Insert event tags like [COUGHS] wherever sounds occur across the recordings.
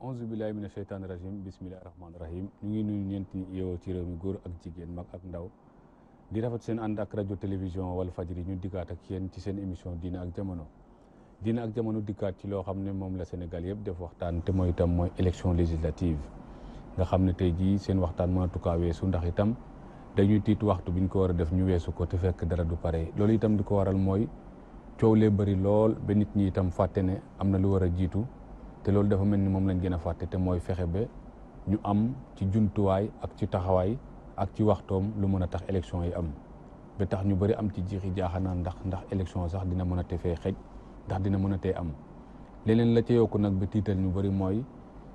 onze billahi mina sheytaani rajim bismillahi rahmaani rahim ñu ngi nuyu ñeent ñi yeewoo ci réew mi góor ak jigéen mag ak ndaw di rafet seen ànd ak rajo télévision wala fajri ñu dikkaat ak yéen ci seen émission diine ak jamono diine ak jamono dikkaat ci loo xam ne moom la Sénégal yëpp def waxtaan te mooy itam mooy élection législative nga xam ne tey jii seen waxtaan mënatu kaa weesu ndax itam dañuy tiit waxtu bi ñu ko war a def ñu weesu ko te fekk dara du pare loolu itam di ko waral mooy coow lee bëri lool ba nit ñi itam fàtte ne am na lu war a jiitu te loolu dafa mel ni moom lañu gën a fàtte te mooy fexe ba ñu am ci jumtuwaay ak ci taxawaay ak ci waxtoom lu mën a tax élection yi am ba tax ñu bëri am ci jiixi jaaxanaan ndax ndax élection sax dina mën a te fee xej ndax dina mën a tee am leneen la ca yokku nag ba tiital ñu bëri mooy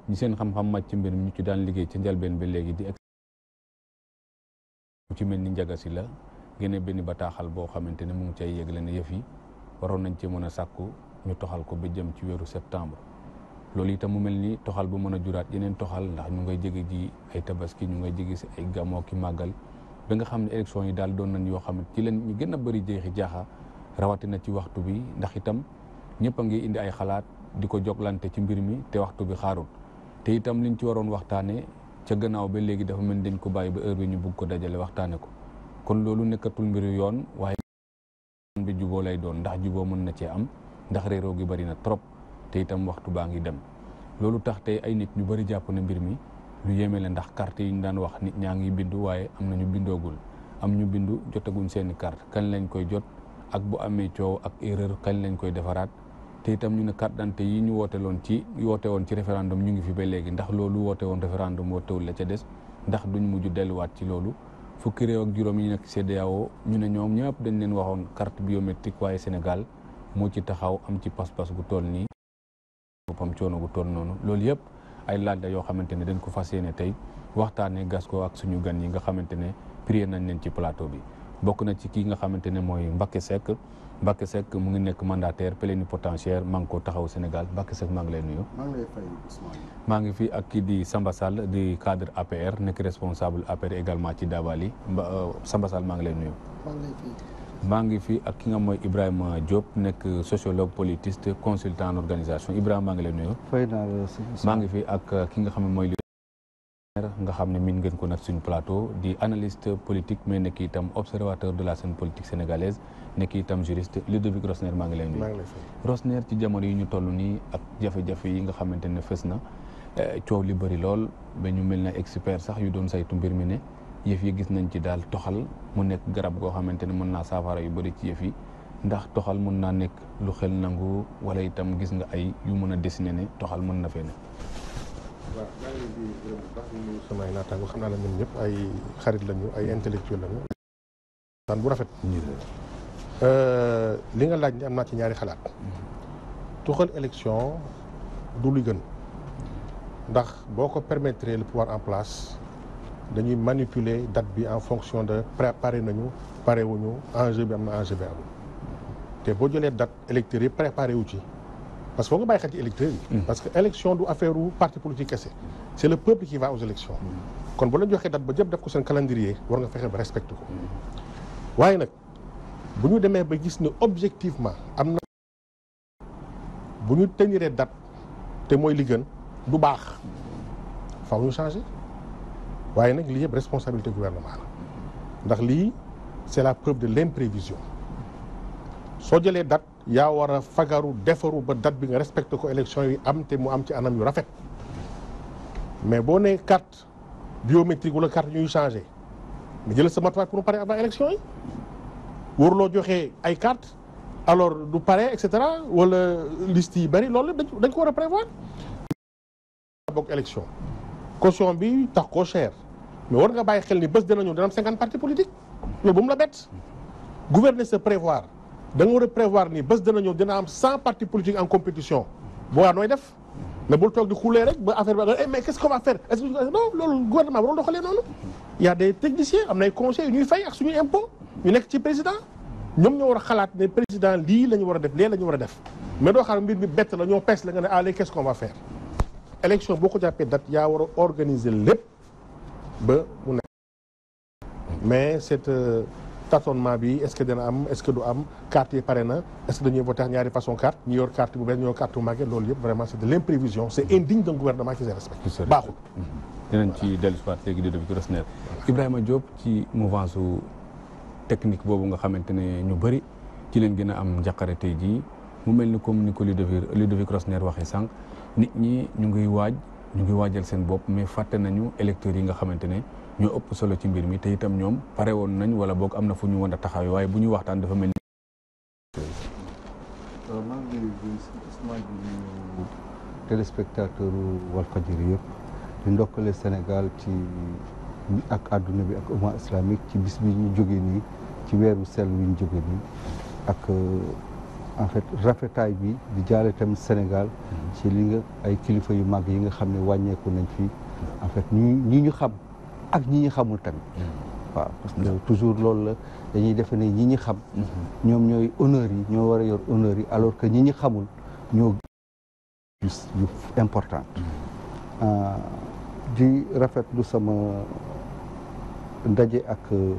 ñu seen xam-xam màcc ci mbir ñu ci daan liggéey ci njalbeen bi léegi di ci mel ni njaga si la génne benn bataaxal boo xamante ne mu ngi cay yëgle yëf yi waroon nañ ci mën a sàkku ñu toxal ko ba jëm ci weeru septembre loolu itam mu mel ni toxal ba mën a juraat yeneen toxal ndax ñu ngay jege ji ay tabaski ñu nga jege si ay gamoo ki màggal ba nga xam ne élection yi daal doon nañ yoo xam ne ci leen ñu gën a bëri jeexi jaaxa rawatina ci waxtu bi ndax itam ñëpp a ngi indi ay xalaat di ko joglante ci mbir mi te waxtu bi xaarul te itam liñ ci waroon waxtaanee ca gannaaw ba léegi dafa mel dañ ko bàyyi ba heure bi ñu bugg ko dajale waxtaane ko kon loolu nekkatul mbiru yoon waaye bi juboo lay doon ndax juboo mën na cee am ndax gi bari na trop te itam waxtu baa ngi dem loolu tax tey ay nit ñu bëri jàpp na mbir mi lu yéeme la ndax carte yi ñu daan wax nit ñaa ngi bindu waaye am na ñu bindoogul am ñu bindu jotaguñ seeni carte kañ lañ koy jot ak bu amee coow ak erreur kañ lañ koy defaraat te itam ñu ne carte d'identité yi ñu woote loon ci woote woon ci référendum ñu ngi fi ba léegi ndax loolu woote woon référendum wootewul la ca des ndax duñ mujj delluwaat ci loolu fukki réew ak juróom yi nekk CEDEAO ñu ne ñoom ñëpp dañ leen waxoon carte biométrique waaye Sénégal moo ci taxaw am ci pas-pas gu toll nii boppam coono gu toll noonu loolu yëpp ay laaj la yoo xamante ne dañ ko fa yéene tey waxtaanee gas ko ak suñu gan yi nga xamante ne prier nañ leen ci plateau bi. bokk na ci kii nga xamante ne mooy Mbacké Seck Mbacké Seck mu ngi nekk mandataire plénipotentiaire maa ngi ko taxaw Sénégal Mbacké Seck maa ngi lay nuyu. maa ngi lay fi ak kii di Samba Sall di cadre APR nekk responsable APR également ci daabali euh, Samba Sall maa ngi lay nuyu. maa ngi fi ak ki nga mooy Ibrahima Diop nekk sociologue politiste consultant en organisation Ibrahima maa ngi leen nuyu. fay naa maa ngi fi ak ki nga xam ne mooy nga xam ne miin ngeen ko nag suñu plateau di analyste politique mais nekk itam observateur de la scène politique sénégalaise nekk itam juriste Ludovic Rosner maa ngi lay nuyu. Rosner ci jamono yi ñu toll nii ak jafe-jafe yi nga xamante ne fës na eh, coow li bëri lool ba ñu mel na expert sax yu doon saytu mbir mi ne. yëf yi gis nañ ci daal toxal mu nekk garab goo xamante ne mën naa saafara yu bari ci yëf yi ndax toxal mën naa nekk lu xel nangu wala itam gis nga ay yu mën a dessiné ne toxal mën na fee ne. waaw maa ngi leen xam naa la ñun ñëpp ay xarit lañu ay intellectuel lañu. daan bu rafet. Euh, li nga laaj ni am naa ci ñaari xalaat. Mm-hmm. tuxal élection du lu gën. ndax boo ko permettre le pouvoir en place. dañuy manipuler date bi en fonction de préparé nañu pare wuñu enjeu bi am na enjeu bi am te boo jëlee date électeurs yi préparé wu ci parce que foo nga bàyyi xel ci électeurs yi mm. parce que élection du affaire u parti politique kese c' le peuple qui va mm. kon bu la joxee dat ba jëpp def ko seen calendrier war nga fexe ba respecté ko mm. waaye nag bu ñu demee ba gis ne objectivement am na bu ñu teniree dat te mooy li gën du baax faaw ñu changé waaye nag li yëpp responsabilité gouvernement la ndax lii c'est la preuve de l'imprévision soo jëlee dat yaa war a fagaru defaru ba date bi nga respecté ko élection yi am te mu am ci anam yu rafet mais boo nee carte biométrique wala carte ñuy changé mais jëlal sa matuwaay pour mu pare avant élection yi waruloo joxe ay carte alors du pare et cetera wala liste yi bëri loolu dañ ko war a prévoir bokk élection caution bi tax koo cher mais war nga bàyyi xel ni bés dana ñëw dana am cinquante partis politiques loolu bu mu la bett gouverner c'est prévoir da nga war a prévoir ni bés dana ñëw dina am cent partis politiques en compétition boo waa nooy def mais bul toog di xulee rek ba affaire bi eh, mais qu'est-ce va faire est-ce que non loolu gouvernement warul doxalee noonu y a des am na ay conseils yu ñuy fay ak suñuy impôt ñu nekk ci président ñoom ñoo war a xalaat ne président lii la ñu war a lee war a def mais doo xaar mbir bi bett la ñoo pees la nga ah, élection boo ko jàppee date yaa war a organiser lépp ba mu nekk mais cet euh, tâtonnement bi est-ce que dina am est-ce que du am carte yi pare na est-ce voter ñaari façon carte ñu yor carte bu bees ñu yor carte loolu yëpp vraiment c'est de l'imprévision c'est indigne d'un gouvernement qui se respecte baaxul mm-hmm. dinañ ci dellu si waat léegi di ko Rosner Ibrahima Diop ci mouvance technique boobu nga xamante ne ñu bëri ci leen gën a am njaqare tey jii mu mel ni comme ni ko Ludovic waxee sànq nit ñi ñu ngi waaj ñu ngi waajal seen bopp mais fàtte nañu électeurs yi nga xamante ne ñoo ëpp solo ci mbir mi te itam ñoom pare woon nañ wala boog am na fu ñu woon a taxaw waaye bu ñu waxtaan dafa mel ni. tele euh, maa ngi nuyu téléspectateur Walfadjri yëpp di ndokkale Sénégal ci ak àdduna bi ak umma islamique ci bis bi ñu jógee nii ci weeru sel wi ñu jógee nii ak. Euh, en fait rafetaay bi di jaare tamit Sénégal ci li nga ay kilifa yu mag yi nga xam ne wàññeeku nañ fi en fait ñi ñi ñu xam ak ñi ñu xamul tamit mm-hmm. waaw mm-hmm. toujours loolu la dañuy defe ne ñi ñu xam mm-hmm. ñoom ñooy honneur yi ñoo war a yor honneur yi alors que ñi ñu xamul ñoo plus yu important euh, di rafetlu sama ndaje ak euh,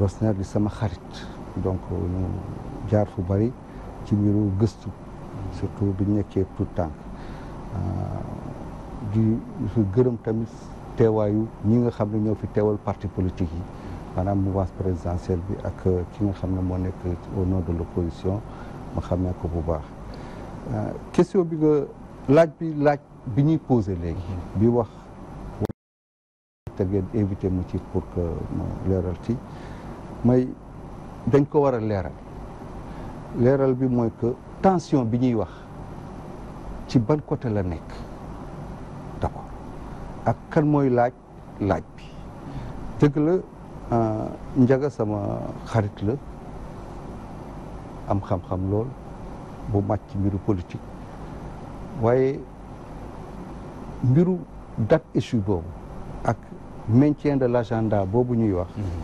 Rosner di sama xarit donc euh, jaar fu bari ci mbiru gëstu surtout bi ñu nekkee tout tànk euh, di gërëm tamit teewaayu ñi nga xam ne ñoo fi teewal parti politique yi maanaam mouvance présidentielle bi ak euh, ki nga xam ne moo nekk au nom de l'opposition xam ne ko bu baax euh, question bi nga laaj bi laaj bi ñuy posé léegi bi wax te ngeen invité mu ci pour que ma leeral ci may dañ ko war a leeral leeral bi mooy que tension bi ñuy wax ci ban côté la nekk d'accord ak kan mooy laaj laaj bi dëgg la euh, njaga sama xarit la am xam-xam lool bu màcc ci mbiru politique waaye mbiru date issue boobu ak maintien de l'agenda boobu ñuy wax mm-hmm.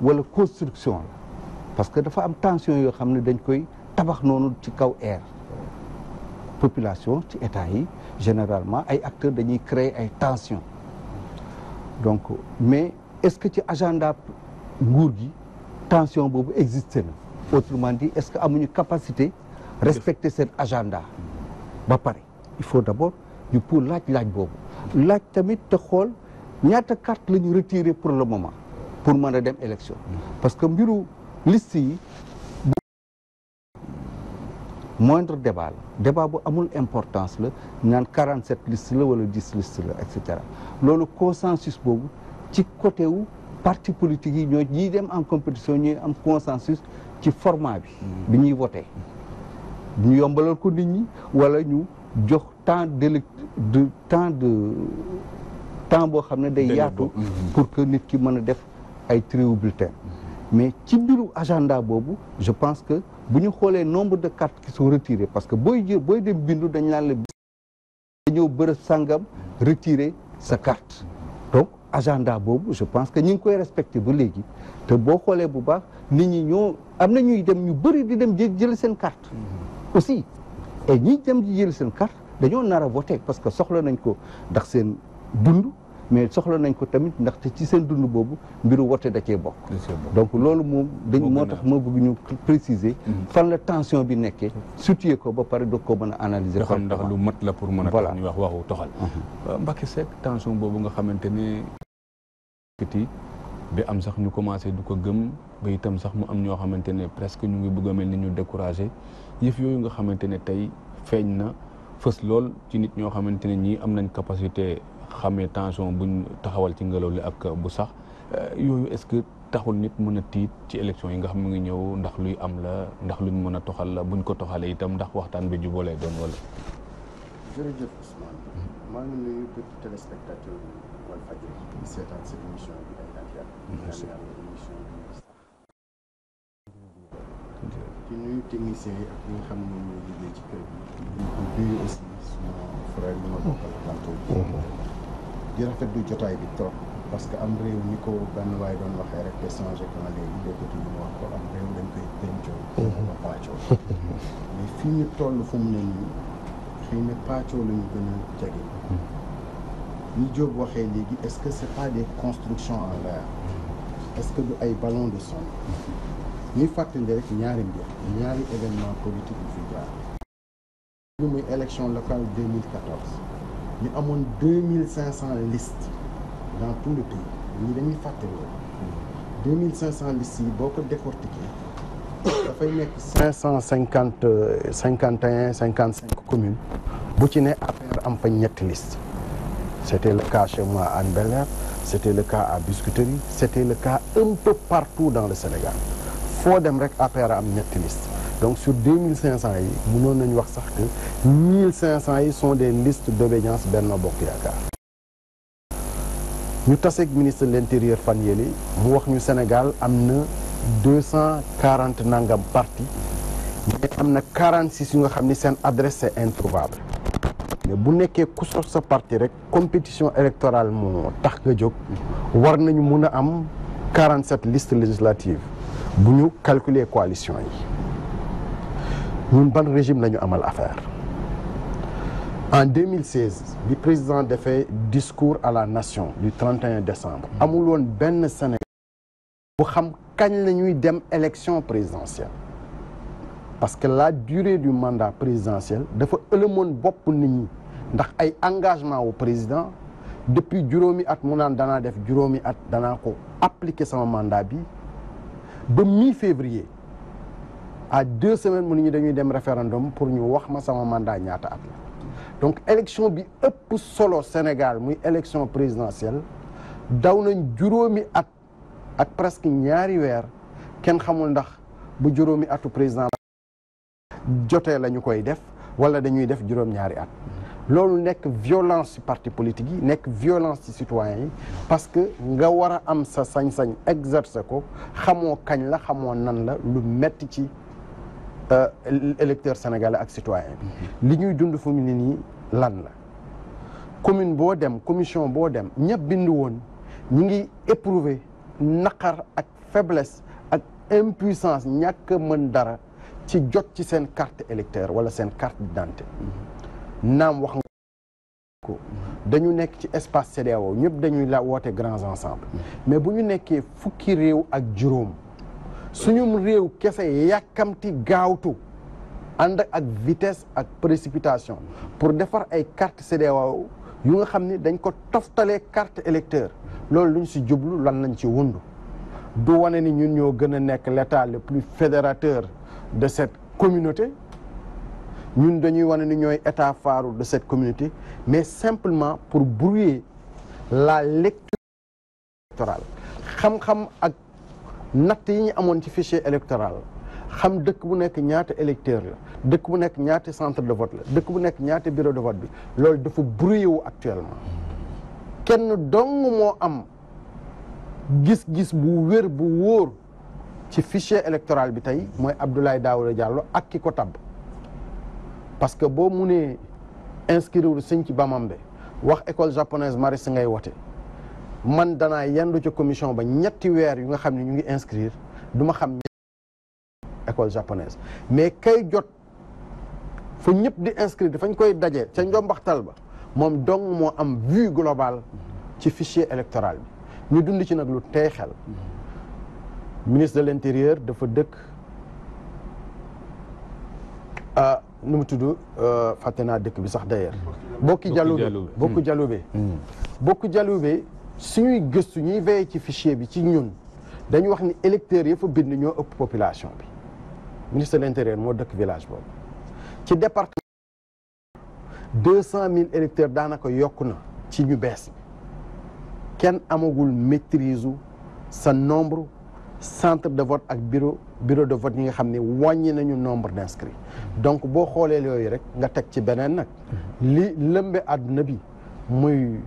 wala construction la parce que dafa am tension yoo xam ne dañ koy tabax noonu ci kaw air population ci état yi généralement ay acteurs dañuy créer ay tension donc mais est-ce que ci agenda nguur gi tension boobu existé na autrement dit est-ce que amuñu capacité respecter cet agenda ba pare il faut d'abord ñu pour laaj laaj boobu laaj tamit te xool ñaata carte la ñu retiré pour le moment pour mën a dem élection parce que mbiru liste yi bu moindre débat la bu amul importance la naan 47 liste la wala 10 liste la et cetera loolu consensus boobu ci côté wu parti politique yi ñoo ñiy dem en compétition ñuy am consensus ci format bi bi ñuy voté ñu yombalal ko nit ñi wala ñu jox temps de de temps boo xam ne day yaatu pour que nit ki mën a def ay tribu bulletin mais ci biiru agenda boobu je pense que bu ñu xoolee nombre de cartes ki sont retirées parce que booy jël booy dem bindu dañ naan la dañoo bërëb sàngam retirer sa carte donc agenda boobu je pense que ñi ngi koy respecté ba léegi te boo xoolee bu baax nit ñi ñoo am na ñuy dem ñu bëri di dem jël seen carte mm-hmm. aussi et ñi dem di jël seen carte dañoo nara a voté parce que soxla nañ ko ndax seen dund mais soxla nañ ko tamit ndaxte ci seen dund boobu mbiru wote da cee bokk donc loolu moom dañ moo tax ma bëgg ñu préciser mm-hmm. fan la tension bi nekkee situer ko ba pare doog ko mën a analyser ndax lu mat la pour mën a voilà ñu wax waxu toxal mm-hmm. euh, Mbacké Seck tension boobu nga xamante ne kiti bi am sax ñu commencé du ko gëm ba itam sax mu am ñoo xamante ne presque ñu ngi bëgg a mel ni ñu découragé yëf yooyu nga xamante ne tey feeñ na fës lool ci nit ñoo xamante ne ñii am nañ capacité xamee tension buñ taxawal ci ngelaw li ak bu sax euh, yooyu est-ce que taxul nit mën a tiit ci élection yi nga xam mu ngi ñëw ndax luy am la ndax luñ mën a toxal la buñ ko toxalee itam ndax waxtaan bi juboo lay doon wala. jërëjëf di du jotaay bi trop parce que am réew ni ko benn waaye doon waxee rek te changé quand léegi déggatu ñu wax ko am réew dañ koy pencoo mhm. ba mhm. waxee léegi est-ce que c'est pas des constructions en l'air mhm. est-ce que du ay ballon de son ñuy fàttali rek ñaari mbir ñaari événement politique yu fi jaar lu muy élection locale ñu amoon deux mille cinq cent listes dans tout le pays ñi dañuy fàtte loolu deux cinq cent listes yi boo ko décortiquer dafay nekk cinq cent cinquante cinquante et un cinq communes bu ci ne APR am fa ñetti list c' était le cas chez moi à Hann le cas à Biscuiterie c' le cas un peu partout dans le Sénégal foo dem rek APR am ñetti liste donc sur 2500 yi mënoon nañu wax sax que 1500 yi son des listes d'obédience Benno Bokk Yaakaar ñu taseeg ministre de l'intérieur fan yéeli mu wax ñu Sénégal am na 240 nangam parti mais am na 46 yu nga xam ni seen adresse c'est introuvable mais bu nekkee ku sos sa parti rek compétition électorale moo tax nga jóg war nañu mun a am 47 listes législatives bu ñu calculer coalition yi ñun ban régime la ñu amal affaire en mille 2016 bi président defee discours à la nation du 31 décembre hmm. amul woon benn Sénégal bu xam kañ la ñuy dem élection présidentielle parce que la durée du mandat présidentiel dafa ëlëmoon bopp nit ñu ndax ay engagement wu président depuis juróomi at mu naan danaa def juróomi at danaa ko appliquer sama mandat bi ba mi février à deux semaines mu ni ñu dañuy dem référendum pour ñu wax ma sama mandat ñaata at donc élection bi ëpp solo Sénégal muy élection présidentielle daw nañ juróomi at ak presque ñaari weer kenn xamul ndax bu juróomi atu président jotee lañu koy def wala dañuy def juróom-ñaari at loolu nekk violence ci parti politique yi nekk violence ci citoyens yi parce que nga war a am sa sañ-sañ exercer ko xamoo kañ la xamoo nan la lu metti ci Euh, électeur sénégalais ak citoyen li ñuy dund fu mu ne nii lan la commune boo dem commission boo dem ñëpp bind woon ñi ngi éprouver naqar ak faiblesse ak impuissance ñàkk mën dara ci jot ci seen carte électeur wala seen carte d'identité naam wax nga dañu nekk ci espace CEDEAO ñëpp dañuy woote grands ensembles mais bu ñu nekkee fukki réew ak juróom suñum réew kese yàkkamti gaawtu ànd ak vitesse ak précipitation pour defar ay carte CEDEAO yu nga xam ni dañ ko toftale carte électeur loolu luñ ci si jublu lan lañ ci wund du wane ni ñun ñoo gën a nekk l'état le plus fédérateur de cette communauté ñun dañuy wane ni ñooy état phare de cette communauté mais simplement pour brouiller la lecture natt yi ñu amoon ci fichier électoral xam dëkk bu nekk ñaata électeur la dëkk bu nekk ñaate centre de vote la dëkk bu nekk ñaata bureau de vote bi loolu dafa brouillé wu actuellement kenn dong moo am gis-gis bu wér bu wóor ci fichier électoral bi tey mooy Abdoulaye Daouda Diallo ak ki ko tabb parce que boo munee inscrire sëñ ci Bamambé wax école japonaise Maris ngay wote man danaa yendu ca commission ba ñetti weer yu nga xam ne ñu ngi inscrire du ma xam école japonaise mais kay jot fu ñëpp di inscrire fañ koy daje ca njombaxtal ba moom dong moo am vue global ci fichier électoral bi ñu dund ci nag lu tey xel ministre de l'intérieur dafa dëkk ah nu mu tudd ah, fàtte naa dëkk bi sax d'ailleurs bokki jalube bokki jalube suñuy gëstu ñuy veillé ci fichier bi ci ñun dañu wax ni électeurs yi fa bind ñoo ëpp population bi ministre de l'intérieur moo dëkk village boobu ci département deux cent mille électeurs daanaka yokk na ci ñu bees kenn amagul maîtrise sa nombre centre de vote ak bureau bureau de vote yi nga xam ne wàññi nañu nombre d'inscrits donc boo xoolee yooyu rek nga teg ci beneen nag li lëmbe àdduna bi muy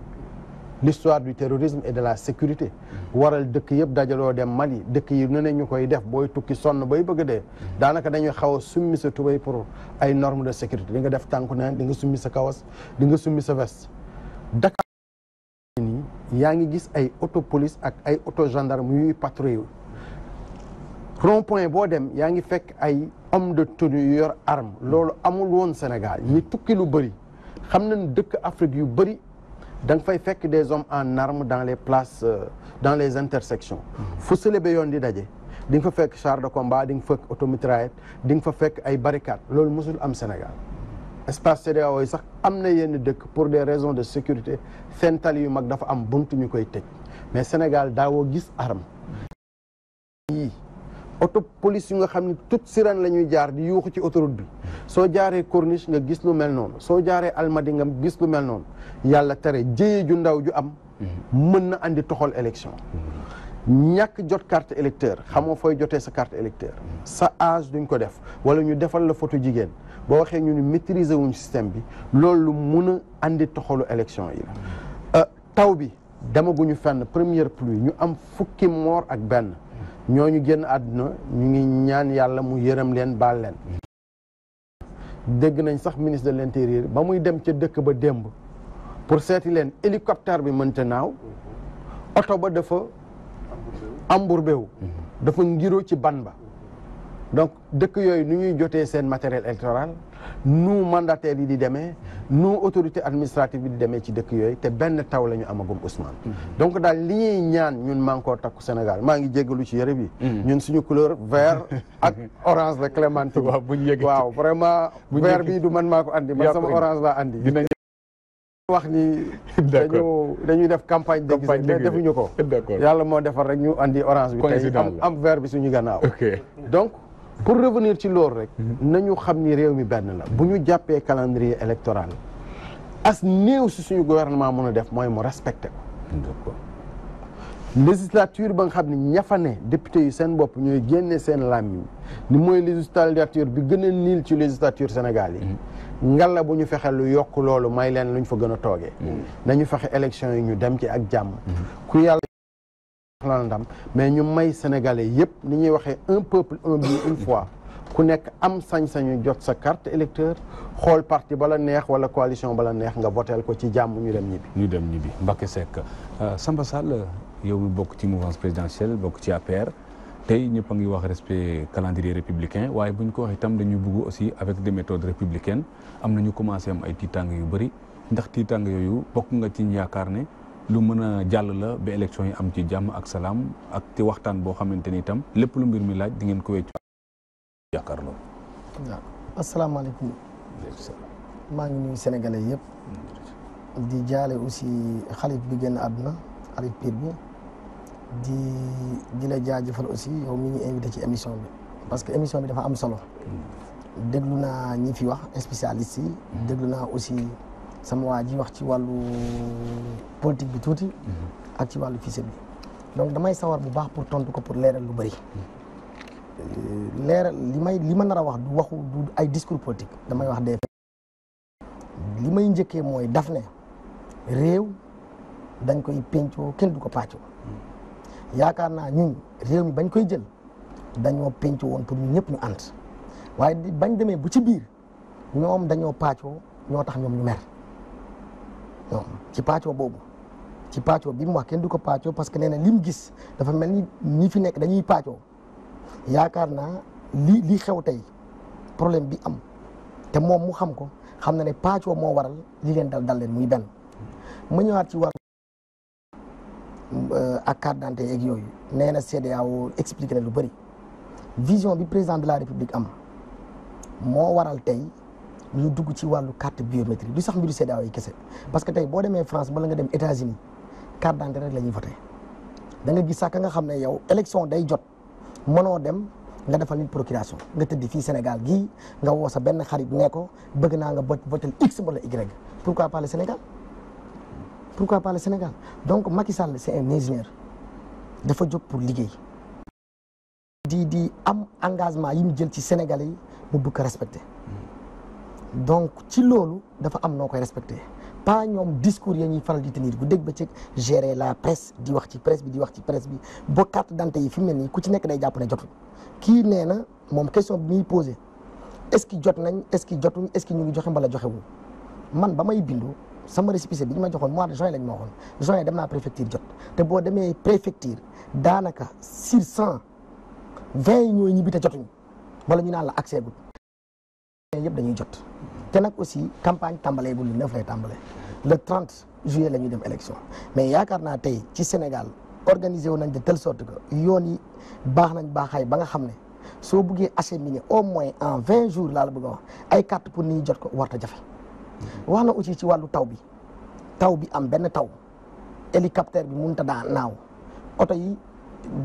l'histoire du terrorisme et de la sécurité waral dëkk yëpp dajaloo dem Mali dëkk yi nu ne ñu koy def booy tukki sonn bay bëgg dee daanaka dañuy xaw a summi sa tubay pour ay normes de sécurité di nga def tànku naa di nga summi sa kawas di nga summi sa veste Dakar yaa ngi gis ay auto ak ay auto gendarme yuy patrouille rond boo dem yaa ngi fekk ay homme de yor arme loolu amul woon Sénégal ñi tukki lu bëri yu bëri da fay fekk des hommes en armes dans les places euh, dans les intersections fu sële ba yoon di daje di nga fa fekk char de combat di nga fekk automitraillette di nga fa fekk ay barricades loolu mosul am Sénégal espace CEDEAO yi sax am na yenn dëkk pour des raisons de sécurité seen yu mag dafa am bunt ñu koy tëj mais Sénégal daawoo gis arme auto police yu nga xam ni toute sirène la ñuy jaar di yuuxu ci autoroute bi soo jaaree corniche nga gis lu mel noonu soo jaaree almadi nga gis lu mel noonu yàlla tere jéye ju ndaw ju am mën na indi toxal élection ñàkk jot carte électeur xamoo fooy jotee sa carte électeur sa âge duñ ko def wala ñu defal la photo jigéen boo waxee ñu ni maîtriser wuñ système bi loolu mun a andi toxalu élection yi euh, taw bi demaguñu fenn première pluie ñu am fukki moor ak benn ñooñu génn àdduna ñu ngi ñaan yàlla mu yërëm leen baal leen dégg nañ sax ministre de l'intérieur ba muy dem ca dëkk ba démb pour seeti leen hélicoptère bi mënta naaw oto ba dafa embourbé wu dafa ngiroo ci ban ba donc dëkk yooyu nu ñuy jotee seen matériel électoral nous mandataires yi di demee nu autorités administratives yi di demee ci dëkk yooyu te benn taw la ñu amagum Ousmane mm-hmm. donc daal li ñuy ñaan ñun maa ngi takku Sénégal maa ngi jéggalu ci yëre bi mm-hmm. ñun suñu couleur ver ak [LAUGHS] orange la clémentine waaw buñ yëg waaw vraiment [LAUGHS] vert bi du man maa ko andi man sama orange la andi wax ni [LAUGHS] dañu dañuy def campagne déguisée mais ñu ko yàlla moo defar rek ñu andi orange bi tey am vert bi suñu gannaaw donc pour revenir ci loolu rek. Mhm. nañu xam ni réew mi benn la bu ñu jàppee calendrier électoral as néew si suñu gouvernement mun a def mooy mu respecté ko. législature ba nga xam ne ñafane député yu seen bopp ñooy génne seen làmmiñ ni mooy législature bi gën a niil ci législature Sénégal yi mhm. ngala bu ñu fexe lu yokk loolu may leen lu ñu fa gën a toogee mhm. nañu fexe élection yi ñu dem ci ak jàmm ku yàlla la ndam mais ñu may sénégalais yépp ni ñuy waxee un peuple un but une fois ku nekk am sañ-sañu jot sa carte électeur xool parti bala neex wala coalition bala neex nga voteel ko ci jàmm ñu dem ñibbi ñu dem ñibbi Mbacké Seck euh, Samba Sall yow mi bokk ci mouvance présidentielle bokk ci APR tey ñëpp a ngi wax respect calendrier républicain waaye buñ ko wax itam dañu bëgg aussi avec des méthodes républicaines am na ñu commencé am ay tiitàng yu bëri ndax tiitàng yooyu bokk nga ci yaakaar ne lu mën a jàll la ba élection yi am ci jàmm ak salaam ak ci waxtaan boo xamante ni itam lépp lu mbir mi laaj di ngeen ko weccu yaakaar loolu maa ngi nuyu sénégalais yëpp mm-hmm. di jaale aussi xalif bi génn àdduna xalif piir bu di di la jaajëfal aussi yow mi ñu invité ci émission bi parce que émission bi dafa am solo mm-hmm. déglu naa ñi fi wax spécialist yi mm-hmm. déglu naa aussi sama waa ji wax ci wàllu politique bi tuuti. Mhm. ak ci wàllu fisc bi. donc damay sawar bu baax pour tontu ko pour leeral lu bëri. Mhm. leeral li may li ma nar a wax du waxu du ay discours politique damay wax des li may njëkkee mooy daf ne réew dañ koy pencoo kenn du ko pàccoo mhm. yaakaar naa ñun réew mi bañ koy jël dañoo pencoo woon pour ñun ñëpp ñu ant waaye bañ demee bu ci biir ñoom dañoo pàccoo ñoo tax ñoom ñu mer. donc ci pàccoo boobu ci pàccoo bi mu wax kenn du ko pàccoo parce que nee na li mu gis dafa mel ni ñi fi nekk dañuy pàccoo yaakaar naa li li xew tey problème bi am te moom mu xam ko xam na ne pàccoo moo waral li dal dal leen muy benn ma ñëwaat ci wàll euh, ak carte d'identité yeeg yooyu nee na CEDEAO expliqué na lu bëri vision bi président de la république am moo waral tey ñu dugg ci wàllu carte biométrique du sax mbiru CEDEAO yi kese parce que tey boo demee France bala nga dem États-Unis carte d'identité la ñuy voté da nga gis sax ka nga xam ne yow élection day jot mënoo dem nga defal ni procuration nga tëdd fii Sénégal gii nga woo sa benn xarit nee ko bëgg naa nga votel x wala y pour pas le Sénégal pourquoi pas le Sénégal donc Macky Sall c'est un ingénieur dafa jóg pour liggéey di di am engagement yi mu jël ci Sénégalais yi respecté donc ci loolu dafa am noo koy respecté pas ñoom discours ya ñuy faral di tenir bu dégg ba ci gérer la presse di wax ci presse bi di wax ci press bi ba carte dante yi fi mu ne nii ku ci nekk day jàpp ne jotul kii nee na moom question bi muy posé est-ce que jot nañ est-ce que jotuñ est-ce que ñu ngi joxe mbala joxe wu man ba may bindu sama récépissé bi ñu ma joxoon mois de juin lañ ma waxoon juin dem naa jot te boo demee préfecture daanaka sur vingt yi ñooy jotuñ wala ñu naan la accès gu yëpp dañuy jot te nag aussi campagne tàmbalee bu le 9 lay le 30 juillet la ñuy dem élection mais yaakaar naa tey ci Sénégal organisé wu nañ de telle sorte que yoon yi baax nañ baaxaay ba nga xam ne soo buggee acheminer au moins en 20 jours laa la bëgg ay carte pour nit ñi jot ko warta jafe. wax na aussi ci wàllu taw bi taw bi am benn taw hélicoptère bi mënut ta daan naaw oto yi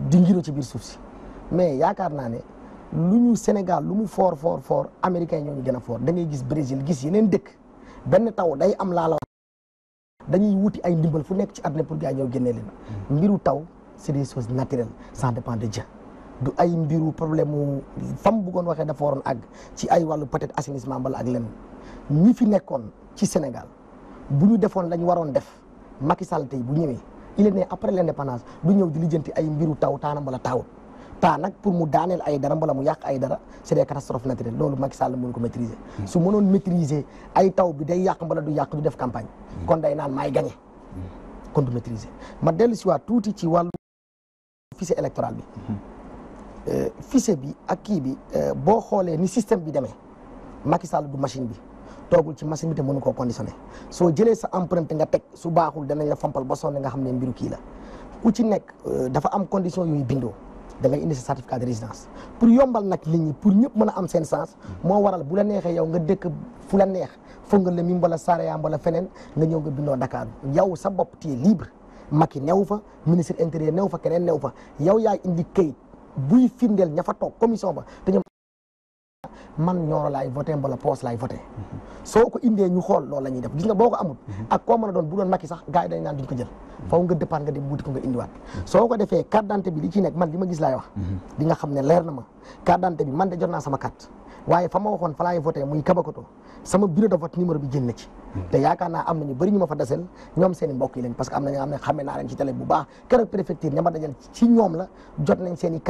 di ci biir suuf si mais yaakaar naa ne. lu ñu Sénégal lu mu foor fort fort américain ñoo ñu gën a fort da gis Brésil gis yeneen dëkk benn taw day am laa dañuy wuti ay ndimbal fu nekk ci àddina pour gars ñëw génnee mm. mbiru taw c'est des choses naturelles ça dépend de Dieu du ay mbiru problème mu fam buggoon waxee dafa waroon àgg ci ay wàllu peut-être assainissement bala ak lenn ñi fi nekkoon ci Sénégal bu ñu defoon lañ waroon def Macky Sall bu ñëwee il est né après l'indépendance du ñëw di lijjanti ay mbiru taw taanam wala taawut pas nag pour mu daaneel ay dara mbala mu yàq ay dara c'est des loolu Macky Sall mënu ko maîtriser hmm. su mënoon maîtriser ay taw bi day yàq mbala du yàq du def campagne hmm. kon day naan maay gagné hmm. kon du maîtriser ma dellu si waat tuuti ci wàllu fichier électoral bi euh, fichier bi ak kii bi euh, boo xoolee ni système bi demee Macky Sall du machine bi toogul ci machine bi te mënu koo conditionné soo jëlee sa empreinte nga teg su baaxul danañ la fompal ba sonn nga xam ne mbiru kii la ku ci nekk euh, dafa am condition yooyu bindoo da ngay indi sa certificat de résidence pour yombal nag nit ñi pour ñëpp mën a am seen sens moo waral bu la neexee yow nga dëkk fu la neex foog nga Lemim wala Sarayam wala feneen nga ñëw nga bindoo Dakar yow sa bopp tu es libre Macky new fa ministre intérieur new fa keneen new fa yow yaay indi kayit buy firndeel ña fa toog commission ba te ñoom man Nioro laay voté mbala Poos laay voté soo ko indee ñu xool loolu la ñuy def gis boo ko amul ak koo mën a doon bu doon Macky sax gars yi dañ naan duñ ko jël faw nga départ nga indiwaat soo ko defee carte d'identité bi li ci nekk man li ma gis laay wax di xam ne leer na ma carte d'identité bi man de jot naa sama carte waaye fa ma waxoon fa laay voté muy Kabakoto sama bureau de vote numéro bi génn na ci te yaakaar naa am nañu bëri ñu ma fa desel ñoom seen i mbokk yi lañ parce que am na ñoo xam ne xamee naa leen ci télé bu baax keroog préfecture ña dajal ci ñoom la jot nañ seen i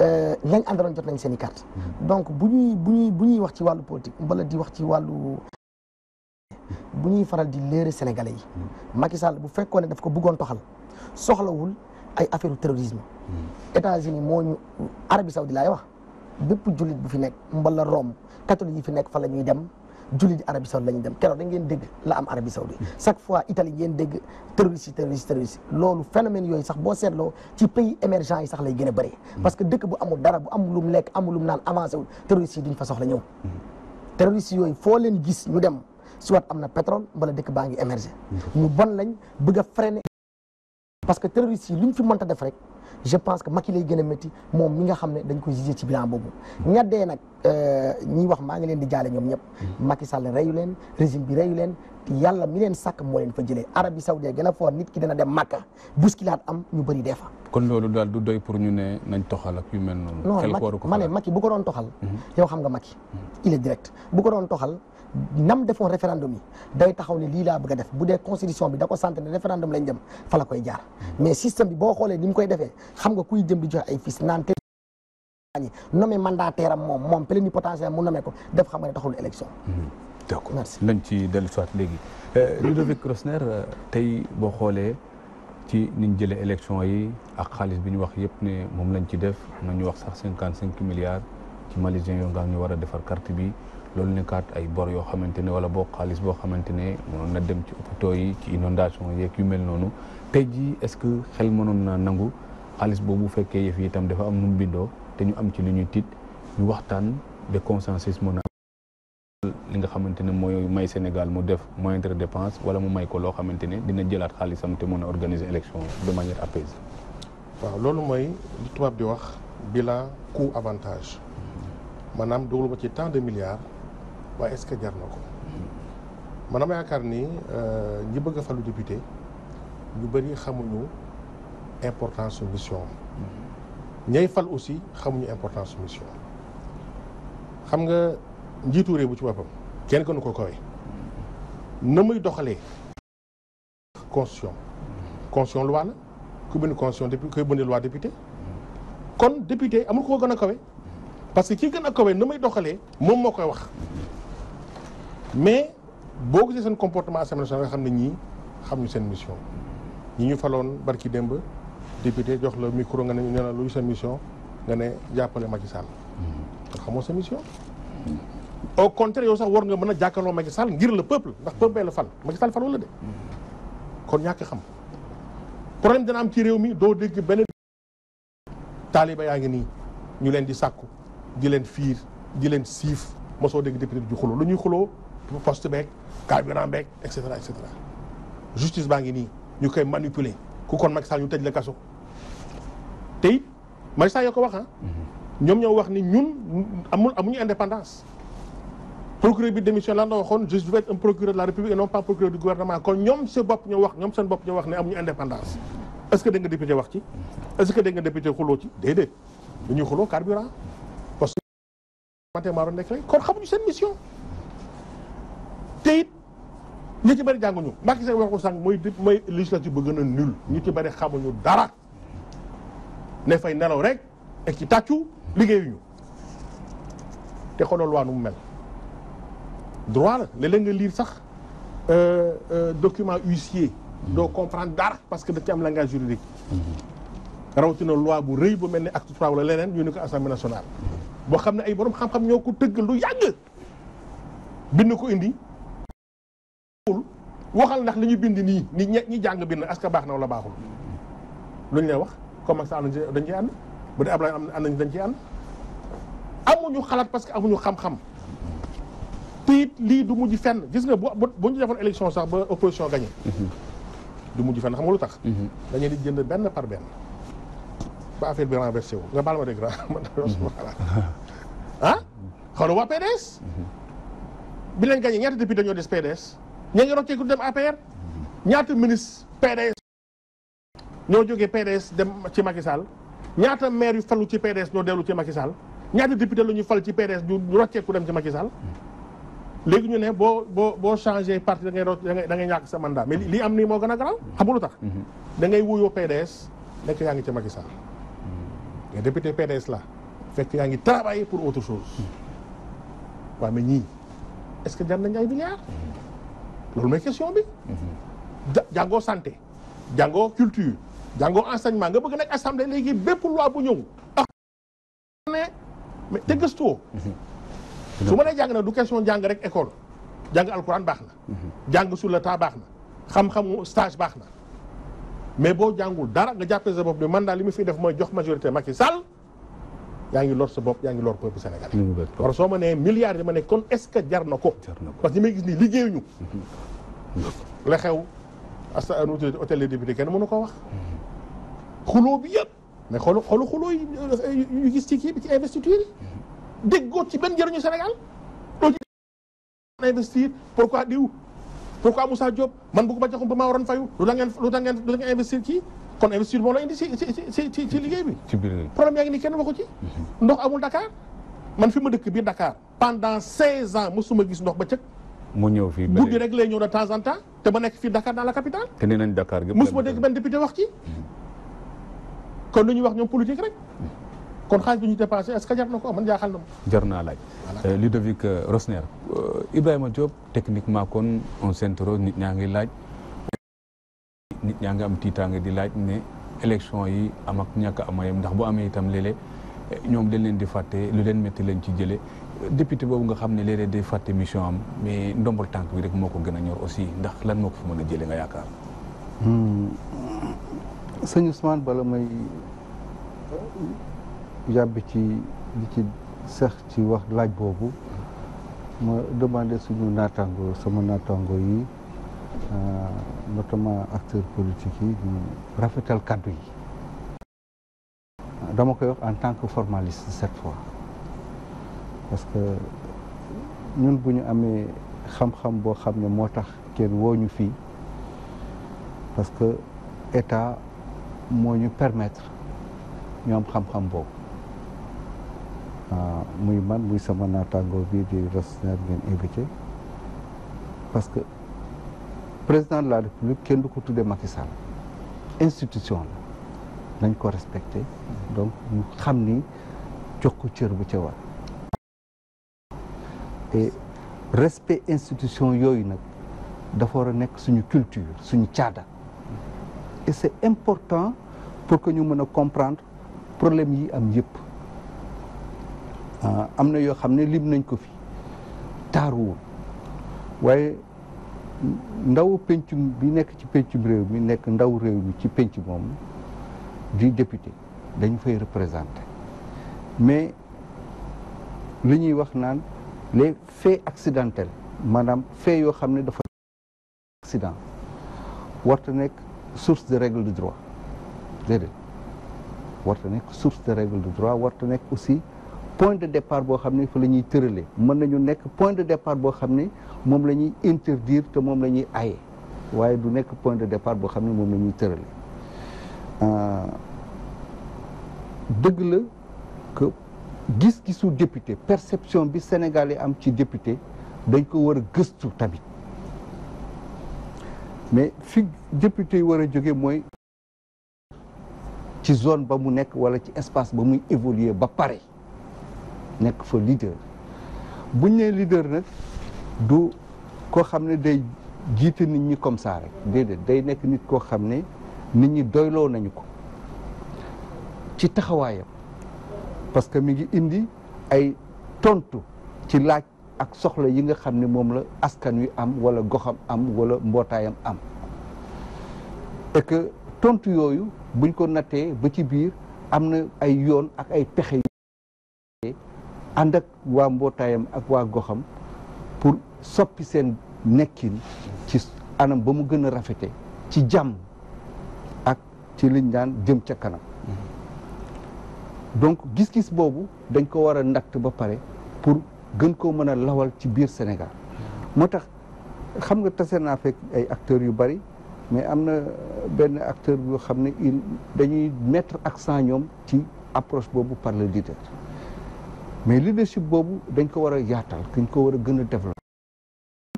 ñañ euh, àndaloon jot nañ seen i carte mm-hmm. donc bu ñuy bu ñuy bu ñuy wax ci wàllu politique mbala di wax ci wàllu bu ñuy faral di léere sénégalais yi mm-hmm. Macky Sall bu fekkoon ne daf ko buggoon toxal soxlawul ay affaire terrorisme mm-hmm. États-Unis moo ñu Arabie Saoudi laay wax bépp jullit bu fi nekk mbala Rome catholique yi fi nekk fala ñuy dem julli ji Arabie lañu dem keroog ngeen dégg la am Arabie Saoudite chaque fois Italie ngeen dégg terroriste terroriste terroriste loolu phénomène yooyu sax boo seetloo ci pays émergents yi sax lay gën a bëri hmm. parce que dëkk bu amul dara bu amul lum lekk amul lum naan avancé wul terroriste ñu duñ fa soxla ñëw hmm. terroriste yooyu foo leen gis ñu dem soit am na pétrole bala dëkk baa ngi émerger hmm. ñu bon lañ bëgg a freiner parce que terroriste yi mu fi mënta def rek je pense que Macky lay gën a métti moom mi nga xam ne dañ koy jugé ci bilan boobu ña dee nag euh, ñiy wax maa ngi leen di jaale ñoom ñëpp Macky salle reyu leen régime bi reyu leen yàlla mi leen sàkk moo leen fa jëlee Arabie Saoudite gën a fort nit ki dana dem Makka bousculade am ñu bëri dee fa kon loolu daal du doy pour ñu ne nañ toxal a yu mel noonu non ma ne Macky bu ko doon toxal mhm. yow xam nga Macky il est direct bu ko doon toxal nam defoon référendum yi day taxaw ne lii laa bëgg a def bu dee constitution bi da ko sant ne référendum lañ dem fa la koy jaar mais système bi boo xoolee ni koy defee xam nga kuy jëm di joxe ay fils naan te ñi nommé mandataire am moom moom plénipotentiaire mu nommé ko def xam nga ne taxul élection mm-hmm. d'accord merci nañ ci dellu soit léegi euh, Ludovic Rosner euh, tey boo xoolee ci niñ jëlee élection yi ak xaalis bi ñu wax yëpp ne moom lañ ci def nañu wax sax cinquante cinq milliards ci Malaisiens yoo nga xam ñu war a defar carte bi loolu nekkaat ay bor yoo xamante ne wala boo xaalis boo xamante ne mënoon na dem ci hôpitaux yi ci inondation yeeg yu mel noonu tey jii est-ce que xel mënoon naa nangu xaalis boobu bu fekkee yëf yi itam dafa am nu mu bindoo te ñu am ci lu ñuy tiit ñu waxtaan de consensus mën na li nga xamante ne mooy may Sénégal mu def moyen de dépense wala mu may ko loo xamante ne dina jëlaat xaalisam te mën a organiser élection de manière apaisée. waaw loolu mooy li tubaab wax bilan coût avantage mm-hmm. maanaam dugaluma ci tant de milliards. waaye est-ce que jar na ko man dama yaakaar ni euh, ñi bëgg a falu député ñu bëri xamuñu importance su mission ñay fal aussi xamuñu importance su mission xam nga njiitu réew bu ci boppam kenn gënu ko kawe na muy doxalee constitution constitution loi la ku bind constitution depuis kuy bind loi député kon député amul ko gën a kawe parce que ki gën a na muy doxalee moom moo koy wax mais boo gisee seen comportement assemblée nationale nga xam ne ñii xamuñu seen mission ñi ñu faloon barki démb député jox la micro nga ne ñu ne la luy mission nga ne jàppale Macky Sall hmm. kon xamoo sa mission au contraire yow sax war nga mën a jàkkaarloo Macky Sall ngir la peuple ndax peuple bee la fal Macky Sall faloo la de kon ñàkk xam problème dina am ci réew mi doo dégg benn taaliba yaa ngi nii ñu leen di sàkku di leen fiir di leen siif soo dégg député ju xuloo lu ñuy xuloo poste beeg carburant beeg et cetera et cetera justice baa ngi nii ñu koy manipuler ku kon Macky Sall ñu tëj la kaso te it magistrat yoo ko wax ah mhm. ñoom ñoo wax ni ñun amul amuñu indépendance procureur bi démission lan la waxoon je vais être un procureur de la république et non pas procureur du gouvernement kon ñoom seen bopp ñoo wax ñoom seen bopp ñoo wax ne amuñu indépendance est que dégg nga député wax ci mhm. est que dégg nga député xuloo ci déedéet dañuy xuloo carburant parce que ante maa doon kon xamuñu seen mission te it ñi ci bari jànguñu Macky Sall waxu sànq mooy mooy législative ba gën a nul ñu ci bëri xamuñu dara ne fay nelaw rek ek ci tàccu liggéeyuñu te xoolal waa nu mu mel droit la léeg-léeg nga lire sax euh, euh, document huissier doo comprendre dara parce que da ci am langage juridique rawatina loi bu rëy bu mel ni acte trois wala leneen ñu boo xam ne ay borom xam ñoo ko tëgg lu yàgg bind ko indi neexul waxal ndax li ñu bind nii ni ñi jàng bind est-ce que baax na wala baaxul luñ lay wax comme ak sa am dañ ciy ànd bu dee Ablaye am nañ dañ ciy ànd amuñu xalaat parce que amuñu xam-xam te lii du mujj fen gis nga bu bu ñu defoon élection sax ba opposition gagné. Mhm. du mujj fen xam nga lu tax. Mhm. dañuy di jënd benn par benn ba affaire bi renversé wu nga baal ma de grand [LAUGHS] man mhm. [LAUGHS] ah xaw na waa PDS. bi leen gagné ñaata député dañoo des PDS. ña ngi rocceeku dem APR ñaata ministre PDS ñoo jóge PDS dem ci Macky Sall ñaata maire yu falu ci PDS ñoo dellu ci Macky Sall ñaata député la fal ci PDS ñu ku dem ci Macky léegi ñu ne boo boo boo changé parti da ngay da ngay ñàkk sa mandat mais li am nii moo gën a garaaw xam tax da ngay wuyoo PDS nekk yaa ngi ci Macky Sall nga député PDS la fekk yaa ngi travailler pour autre chose waaw mais ñii est-ce que jar nañ ay milliards loolu mooy question bi. jàngoo santé jàngoo culture jàngoo enseignement nga bëgg nag assemblée léegi bépp loi bu ñëw. ah mais te gëstuwoo. Mm-hmm. su ma nee jàng na du question jàng rek école jàng alquran baax na. Mm-hmm. jàng sur le tas baax na xam-xamu stage baax na mais boo jàngul dara nga jàppee sa bopp ne man daal li mu fiy def mooy jox majorité Macky Sall. yaa ngi lor sa bopp yaa ngi lor peuple sénégalais war soo ma nee milliards yi ma ne kon est-ce que jar na ko parce que ñi may gis nii liggéeyuñu mm-hmm. mm-hmm. la xew asta nu tudd hôtel des députés kenn mënu ko wax mm-hmm. xuloo bi yëpp mais xoolu xoolu xuloo yu gis ci kii bi ci investiture yi ci benn njëriñu Sénégal doo ci investir pourquoi diw pourquoi Moussa Diop man bu ko ba joxum ba maa waroon fayu lu tax ngeen lu tax ngeen lu kii kon investisseur moo la indi si si si si si liggéey bi. ci biir problème yaa ngi nii kenn waxu ci. ndox amul Dakar man fi ma dëkk biir Dakar. pendant seize ans mosuma gis ndox ba cëkk. moo ñëw fii guddi rek lay ñëw de temps en temps te ma nekk fii Dakar dans a capitale. te nee nañ Dakar gépp mosuma dégg benn député wax ci. kon lu ñuy wax ñoom politique rek. kon xaalis bi ñu dépensé est-ce que jar na ko man jaaxal na ma. jar naa laaj. Euh, Ludovic euh, Rosner. Euh, Ibrahima Diop techniquement kon on s'interroge nit ñaa ngi laaj. nit ñaa ngi am tiitaange di laaj ne élection yi am ak ñàkk ama yem ndax boo amee itam léeg eh, ñoom dañ leen di fàtte lu leen métti lañ ci jëlee député boobu nga xam ne léeg-léeg day fàtte mission am mais ndombal tànk bi rek moo ko gën a ñor aussi ndax lan moo ko fi mën a jëlee nga yaakaar. Hmm. sëñ Ousmane bala may yàbbi ci di ci sax ci wax laaj boobu ma demandé suñu naataango sama naataango yi. Euh, notamment acteurs politiques yi ñu rafetal kàddu dama koy wax en tant que formaliste cette fois parce que ñun bu ñu amee xam-xam boo xam ne moo tax kenn woo ñu fii parce que état moo ñu permettre ñu am xam-xam boobu euh, muy man muy sama naataango bi di Rosner ngeen invité parce que président de la république kenn du ko tuddee Macky Sall institution la nañ ko respecté donc xam ni jox ko cër bu ca war et respect institution yooyu nag dafa war a nekk suñu culture suñu caada et c'est important pour que ñu mën a comprendre problème yi am yëpp ah, am na yoo xam ne lim nañ ko fi taaruwul waaye ndaw pencum bi nekk ci pencum réew mi nekk ndaw réew mi ci penc moom di député dañu fay représenté mais li ñuy wax naan les faits accidentels maanaam faits yoo xam ne dafa accident warta nekk source de règle de droit déedéet warta nekk source de règle de droit warta nekk aussi point de départ boo xam ne fa la ñuy tëralee mën nañu nekk point de départ boo xam ne moom la ñuy interdire te moom la ñuy aye waaye du nekk point de départ boo xam ne moom la ñuy tëralee euh, dëgg la que gis-gisu député perception bi Sénégal yi am ci député dañ ko war a gëstu tamit mais fi député yi war a jóge mooy ci zone ba mu nekk wala ci espace ba muy évoluer ba pare nekk fa leader buñ nee leader nag du koo xam ne day jiite nit ñi comme ça rek déedéet day nekk nit koo xam ne nit ñi doyloo nañu ko ci taxawaayam parce que mi ngi indi ay tontu ci laaj ak soxla yi nga xam ne moom la askan wi am wala goxam am wala mbootaayam am et que tontu yooyu buñ ko nattee ba ci biir am na ay yoon ak ay pexe ànd ak waa mbootaayam ak waa goxam pour soppi seen nekkin ci anam ba mu gën a rafete ci jàmm ak ci liñ daan jëm ca kanam donc gis-gis boobu dañ ko war a ndatt ba pare pour gën koo mën a lawal ci biir Sénégal moo tax xam nga tase naa fekk ay acteurs yu bari mais am na benn acteur yoo xam ne il dañuy metre accent ñoom ci approche boobu par le leader mais leadership boobu dañ ko war a yaatal dañ ko war a gën a développer.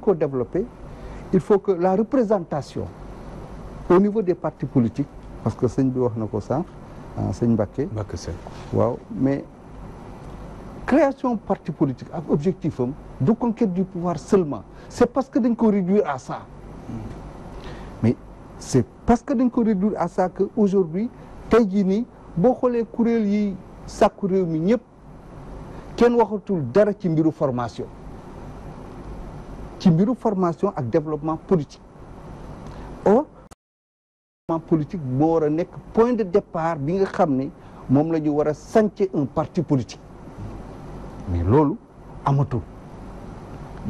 ko développer il faut que la représentation au niveau des partis politiques parce que sëñ bi wax na ko sànq ah, sëñ Mbacké waaw mais création parti politique ak objectif am de conquête du pouvoir seulement c'est parce que dañ ko réduire à ça mais c'est parce que dañ ko réduire à ça que aujourd'hui tey jii nii boo xoolee kuréel yi sàkku réew mi ñëpp kenn waxatul dara ci mbiru formation ci mbiru formation ak développement politique or développement politique moo war nekk point de départ bi nga xam ne moom la ñu war a sanc un parti politique mais loolu amatul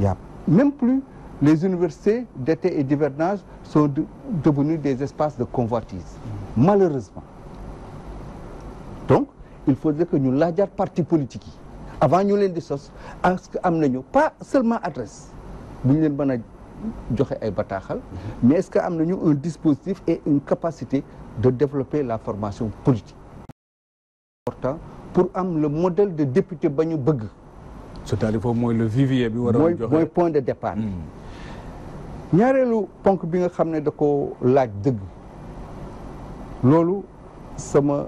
y'a même plus les universités d'été et d'hivernage sont de, des espaces de convoitise malheureusement donc il faudrait que ñu laajaat parti politique yi avant ñu leen di sos parce que am nañu pas seulement adresse bu ñu leen mën a joxe ay bataaxal mais est-ce que am nañu un dispositif et une capacité de développer la formation politique important pour am le modèle de député ba ñu bëgg cest mooy le vivier bi war a joxe mooy point de départ hmm. ñaareelu ponk bi nga xam ne da ko laaj dëgg loolu sama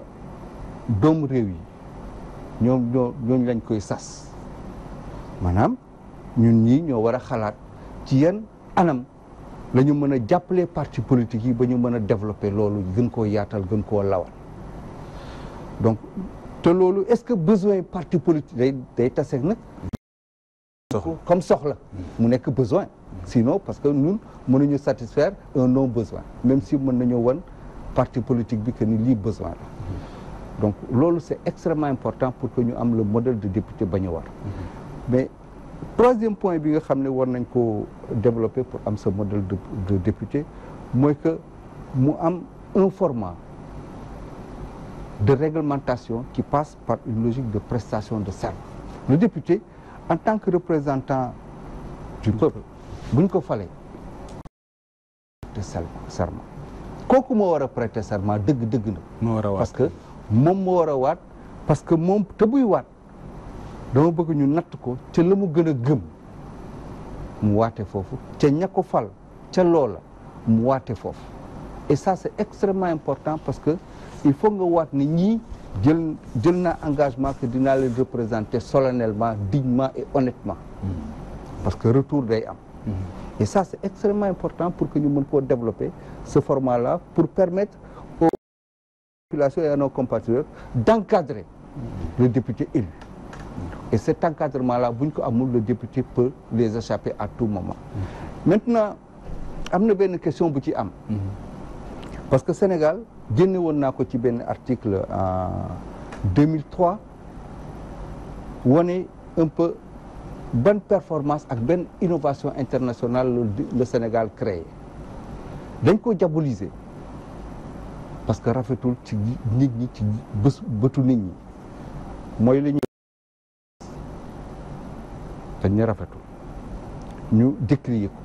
doomu réew yi ñoom ñoo ñooñ lañ koy sas maanaam ñun ñii ñoo war a xalaat ci yan anam lañu mën a jàppale parti politique yi ba ñu mën a développer loolu gën koo yaatal gën koo lawal donc te loolu est-ce que besoin parti politique day day tase nag comme soxla mu nekk besoin sinon parce que ñun mënuñu satisfaire un non besoin même si mën nañoo wan parti politique bi que ni lii besoin la donc loolu c' est extrêmement important pour que ñu am le modèle de député ba ñu war mais troisième point bi nga xam ne war nañ ko développer pour am ce modèle de, de député mooy que mu am un format de réglementation qui passe par une logique de prestation de serment le député en tant que représentant du peuple bu ñu ko falee prêter serment kooku moo war a prêter serment dëgg dëgg na parce que moom moo war a waat parce que moom te buy waat dama bëgg ñu natt ko ca la mu gën a gëm mu waate foofu ca ña ko fal ca loola mu waate foofu et ça c'est extrêmement important parce que il faut nga waat ni ñii jël jël naa engagement que dinaa leen représenter solennellement dignement et honnêtement mm. parce que retour day am mm. et ça c'est extrêmement important pour que ñu mën koo développer ce format là pour permettre population et à nos compatriotes d'encadrer le député élu. Et cet encadrement-là, le député peut les échapper à tout moment. Maintenant, am y a question bu ci am. Parce que le Sénégal, il y a un article en 2003 où on est un peu bonne performance et bonne innovation internationale le Sénégal crée. Donc, diaboliser. parce que rafetul ci nit ñi ci bés bëtu nit ñi mooy li ñu rafetul ñu décrier ko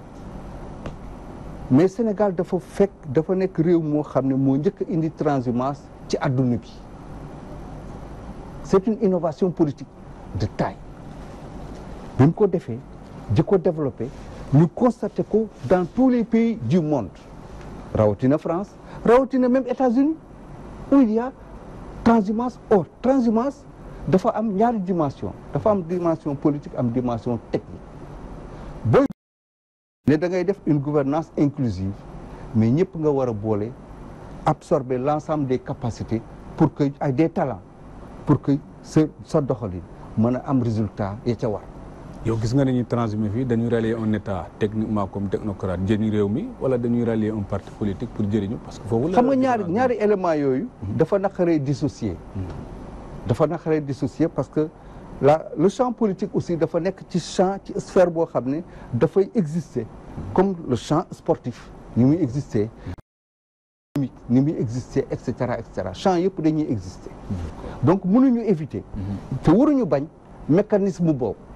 mais Sénégal dafa fekk dafa nekk réew moo xam ne moo njëkk a indi transhumance ci adduna bi c'est une innovation politique de taille bi mu ko defee di ko développé ñu constaté ko dans tous les pays du monde rawatina France rawatina même États-Unis où il y a transhumance dafa am ñaari dimension dafa am dimension politique am dimension technique booy ne da ngay def une gouvernance inclusive mais ñëpp nga war a boole absorber l'ensemble des capacité pour que ay des talents pour que sa sa doxalin mën a am résultat ya ca war yow gis nga ne ñu transhumé fii dañu rallier un état techniquement comme technocrate njëriñ réew mi wala dañuy rallier un parti politique pour jëriñu parce que foofu la xam nga ñaari ñaari élément dafa naqaree dissocier hmm. dafa naqaree dissocier parce que la le champ politique aussi dafa nekk ci champ ci sphère boo xam ne dafay exister hmm. comme le champ sportif ni muy exister ni muy exister et cetera et cetera champ yëpp dañuy exister hmm. donc mënuñu éviter te waruñu bañ mécanisme boobu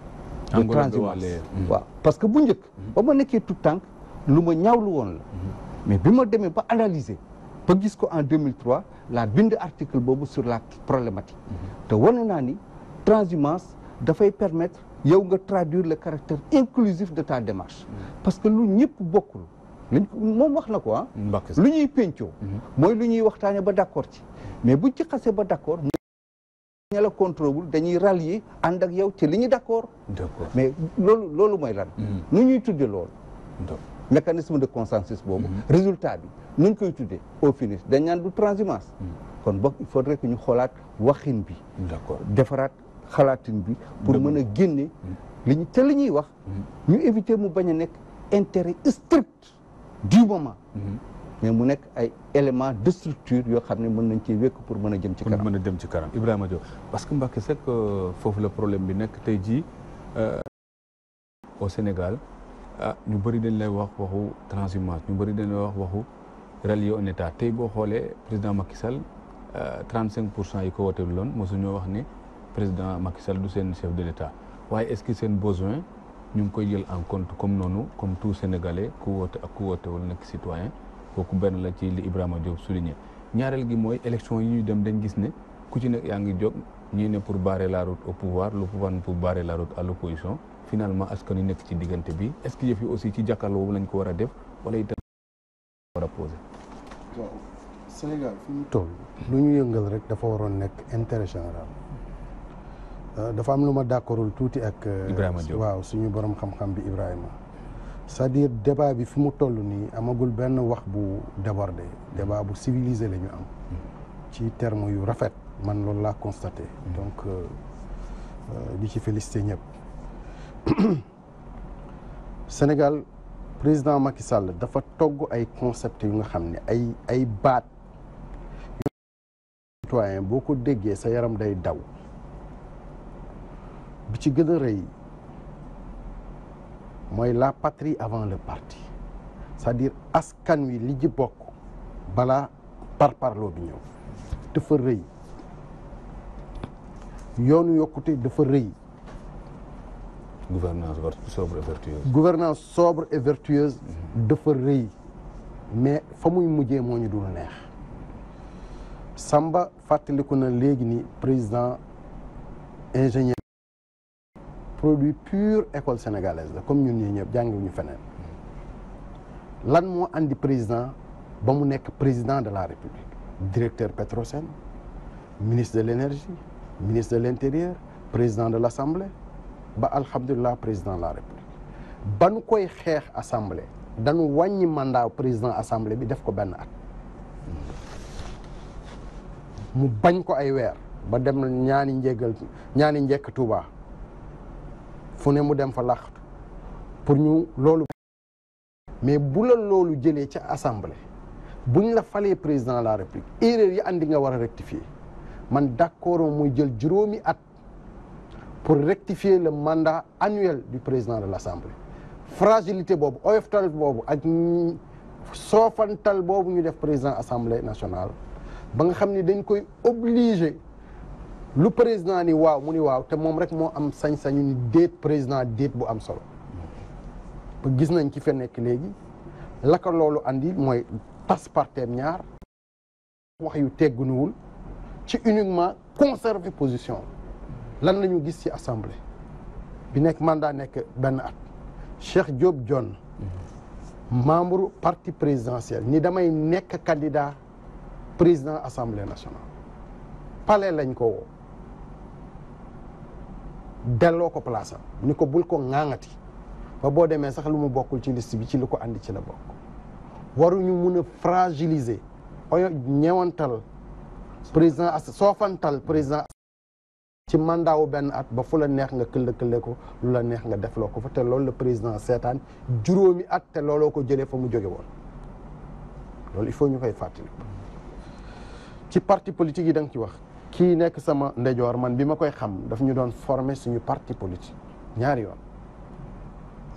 de transhumance mm. waaw parce que bu njëkk ba ma nekkee tu tànk lu ma ñaawlu woon la mm-hmm. mais bi ma demee ba analyser ba gis ko en 2003 la bind article boobu sur la problématique mm-hmm. te wane naa ni transhumance dafay permettre yow nga traduire le caractère inclusif de ta démarche mm-hmm. parce que lu ñëpp bokkul liñ moom wax na ko ah lu ñuy péncoo mooy lu ñuy waxtaane ba d'accord ci mais buñ ci xase ba d'accord ña la contrôle dañuy rallier ànd ak yow ci li ñu d'accord mais loolu loolu mooy lan hmm. nu ñuy tudde lool mécanisme de consensus boobu hmm. résultat bi nu ñu koy tuddee au finish dañ naan du transhumance hmm. kon book il faudrait que ñu xoolaat waxin bi defaraat xalaatin bi pour mën a génne li ñu te li ñuy wax ñu éviter mu bañ a nekk intérêt strict du moment mais mu nekk ay éléments de structure yoo xam ne mën nañ ci wékk pour mën a jëm ci kanam mën a jëm ci kanam Ibrahima Diop parce que Mbacké Seck euh, foofu la problème bi nekk tey jii euh, au Sénégal a ah, ñu bëri dañ lay wax waxu transhumance ñu bëri dañ lay wax waxu relier en état tey boo xoolee président Macky Sall 35 euh, pour cent yi ko woteelu loon ñoo wax ni président Macky Sall du seen chef de l'état waaye est-ce que seen besoin ñu ngi koy jël en compte comme noonu comme tout Sénégalais ku woote ak ku wootewul nekk citoyen kooku benn la ci li Ibrahima Diop souligné ñaareel gi mooy élection yi ñuy dem dañ gis ne ku ci nekk yaa ngi jóg ñii ne pour bare la route au pouvoir le pouvoir ne pour barrer la route à l'opposition finalement askan wi nekk ci diggante bi est-ce que yëf yi aussi ci jàkkaarloo boobu lañ ko war a def wala itam war a posé. waaw Sénégal fi lu ñu yëngal rek dafa waroon nekk intérêt général euh, dafa am lu ma d'accordul tuuti ak. Euh, Ibrahima Diop waaw suñu boroom xam-xam bi Ibrahima. sa à dire débat bi fi mu toll nii amagul benn wax bu débordé débat bu civilisé lañu am ci terme yu rafet man loolu laa constaté donc euh, euh, di ci félicité ñëpp [COUGHS] Sénégal président Macky Sall dafa togg ay concept yu nga xam ne ay ay baat citoyen boo ko déggee sa yaram day daw bi ci gën a rëy mooy la patrie avant le partie cest à askan wi li ji bokk balaa par parloo bi ñëw dafa rëy yoonu yokkute dafa rëy. gouvernance sobre et vertueuse. gouvernance sobre et vertueuse dafa rëy mais fa muy mujjee moo ñu dul neex Samba fàttaliku na léegi ni président ingénieur. produit pur école sénégalaise la comme ñun ñii ñëpp jàngiwuñu feneen lan moo andi président ba mu nekk président de la république directeur Petrosen ministre de l'énergie ministre de l'intérieur président de l'assemblée ba alhamdulilah président de la république ba nu koy xeex assemblée dañu wàññi mandat président assemblée bi def ko benn at mu bañ ko ay weer ba dem ñaani njéggal ñaani njekk Touba fu ne mu dem fa laxtu pour ñu loolu mais bu la loolu jëlee ca assemblée buñ la falee président de la république erreur yi andi nga war a rectifier man d'accord muy jël juróomi at pour rectifier le mandat annuel du président de l'assemblée fragilité boobu oyoftal boobu ak soofantal boobu ñu def président assemblée nationale ba nga xam ni dañ koy obligé lu président ni waaw mu ni waaw te moom rek moo am sañ-sañu ni déet président déet bu am solo ba gis nañ ci fa nekk léegi lakka loolu andi mooy tas parteem ñaar wax yu teggunuwul ci uniquement conserver position lan la ñu gis ci assemblée bi nekk mandat nekk benn at Cheikh Diop John membre parti présidentiel ni damay nekk candidat président assemblée nationale palais lañ ko delloo ko place am ni ko bul ko ŋaaŋati ba boo demee sax lu mu bokkul ci liste bi ci lu ko andi ci la bokk ñu mun a fragiliser oyo ñewantal président as soofantal président ci mandat benn at ba fu la neex nga këll këlle ko lu la neex nga def loo ko fa te loolu la président seetaan juróomi at te looloo ko jëlee fa mu jóge woon loolu il faut ñu koy fàttali ci parti politique yi danga nga ci wax kii nekk sama ndejoor man bi ma koy xam daf ñu doon former suñu parti politique ñaari yoon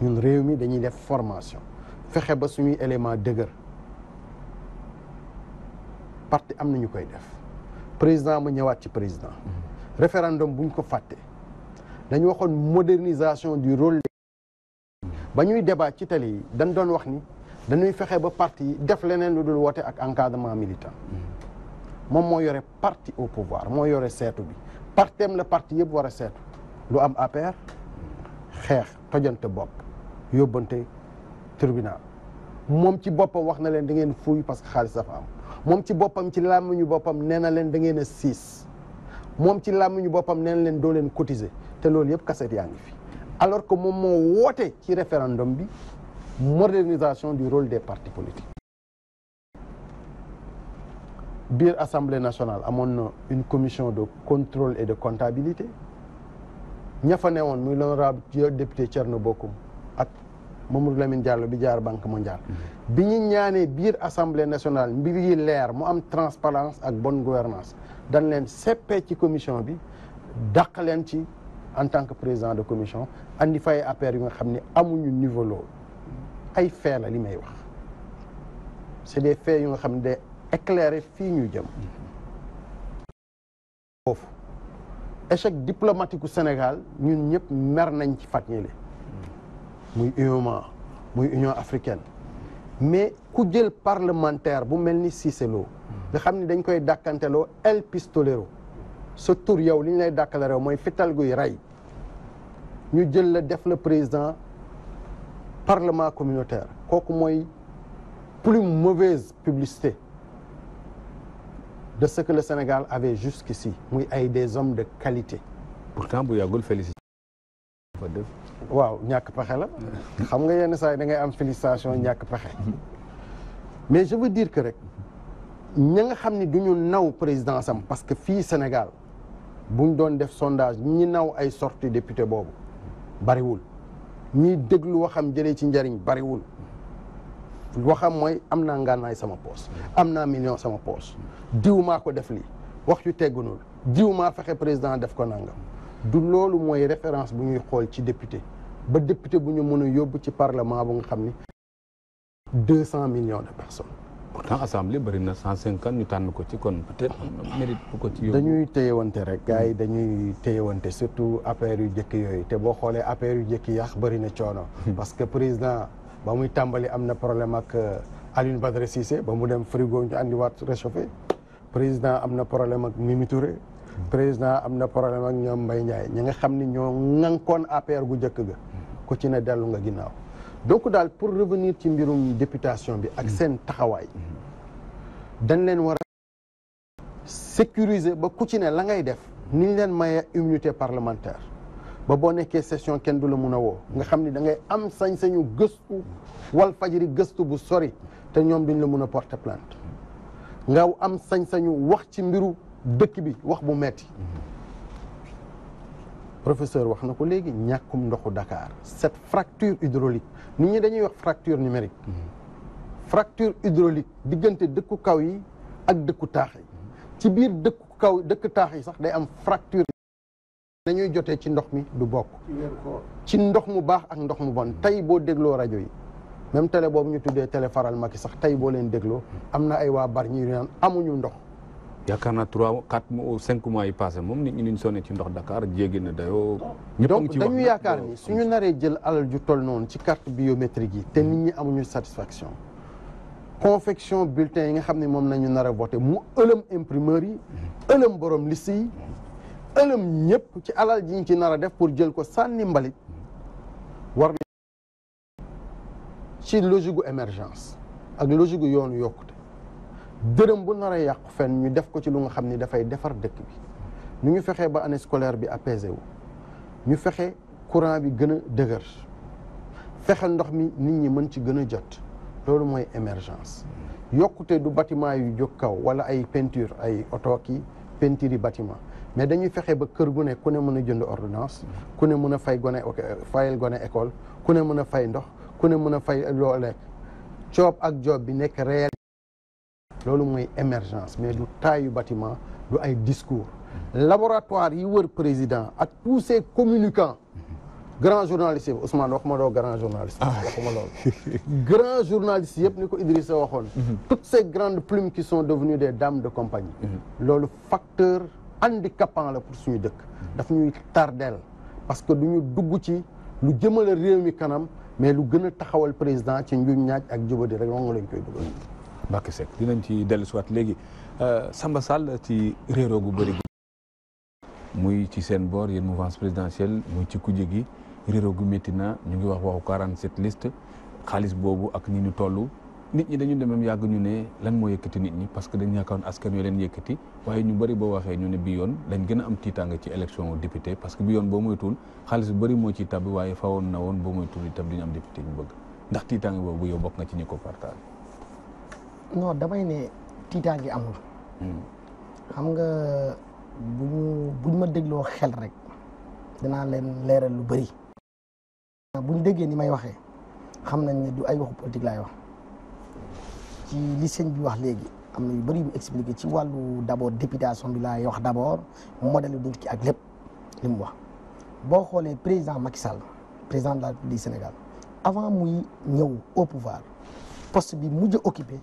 ñun réew mi dañuy def formation fexe ba suñuy élément dëgër parti am na ñu koy def président ma ñëwaat ci président mm-hmm. référendum buñ ko fàtte dañu waxoon modernisation du rôle ba ñuy debaat ci tali yi dañ doon wax ni dañuy fexe ba parti yi def leneen lu dul woote ak encadrement militant mm-hmm. moom moo yore parti au pouvoir moo yore seetu bi partem la parti yëpp war a seetu lu am APR xeex tojante bopp yóbbante tribunal moom ci boppam wax na leen dangeen ngeen fuuy parce que xaalis dafa am moom ci boppam ci làmmiñu boppam nee na leen da ngeen a siis moom ci làmmiñu boppam nee na leen doo leen cotiser te loolu yëpp kaset yaa ngi fi alors que moom moo woote ci référendum bi modernisation du rôle des partis politiques biir assemblée nationale amoon na une commission de contrôle et de comptabilité ña fa newoon muy l'honorable député na Bocoum ak moom Mamadou Lamine Diallo bi jaar banque mondiale. Mhm. bi ñu ñaanee biir assemblée nationale mbir yi leer mu am transparence ak bon gouvernance dañ leen seppee ci commission bi dàq leen ci en tant que président de commission indi fay affaires yu nga xam ne amuñu niveau loolu ay fee la li may wax c'est des faits yu nga xam ne éclairer fii ñu jëm foofu échec diplomatique u Sénégal ñun ñëpp mer nañ ci fàttali muy UEMOA muy Union africaine mais ku jël parlementaire bu mel ni Cissé Lo nga xam ni dañ koy dàkkanteloo El Pistolero sa tur yow li ñu lay dàkkale rew mooy fital guy rey ñu jël la def la président parlement communautaire kooku mooy plus mauvaise publicité de ce que ave Sénégal avait jusqu'ici muy ay des hommes de qualité. pourtant bu yàggul félicité. waaw ñàkk pexe la xam nga yenn saa yi ngay am félicitation ñàkk pexe mais je veux dire que rek ña nga xam ni du ñu naw président sam parce que fii Sénégal buñ doon def sondage ñi naw ay sorti député boobu bariwul ñiy déglu waxam jëlee ci njariñ bariwul. waxam mooy am na ngànnaay sama poos am na million sama poos diw maa ko def lii wax yu teggunul diw maa fexe président def ko nangam du loolu mooy référence bu ñuy xool ci député ba député bu ñu mën a yóbbu ci parlement bu nga xam ni deux cent millions de personnes. pourtant assemblée bëri na cent cinquante ñu tànn ko ci kon peut-être mérite bu ko ci yóbbu. dañuy téyewante rek gars yi dañuy téyewante surtout affaire yu jëkk yooyu te boo xoolee affaire yu jëkk yàq bëri na coono. Hmm. parce que président. ba muy tàmbali am na problème ak euh, aline Badara Cissé ba mu dem frigo ñu andiwaat réchauffé président am na problème ak Mimi Touré président am na problème ak ñoom Mbaye Ndiaye ñi nga xam ni ñoo ŋànkoon APR gu njëkk ga ku ci dellu nga ginnaaw donc daal pour revenir ci mbirum députation bi ak seen taxawaay dañ leen war a ba ku ci la ngay def niñ leen maye immunité parlementaire ba boo nekkee session kenn du la mun a woo nga xam ni da ngay am sañ-sañu gëstu wal fajiri gëstu bu sori te ñoom duñ la mun a porte plainte nga am sañ-sañu wax ci mbiru dëkk bi wax bu metti professeur wax na ko léegi ñàkkum ndoxu dakaar cette fracture hydraulique nit ñi dañuy wax fracture numérique fracture hydraulique diggante dëkku kaw yi ak dëkku taax yi ci biir dëkku kaw dëkk taax yi sax day am fracture nañuy jotee ci ndox mi du bokk ci ndox mu baax ak ndox mu bon tey boo dégloo rajo yi même télé boobu ñu tuddee télé faral Macky sax tey boo leen dégloo am na ay waa bar ñu amuñu ndox yaakaar naa trois quatre ou cinq mois yi passé moom nit ñi niñ sonné ci ndox Dakar jéggi na dayoo donc dañu yaakaar suñu naree jël alal ju toll noonu ci carte biométrique yi te nit ñi amuñu satisfaction confection bulletin yi nga xam ne moom nañu nar a mu ëlëm imprimeur yi ëlëm borom liste yi ëlëm ñëpp ci alal ji ñu ci nar a def pour jël ko sànni mbalit war na ci logique émergence ak logique gu yoonu yokkute dërëm bu nar a yàqu fenn ñu def ko ci lu nga xam ni dafay defar dëkk bi nu ñu fexee ba année scolaire bi apaisé wu ñu fexe courant bi gën a dëgër fexe ndox mi nit ñi mën ci gën a jot loolu mooy émergence yokkute du bâtiment yu jóg kaw wala ay peinture ay oto ki peinture yi mais dañuy fexe ba kër gu ne ku ne mën a jënd ordonnance ku ne mën a fay gone fayal gone école ku ne mën a fay ndox ku ne mën a fay loo lekk coob ak job bi nekk réel loolu mooy émergence mais du taayu bâtiment du ay discours laboratoire yi wër président ak tous ces communicants grand journaliste yëpp Ousmane waxuma doo grand journaliste ah. waxuma loolu grand journaliste yëpp ni ko Idrissa waxoon mhm. toutes ces grandes plumes qui sont devenues des dames de compagnie mhm. loolu facteur handicapant la pour suñu dëkk dafa ñuy tardeel parce que du dugg ci lu jëmalee réew mi kanam mais lu gën a taxawal président ci njuñ ñaaj ak jubadi rek moom lañ koy dugal. Mbacké Seck dinañ ci dellu siwaat léegi euh, Samba Sall ci réeroo gu bëri muy ci seen boor yéen mouvance présidentielle muy ci kujje gi réeroo gu métti na ñu ngi wax waxu 47 liste xaalis boobu ak ni ñu tollu nit ñi dañu demem yàgg ñu ne lan moo yëkkati nit ñi parce que dañ yaakaaroon askan wi leen yëkkati waaye ñu bëri boo waxee ñu ne bi yoon dañ gën a am tiitaanga ci élection député parce que bi yoon boo moytuwul xaalis bu bëri moo ciy tabbi waaye fawoon na woon boo moytuwul itam du ñu am député ñu bëgg ndax tiitaanga boobu yow bokk nga ci ñi ko partage non damay ne tiitaange amul hmm. xam nga bu ñu buñ ma dégloo xel rek dinaa leen leeral lu bëri buñ déggee ni may waxee xam nañ ne du ay waxu politique laay wax ci li sëñ bi wax léegi am na yu bëri yu expliqué ci wàllu d' abord députation la laay wax d' abord modèle yu nit ki ak lépp li mu wax boo xoolee président Macky Sall président de la République Sénégal avant muy ñëw au pouvoir poste bi mujj a occupé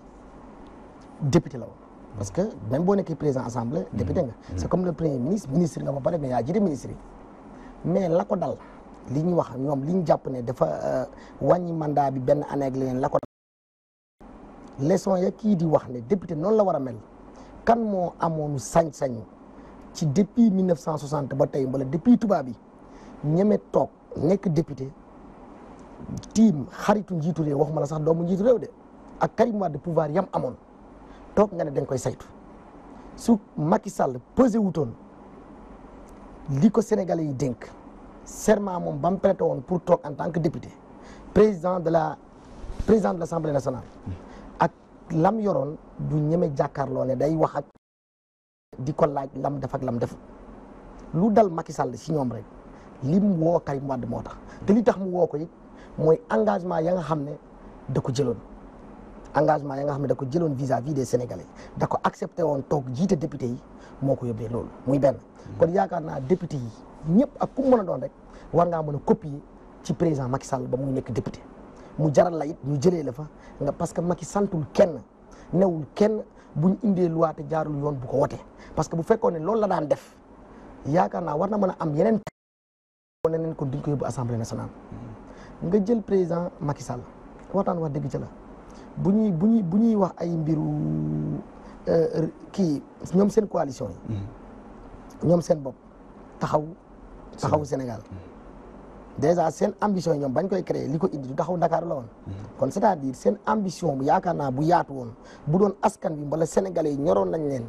député la woon parce que même boo nekkee président assemblée mm-hmm. député nga mm-hmm. c' comme le premier ministre ministre nga ba pare mais yaa jiite ministre yi mais la ko dal li ñu wax ñoom li jàpp ne dafa euh, wàññi mandat bi benn année ak leneen la leçon ya kii di wax ne député noonu la war a mel kan moo amoon sañ-sañ ci depuis 1960 ba tey wala depuis tubaab bi ñeme toog nekk député tiim xaritu njiitu réew waxuma la sax doomu njiitu réew de ak Karim Wade pouvoir yam amoon toog nga ne dañ koy saytu su Macky Sall pesé wutoon li ko Sénégalais yi dénk serment moom ba mu prêté woon pour toog en tant que député président de la président de l'Assemblée nationale lam yoroon du ñeme jàkkaarloo ne day wax ak di ko laaj lam def ak def lu dal Macky Sall si ñoom rek lim woo Karim Wade moo tax te li tax mu woo ko mooy engagement ya nga xam ne da ko jëloon engagement ya nga xam ne da ko jëloon vis-à-vis des da ko accepté woon toog jiite député yi moo ko yóbbee loolu muy benn mm. kon yaakaar naa député yi ñëpp ak ku mën a doon rek war ngaa mën a yi ci président Macky Sall ba muy nekk député mu jaral la it ñu jëlee la fa nga parce que Macky santul kenn newul kenn buñ indee loi jaarul yoon bu ko wote parce que bu fekkoon ne loolu la daan def yaakaar naa war na mën na am yeneen ko neneen kon duñ ko yóbbu assemblée nationale nga jël président Macky Sall waxtaan wax dëgg ca bu ñuy bu ñuy bu ñuy wax ay mbiru euh, kii ñoom seen coalition yi mm-hmm. ñoom seen bopp taxaw taxaw Sénégal déjà seen ambition ñoom bañ koy créer li ko indi du taxaw Dakar la woon kon c'est-à-dire seen ambition bu yaakaar naa bu yaatu woon bu doon askan bi wala sénégalais yi ñoroon nañ leen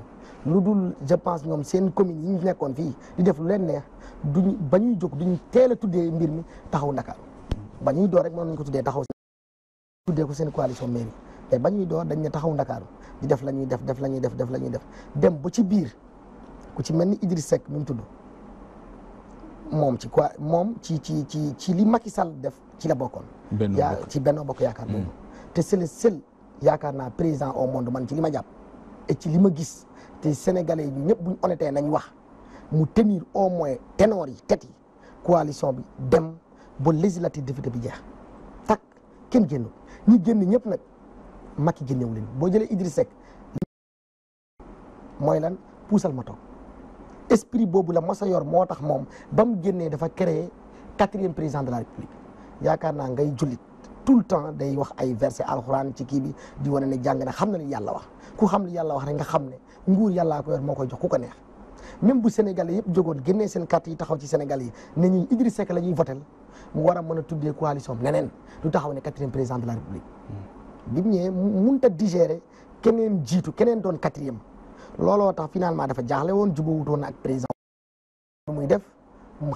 lu dul je pense ñoom seen commune yi ñu nekkoon fii di def lu leen neex duñ ba ñuy jóg duñ teel a tuddee mbir mi taxaw Dakar ba ñuy door rek mën nañ ko tuddee taxaw tuddee ko seen coalition mairie te ba ñuy taxaw Dakar di def la ñuy def def la ñuy def def la ñuy def dem ba ci biir ku ci mel ni Idriss Seck mi mu tudd moom ci quoi moom ci ci ci ci li Macky Sall def ci la bokkoon. yaa ci Benno Bokk Yaakaar boobu. Hmm. te c'est le seul yaakaar naa président au monde man ci li ma jàpp. et ci li ma gis te sénégalais yi ñëpp buñ honnêté nañ wax mu tenir au moins ténor yi tet yi coalition bi dem ba législative député bi jeex tak kenn génn ñi génn ñëpp nag Macky génnewu leen boo jëlee Idriss Seck mooy lan puusal ma esprit boobu la mos a yor moo tax moom ba mu génnee dafa créer quatrième président de la république yaakaar naa ngay jullit tout le temps day wax ay verset alxuraan ci kii bi di wane ne jàng xam na li yàlla wax ku xam ne yàlla wax rek nga xam ne nguur yàllaa ko yor moo koy jox ku ko neex même bu Sénégalais yëpp jogoon génnee seen carte yi taxaw ci Sénégal yi ne ñun Idriss Seck la votel mu war a mën a tuddee coalition neneen lu taxaw ne quatrième président de la république hmm. bi mu ñëwee mënut a digérer jiitu keneen doon quatrième looloo tax finalement dafa jaaxle woon jubawutoon na ak président muy def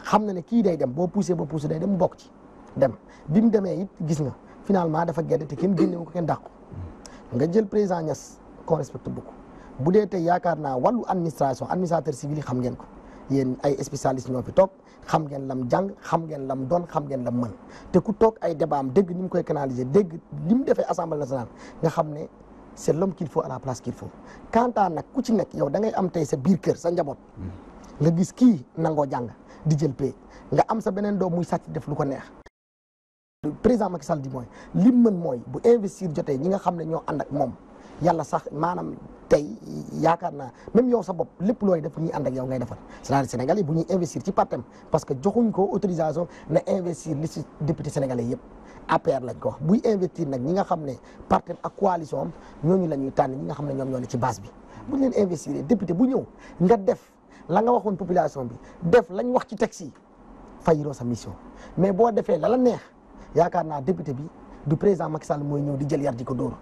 xam na ne kii day dem boo poussé ba poussé day dem bokk ci dem bi mu demee it gis nga finalement dafa gedde te kenn génne ko kenn dàqu nga jël président Niass qu'on respecte beaucoup bu dee te yaakaar naa wallu administration administrateur civil yi xam ngeen ko yéen ay spécialiste ñoo fi toog xam ngeen lam jàng xam ngeen lam doon xam ngeen lam man te ku toog ay débat am dégg ni mu koy canaliser dégg ni mu defee assemblée nationale nga xam ne c'est l'homme qu'il faut à la place qu'il faut quant à nag ku ci nekk yow da am tey sa biir kër sa njaboot nga gis kii nangoo jàng di jël p nga am sa beneen doom muy sàcc def lu ko neex président Macky Sall di mooy lim mën mooy bu investir jotee ñi nga xam ne ñoo ànd ak moom yàlla sax maanaam tey yaakaar naa même yow sa bopp lépp looy def ñuy ànd ak yow ngay defar c'est-à-dire bu ñuy investir ci partem parce que joxuñ ko autorisation na investir li ci député yëpp APR la ko wax buy investir nag ñi nga xam ne parti ak coalition ñooñu la ñuy tànn ñi nga xam ne ñoom ñoo ne ci base bi bu leen investir député bu ñëw nga def la nga waxoon population bi def lañ wax ci taxi yi fayiroo sa mission mais boo defee la la neex yaakaar naa député bi du président Macky Sall mooy ñëw di jël yar di ko dóor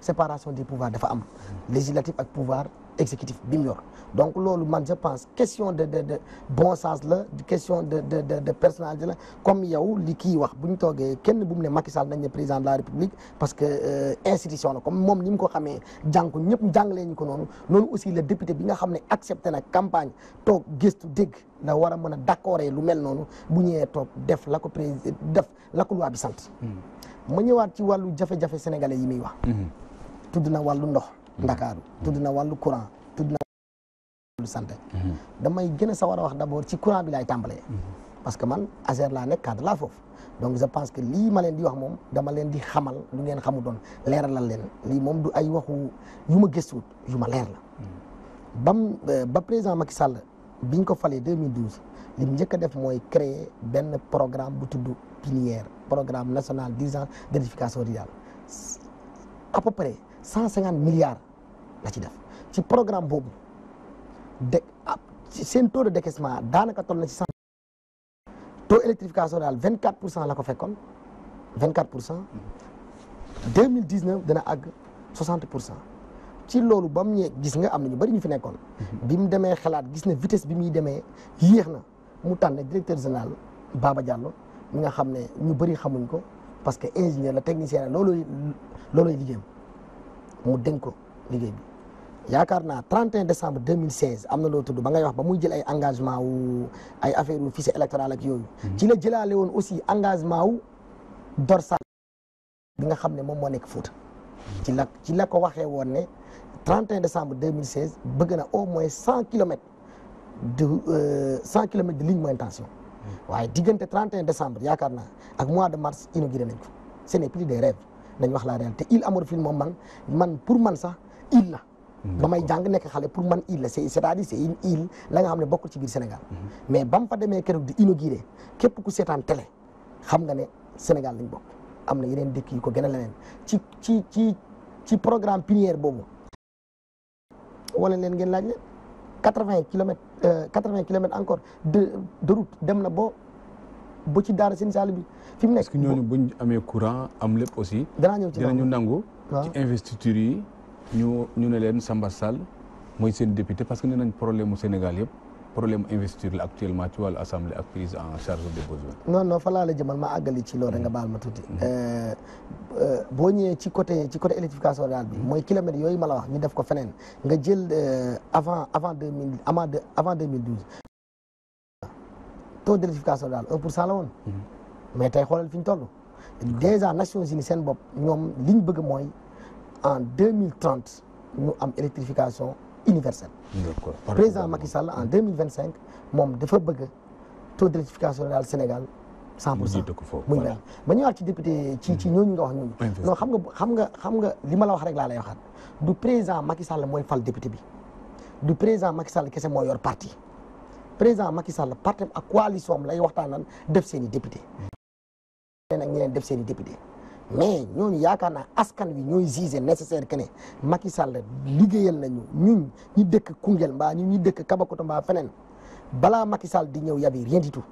séparation des pouvoirs dafa am législatif ak pouvoir exécutif bi mu yor donc loolu man je pense question de de de bon la question de de de la comme yow li kii wax bu ñu toogee kenn bu mu ne Macky Sall nañ ne président de la République parce que euh, institution la comme moom ni mu ko xamee jàng ko ñëpp jàngalee ñu ko noonu noonu aussi le député bi nga xam ne accepté nag campagne toog gëstu dégg na war a mën a d'accord lu mel noonu bu ñëwee toog def la ko président def la ko loi bi hmm. ñëwaat ci wàllu jafe-jafe sénégalais yi muy wax. Hmm. tudd wàllu ndox. ndakaaru tudd na wàllu courant tudd na wàllu mhm. damay gën a sawar a wax d'abord ci courant bi laay tàmbalee mhm. parce que man ASER laa nekk cadre laa foofu donc je pense que lii ma leen di wax moom dama leen di xamal lu ngeen xamu doon leeralal leen lii moom du ay waxu yu ma gëstuwut yu ma leer mhm. bam euh, ba présent Macky Sall biñ ko falee 2012 li mu njëkk a def mooy créer benn programme bu tudd pilière programme national d'urgence d'édification rurale à peu près cent milliards la ci def ci programme boobu de ci seen taux de daanaka toll na ci cent taux électrification daal vingt quatre pour cent la ko fekkoon vingt quatre pour cent deux mille dix neuf dana àgg soixante pour cent ci loolu ba mu ñëwee gis nga am na ñu bëri ñu fi nekkoon bi mu demee xalaat gis na vitesse bi muy demee yéex na mu tànn directeur général baaba Diallo mi nga xam ne ñu bëri xamuñ ko parce que ingénieur la technicien la loolu looluy liggéeyam mu dénk ko liggéey bi yaakaar naa 31 décembre 2016 am na loo tudd ba ngay wax ba muy jël ay engagement wu ay affaire wu fichier électoral yooyu mhm. ci la jëlaale woon aussi engagement wu dorsal bi nga xam ne moom moo nekk Fouta ci la ci la ko waxee woon ne deux décembre 2016 bëgg na au mois 100 kilomètres de 100 euh, kilomètres de ligne moyenne tension mhm. waaye diggante 31 décembre yaakaar naa ak mois de mars inauguré nañ ko ce n'est plus des rêves nañ wax la réalité il Amor Fil moom man man pour man sax il la ba may jàng nekk xale pour man île la c' est à dire c' est une la nga xam ne bokkul ci biir Sénégal. Mhm. mais bam mu fa demee keroog di inauguré képp ku seetaan tele xam nga ne Sénégal lañ bokk am na yeneen dëkk yu ko gën a leneen ci ci ci ci programme pinière boobu. wala leen ngeen laaj leen quatre vingt kilomètres euh, quatre vingt kilomètres encore de de route dem na boo ba ci daara seen saal bi fi mu nekk. parce ñooñu buñ amee courant am lépp aussi. danaa ñëw ci dinañu nangu. ci investiture yi. ñu ñu ne leen Samba Sall mooy seen député parce que nee nañ problème mu Sénégal yëpp problème investiture la actuellement ci wàllu assemblée ak prise en charge des besoins. non non fa laa ma àggali ci loolu nga baal ma tuuti. Mhm. Euh, euh, boo ñëwee ci côté ci côté électrification daal bi. mooy kilomètres yooyu ma la wax ñu def ko feneen nga jël euh, avant avant deux mille avant deux avant deux mille douze. taux d'électrification rurale un pour cent woon. Mhm. mais tey xoolal fi ñu toll. déjà Nations Unies seen bopp ñoom li ñu bëgg mooy. en deux mille trente ñu am électrification universelle. président Macky Sall en deux mille vingt cinq moom dafa bëgg taux d' électrification la Sénégal. cent pour cent muy mu ba ñëwaat ci député ci ci mm-hmm. ñooñu nga wax ñooñu. non xam nga xam nga xam nga li ma la wax rek laa lay waxaat du présent Macky Sall mooy fal député bi du président Macky Sall kese moo yor parti président Macky Sall parti ak coalition am lay waxtaanal def seen i député. Mm-hmm. ñeneen ak ñeneen def seen i député. mais ñooñu yaakaar naa askan wi ñooy jugé nécessaire que ne Macky Sall liggéeyal nañu ñun ñu dëkk Koungheul mbaa ñun ñu dëkk Kabakoto ba feneen balaa Macky Sall di ñëw yabi rien du tout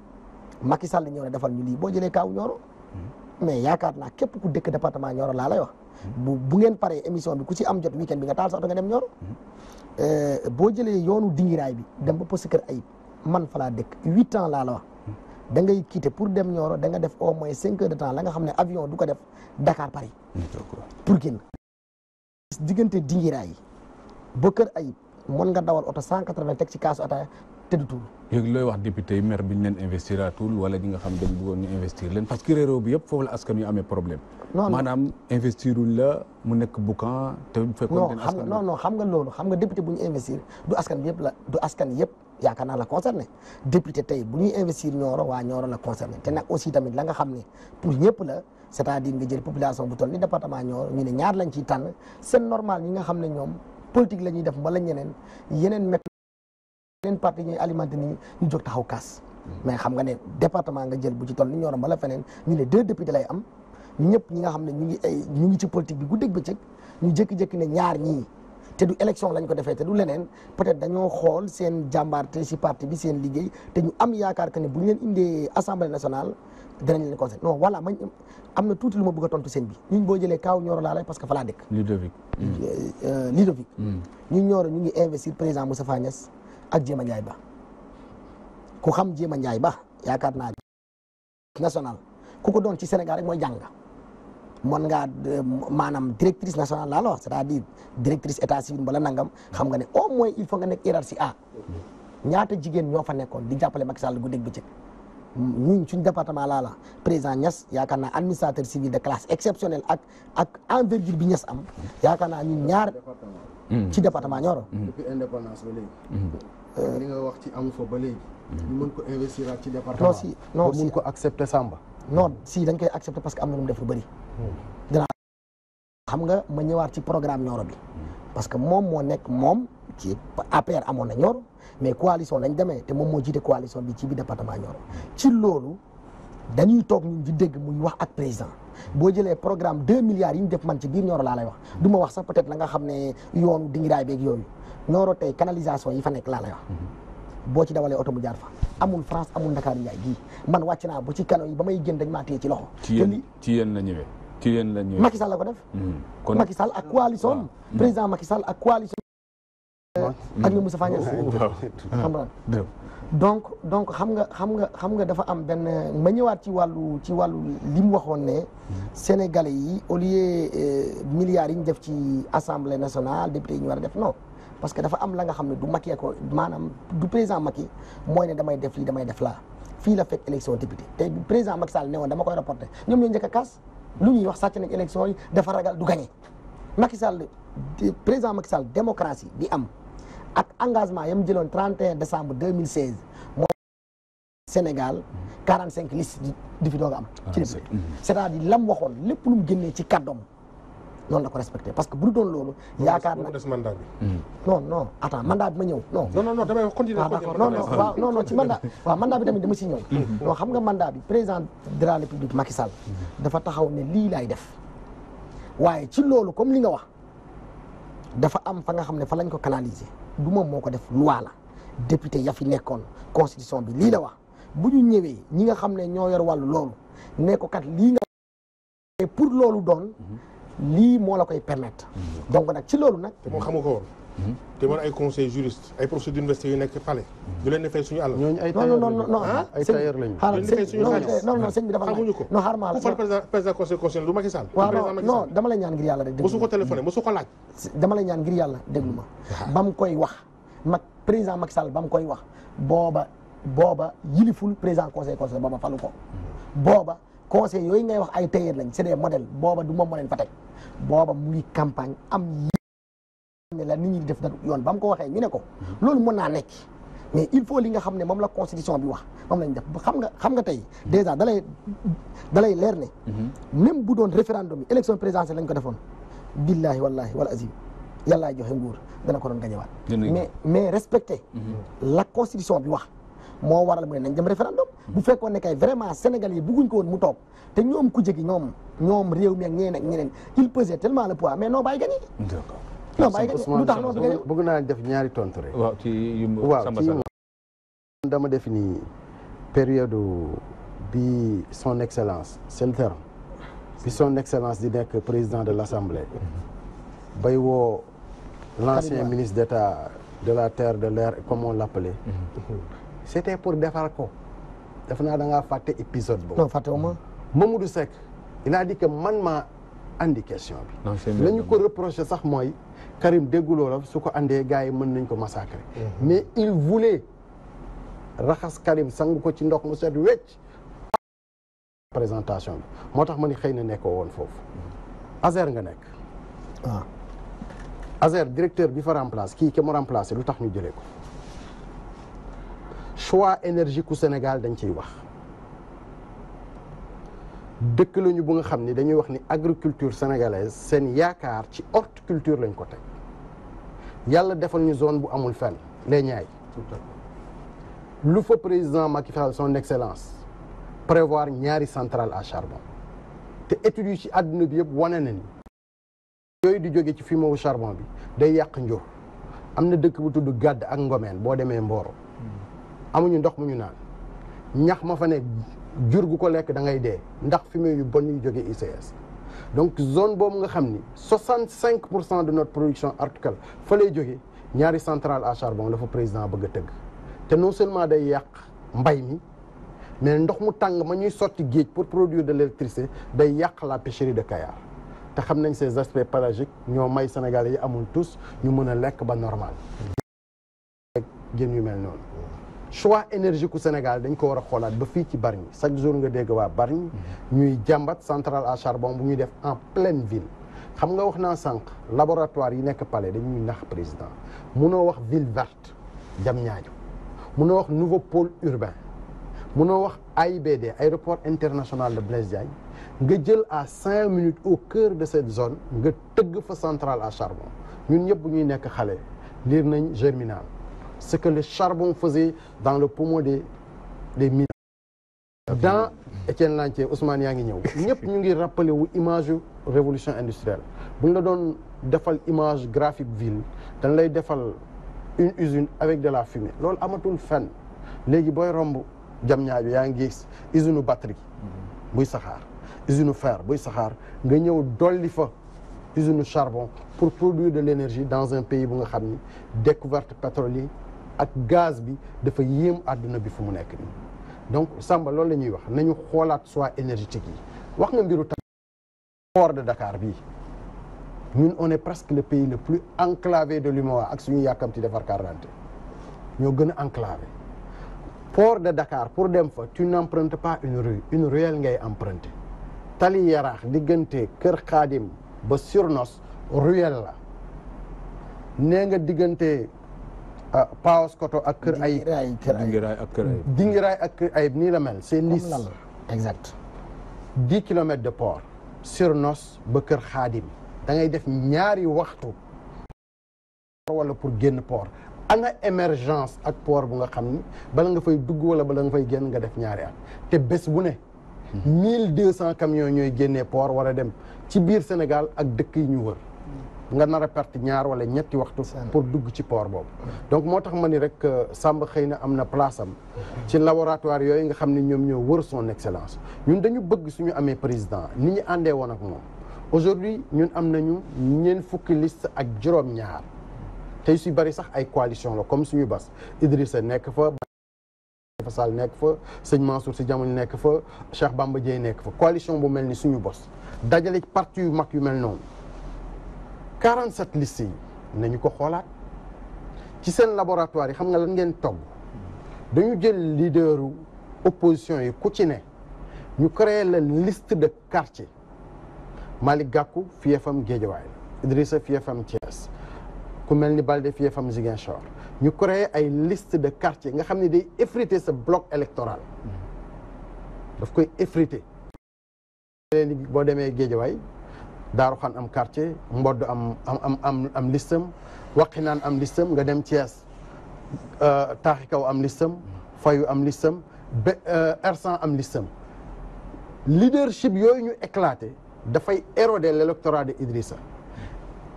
Macky Sall ñëw ne defal ñu lii boo jëlee kaaw Nioro mais yaakaar naa képp ku dëkk département Nioro laa lay wax bu bu ngeen paree émission bi ku ci am jot weekend bi nga taal sax da nga dem Nioro euh, boo jëlee yoonu dingiraay bi dem ba posi kër ayib man fa laa dëkk huit ans laa la wax da ngay quitter pour dem Nioro da nga def au moins cinq heures de temps la nga xam ne avion du ko def Dakar Paris. Mm, pour génn. diggante Dinguiraay yi ba Kër Ayib mën nga dawal oto cent quatre-vingts teg ci kaasu ataaya te du tuur. looy wax député yi maire bi ñu leen investir wala ñi nga xam dañ bëggoon ñu investir leen parce que réew bi yëpp foofu la askan yu amee problème. non maanaam investirul la mu nekk boucan te bu fekkoon. non xam nga non non xam nga loolu xam nga député bu ñu investir askan yëpp la du askan yëpp. yaakaar naa la concerné député tey bu ñuy investir Nioro waa Nioro la concerné te nag aussi tamit la nga xam ne pour ñëpp la c'est-à-dire nga jël population bu toll ni département Nioro ñu ne ñaar lañ tànn c'est ñi nga xam ne ñoom politique ñuy def wala ñeneen yeneen mét yeneen parti ñuy alimenté ni ñu taxaw kaas mais xam nga ne département nga jël bu ci toll ni Nioro bala feneen ñu ne deux députés lay am ñëpp ñi nga xam ne ñu ngi ay ñu ngi ci politique bi guddeeg bëccëg ñu jékki-jékki ne ñaar ñii te du élection lañ ko defee te du leneen peut-être dañoo xool seen jàmbaarte ci parti bi seen liggéey te ñu am yaakaar que ne bu ñu neen indee assemblée nationale danañ leen conseil non voilà mañ am na tuuti lu ma bugga tontu seen bi ñun boo jëlee kaw ñooro laa lay parce que fa laa dëkk. Ludovic. Euh, euh, hmm. ñu ñooro ñu ngi investir président Moustapha Niasse ak Jéema Ndiaye Ba ku xam jéem a Ndiaye Ba yaakaar naa national ku ko doon ci Sénégal rek mooy jàng. mën ngaa maanaam directrice nationale laa la wax c'est-à-dire directrice état civil wala nangam xam nga ne au moins il faut nga nekk hiérarchie A ñaata jigéen ñoo fa nekkoon di jàppale Macky Sall bi bëccëg ñun suñ département laa la président Niass yaakaar naa administrateur civil de classe exceptionnelle ak ak envergure bi ñas am yaakaar naa ñun ñaar ci département Nioro mm. depuis indépendance ba léegi mm. euh, wax ci amu fa ba léegi ñu ko investir ci département non si non si ko accepter Samba non si dañ koy accepté parce que am na lu mu def xam nga ma ñëwaat ci programme Nioro bi parce que moom moo nekk moom ci APR amoon na ñoro mais coalition lañ demee te moom moo jiite coalition bi ci bi département Nioro ci loolu dañuy toog ñun di dégg muy wax ak président boo jëlee programme deux milliards yi def man ci biir Nioro laa lay wax du ma wax sax peut la nga xam ne yoonu dingiraay beeg yooyu Nioro tey canalisation yi fa nekk laa wax boo ci dawalee oto mu jaar fa amul France amul Ndakaaru Njaay gii man wàcc naa ba ci kano yi ba may génn dañ maa ci loxo. ci yéen ci yéen la ñëwee ci yéen la ñëwee. Macky la ko def. Hmm. kon Macky Sall ak coalition hmm. président Macky Sall ak coalition. Hmm. ak ñoom Moussa oh, oh, xam nga donc donc xam nga xam nga xam nga dafa am benn ma ñëwaat ci wàllu ci wàllu li mu waxoon ne. Sénégalais yi au lieu euh, milliards yi ñu def ci assemblée nationale député yi ñu war a def non. parce que dafa am la nga xam ne du Macky ko maanaam du président Macky mooy ne damay def lii damay def laa fii la fekk élection député te président Macky Sall ne woon dama koy rapporté ñoom ñoo njëkk a kaas lu ñuy wax sàcc nañ élection yi dafa ragal du gagné Macky Sall président Macky Sall démocratie bi am ak engagement yam jëloon 31 décembre 2016 mooy Sénégal 45 listes di fi doog am. ci c' est à dire lam waxoon lépp lu mu génnee ci kàddoom. noonu la ko respecté parce que bu doon loolu. yaakaar na des mandat bi. ma ñëw non. non non non damay ah, continuer d'accord non non waaw non non ci mandat waaw mandat bi tamit dama si ñëw. Mm-hmm. non xam nga mandat bi président de la république Macky mm-hmm. dafa taxaw ne lii laay def waaye ci loolu comme li nga wax dafa am fa nga xam ne fa lañ ko canaliser du moom moo ko def loi la député ya fi nekkoon constitution bi lii la wax bu ñu ñëwee ñi nga xam ne ñoo yor wàllu loolu ne kat lii nga. pour loolu doon mm-hmm. lii moo la koy permettre. Mm-hmm. donc nag ci loolu nag. moo moom xamu ko woon. Mm-hmm. te man ay conseil juriste ay professeur d'université yu nekk palais. ñu mm-hmm. leen di fay suñu àll. ñooñu ay tailleur lañu non non non ah, ay tailleur lañu. xaaral sëñ non non sëñ bi dafa la xamuñu ko non xaaral maa la. président conseil conseil du Macky Sall. waaw yàlla rek. ma mosu koy wax mag président Macky Sall ba mu koy wax booba booba yiliful président conseil conseil booba falu ko. booba conseil yooyu ngay wax ay tailleur lañ c'est des modèles booba du moom moo fa teg booba mu ngi campagne am yi la nit ñi def da yoon ba mu ko waxee ñu ne ko loolu mën naa nekk mais il faut li nga xam ne moom la constitution bi wax moom lañ def xam nga xam nga tey déjà dalay dalay leer ne mhm. même bu doon référendum yi élection présidentielle lañ ko defoon billahi wallahi wal azim yàllaa joxe nguur dana ko doon gañewaat mais mais respecter mhm. la constitution bi wax moo waral mu ne nañ dem référendum bu fekkoon ne kay vraiment Sénégal yi bëgguñ ko woon mu toog te ñoom ku jegi ñoom ñoom réew mi ak ñeneen ak ñeneen il pesait tellement le poids mais noo bàyyi gagné d'accord non bàyyi gagné lu tax noo bi gagné bëgg naa def ñaari tontu rek waaw ci waaw dama def ni période bi son excellence c'est le terme bi son excellence di nekk président de l'assemblée bay woo l'ancien ministre d'état de la terre de l'air comme on l'appelait mhm. c'était pour defar ko def naa da ngaa fàtte épisode boobu. fàtte ma. Mamadou du il a dit que man maa andi question bi. la ñu ko reproché sax mooy Karim déggul wolof su ko andee gars yi mën nañ ko massacrer. Mhm. mais il voulait raxas Karim sangu ko ci ndox mu set wecc. présentation bi moo tax ma ni xëy na nekkoo woon foofu. Mhm. Azer nga nekk. waaw ah. directeur bi fa remplace kii ki mu remplacé lu tax ñu jëlee ko. choix énergique u Sénégal dañ ciy wax dëkk lañu bu nga xam ni dañuy wax ni agriculture sénégalaise seen yaakaar ci culture lañ ko teg yàlla defal ñu zone bu amul fenn les Niayes lu fa président Macky son excellence prévoir ñaari centrale à charbon te études ci àdduna bi yëpp wane na ni yooyu di jóge ci fumeau charbon bi day yàq njur am na dëkk bu tudd gàdd ak ngomeen boo demee Mboro amuñu ndox mu ñu naan ñax ma fa ne jur gu ko lekk da ngay dee ndax fumier yu ba ñuy jógee donc zone boobu nga xam ni 65 pour cent de notre production horticole fa lay jóge ñaari centrale à charbon la président bëgg a tëgg te non seulement day yàq mbay mi mais ndox mu tàng ma ñuy sotti géej pour produire de l'électricité day yàq la pêcherie de Kayar te xam nañ ces aspects pélagiques ñoo may Sénégalais yi amul tous ñu mën a lekk ba normal. jën yu mel noonu. choix énergie ku Sénégal dañ ko war a xoolaat ba fii ci Bargny chaque jour nga dégg waa Bargny ñuy jàmbat central à charbon bu ñuy def en pleine ville xam nga wax naa sànq laboratoire yi nekk palais dañuy nax président munoo wax ville verte jam ñaaju munoo wax nouveau pôle urbain munoo wax AIBD aéroport international de Blaise Diagne nga jël à cinq minutes au cœur de cette zone nga tëgg fa central à charbon ñun ñëpp bu ñuy nekk xale liir nañ germinal ce que le charbon faisait dans le poumon des des mines. dans Étienne Lantier Ousmane yaa ngi ñëw ñëpp ñu ngi rappelé wu image révolution industrielle buñ la doon defal image graphique ville dañ lay defal une usine avec de la fumée loolu amatul fenn léegi booy romb jam ñaar yaa ngi gis batri batterie buy saxaar usine fer buy saxaar nga ñëw dolli fa usine charbon pour produire de l'énergie dans un pays bu nga xam ni découverte pétrole yi ak gaz bi dafa yéem àdduna bi fu mu nekk nii donc Samba loolu la ñuy wax nañu xoolaat choix énergétique yi wax nga mbiru tax port de Dakar bi ñun on est presque le pays le plus enclavé de l'UMOA ak suñu yàkkamti defar quarante ñoo gën a enclavé port de Dakar pour dem fa tu n'empruntes pas une rue une ruelle ngay emprunter tali yaraax diggante Kër Xaadim ba Surnos ruelle la nee nga diggante Ah, Paos coto ak Kër Ayib Dingiraay ak Kër Ayib ak Kër Ayib nii la mel c'est lisse exact dix kilomètres de por Surnos ba Kër Xaadim da ngay def ñaari waxtu wala pour génn port ana émergence ak por bu nga xam ni bala nga fay dugg wala bala nga fay génn nga def ñaari at te bés bu ne mille deux cent camions ñooy génnee por wala dem ci biir Sénégal ak dëkk yi ñu wër nga nar a perte ñaar wala ñetti waxtu pour dugg ci port boobu donc moo tax ma ni rek euh, sàmba xëy na am na place am ci laboratoire yooyu nga xam ne ñoom ñoo wër son excellence ñun dañu bëgg suñu amee président ni ñu àndee woon ak moom aujourd'hui ñun am nañu ñeent fukki liste ak juróom ñaar tey suy bari sax ay coalition la comme suñu bas Idrissa nekk fa Khalifa Sall nekk fa sëñ Mansour si jamono nekk fa Cheikh Bamba Dièye nekk fa coalition bu mel ni suñu bos dajale parti yu mag yu mel noonu 47 listes yi nañu ko xoolaat ci seen laboratoire yi xam nga lan ngeen togg dañu jël leaderu opposition yi ku ci ne ñu créé leen liste de quartier Malick fam fiefam Guédiawaye Idrissa fiefam Thiès ku mel ni Baldé fiefam Ziguinchor ñu créé ay liste de quartier nga xam ne day effriter sa bloc électoral mm. daf koy effriter leen boo demee Guédiawaye Daaru Xan am quartier Mbodd am am am am listam Waqinaan am listam nga dem Thiès euh, Taaxi Kaw am listam Fayu am listam ba Ersan euh, am listam leadership yooyu ñu éclaté dafay éroder l'électorat de Idrissa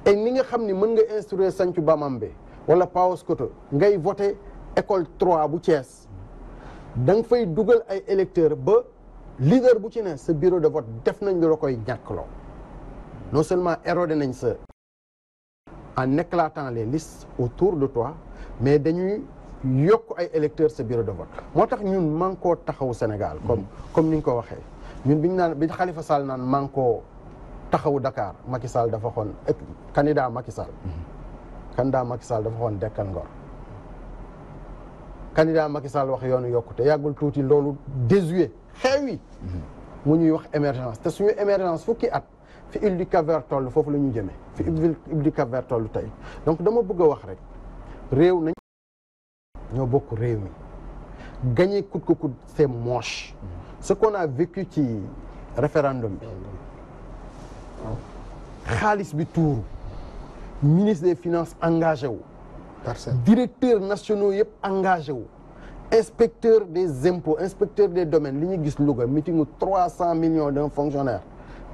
et ni nga xam ni mën nga instruire Sancu Bamambé wala Paos Koto ngay vote école trois bu Thiès da nga fay dugal ay électeurs ba leader bu ci ne sa bureau de vote def nañ la koy ñàkkloo non seulement érodé nañ sa en éclatant les listes autour de toi mais dañuy yokk ay électeurs sa bureau de vote moo tax ñun Mankoo Taxawu Sénégal comme comme ni ñu ko waxee ñun bi ñu naan bi Khalifa Sall naan Mankoo Taxawu Dakar Macky Sall dafa xoon candidat Macky Sall candidat Macky Sall dafa xoon dekkal ngor candidat Macky Sall wax yoonu yokkute yàggul tuuti loolu désuet xeew yi mu ñuy wax émergence te suñu émergence fukki at fi île du Cap-Vert foofu la ñu jëmee fi île du Cap-Vert tey donc dama bëgg wax rek réew nañ ñoo bokk réew mi gagné coûte que coûte c'est moche mm-hmm. ce qu'on a vécu ci référendum bi xaalis bi tuuru ministre des finances engagé wu directeur nationaux yëpp engagé wu inspecteur des impôts inspecteur des domaines li ñu gis Louga meetingu trois cent millions de fonctionnaire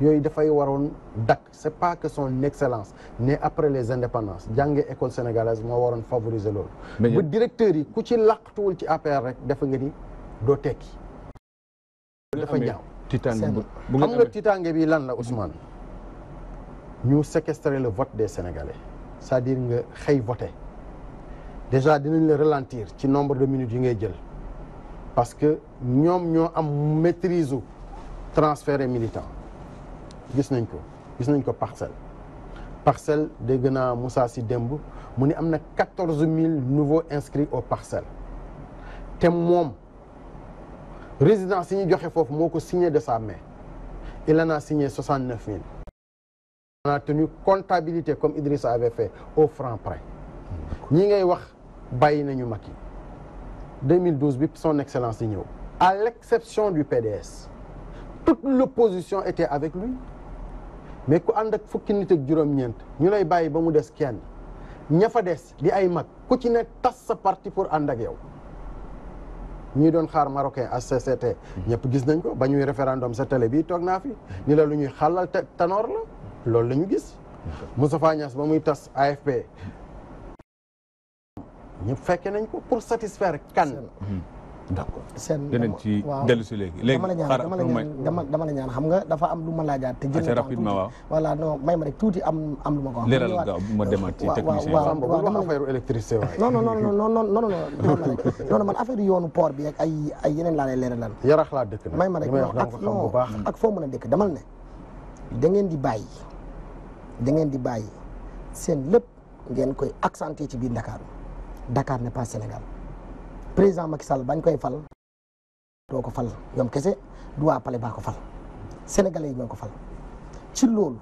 yooyu dafay waroon dakk c'est pas que son excellence né après les indépendances jànge école sénégalaise moo waroon favoriser loolu ba directeur yi ku ci làqtuwul ci APR rek dafa nga ni doo tekki dafa ñaaw xam nga tiitaange bi lan la Ousmane ñu séquestrer le vote des Sénégalais c'est-à-dire nga xëy voter déjà dinañ la relentir ci nombre de minutes yi ngay jël parce que ñoom ñoo am maîtrise transfert militant gis nañ ko gis nañ ko parcelle parcelle dégg naa Moussa si démb mu ni am na quatorze mille nouveaux inscrits au parcelles te moom résidence yi ñu joxe foofu moo ko signer de sa main il en a signé mille a tenu comptabilité comme Idrissa avait fait au franc près ñi ngay wax bàyyi nañu mille 2012 bi son excellence di ñëw à l'exception du PDS toute l'opposition était avec lui mais ku ànd ak fukki nit ak juróom-ñeent ñu lay bàyyi ba mu des kenn ñafa des di ay mag ku ci ne tas sa parti pour ànd ak yow ñii doon xaar marocain HCCT ñëpp gis nañ ko ba ñuy référendum sa télé bii toog naa fi ni la lu ñuy xàllal tanoor la loolu lañu ñu gis Moustapha Niass ba muy tas AFP ñëpp fekke nañ ko pour satisfaire kan d' accord seen dinañ ci dellu si léegi léegi xaaral dama la ñaan dama dama la ñaan xam nga dafa am lu ma laajaat te jël rapidement waaw voilà non may ma rek tuuti am am lu ma ko wax leeral gaaw ma demaat ci technicien waaw dama affaire électricité waay non non non non non non non non [LAUGHS] non non man affaire yoonu port bi ak ay ay yeneen laa lay leeralal yarax laa dëkk may ma rek ak non ak foo mën a dëkk damal ne da ngeen di bàyyi da ngeen di bàyyi seen lépp ngeen koy accentuer ci biir Dakar Dakar n'est pas Sénégal président Macky Sall bañ koy fal doo ko fal ñoom kese du waa pale baa ko fal sénégalais yi ñoo ko fal ci loolu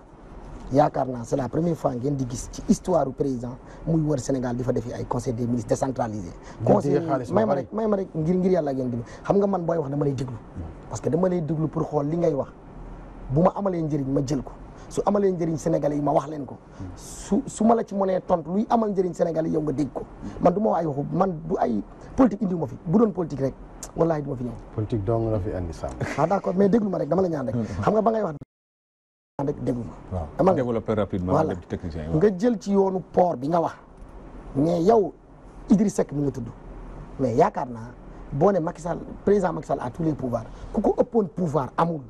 yaakaar naa c'est la première fois ngeen di gis ci histoire président muy wër Sénégal di fa defi ay conseil des ministres décentralisé conseil may ma rek may ma rek ngir ngir yàlla ngeen di xam nga man booy wax dama lay déglu parce que dama lay déglu pour xool li ngay wax bu ma amalee njariñ ma jël ko su amalee njëriñ Sénégalais yi ma wax leen ko su su ma la ci mënee tontu luy amal njëriñ Sénégalais yow nga dég ko man du ma wax ay waxu man du ay politique indiwu ma fi bu doon politique rek wallaahi du ma fi ñëw. la fi andi Sam. [LAUGHS] Ah, d' accord mais déglu rek dama la ñaan rek. xam nga ba ngay wax rek déglu ma. dama la développer nga jël ci yoonu port bi nga wax mais yow Idriss Seck mi nga tudd mais yaakaar naa boo ne Macky Sall président Macky Sall à tous les pouvoirs ku ko ëppoon pouvoir amul.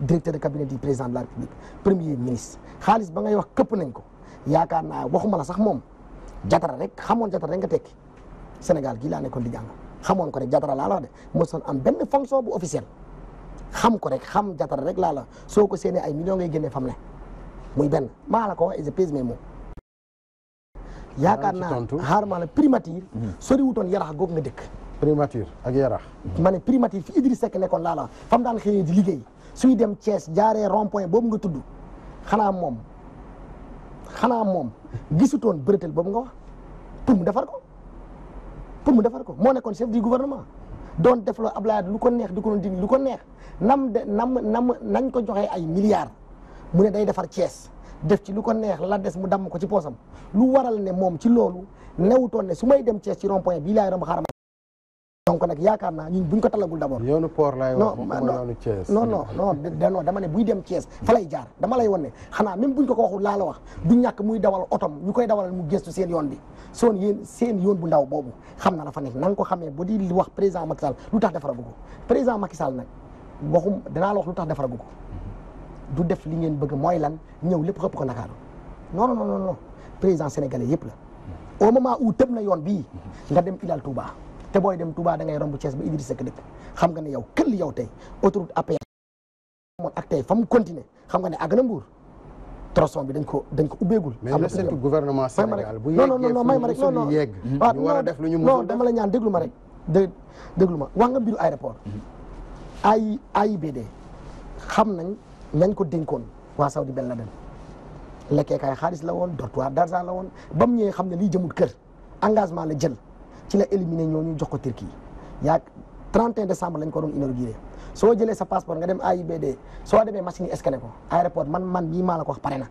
directeur de cabinet du président de la république premier ministre xaalis ba ngay wax këpp nañ ko yaakaar naa waxuma la sax moom jatara rek xamoon jatara rek nga tekki Sénégal gii laa nekkoon di jàng xamoon ko rek jatara laa de mosoon am benn fonction bu officielle xam ko rek xam jatara rek laa soo ko séenee ay millions ngay gën fam ne muy benn maa la ko wax pèse moom yaakaar naa xaar maa la primature hmm. sori wutoon yara goog nga dëkk primature ak yarax ne primature fi Idriss Seck nekkoon laa la fam di liggéey suy dem cees jaaree rond boobu nga tudd xanaa moom xanaa moom gisutoon bëreetal boobu nga wax pour mu defar ko pour mu defar ko moo nekkoon chef du gouvernement doon def la Ablaye lu ko neex di ko doon dindi lu ko neex nam de nam nam nañ ko joxe ay milliards mu ne day defar cees def ci lu ko neex la des mu damm ko ci poosam lu waral ne moom ci loolu newutoon ne su may dem Thiès ci rond point bii laay ram xaaral donc nag yaakaar naa ñun buñ ko talagul d'abord. yoonu port laay wax moom yoonu Thiès. non buy dem Thiès fa jaar dama lay wan xanaa même buñ ko ko waxul laa wax du ñàkk muy dawal otom ñu koy dawalal mu gëstu seen yoon bi soon yéen seen yoon bu ndaw boobu xam na la fa nekk na nga ko xamee ba di wax président Macky Sall lu tax defaragu ko président Macky Sall nag waxum danaa la wax lu tax defaragu ko du def li ngeen bëgg mooy lan ñëw lépp xëpp ko Ndakaaru non non non non président sénégalais yëpp la au moment où tëb na yoon bii nga dem Ilal Touba. te booy dem dangay da ngay romb Thiès ba Idrissa Seck dëkk xam nga ne yow këll yow tey autoroute à péage moom ak tey fa mu continuer xam nga ne àgg na Mbuur tronçon bi dañ ko dañ ko ubbeegul. am na surtout gouvernement Sénégal bu yeggee non non ma rek non non ah, ñu a def lu ñu non dama ñaan déglu ma rek dé déglu ma wax nga mbiru aéroport. ay mhm. AIBD xam nañ ñañ ko dénkoon waa Saudi Ben Laden lekkee kaay xaalis la woon dortoir d'argent la woon ba mu xam ne lii jëmul kër engagement la jël. ci la éliminé ñooñu jox ko Turquie yaa 31 décembre lañ ko doon inauguré soo jëlee sa passeport nga dem AIBD soo demee machine yi ko aéroport man man mii maa la ko wax pare na.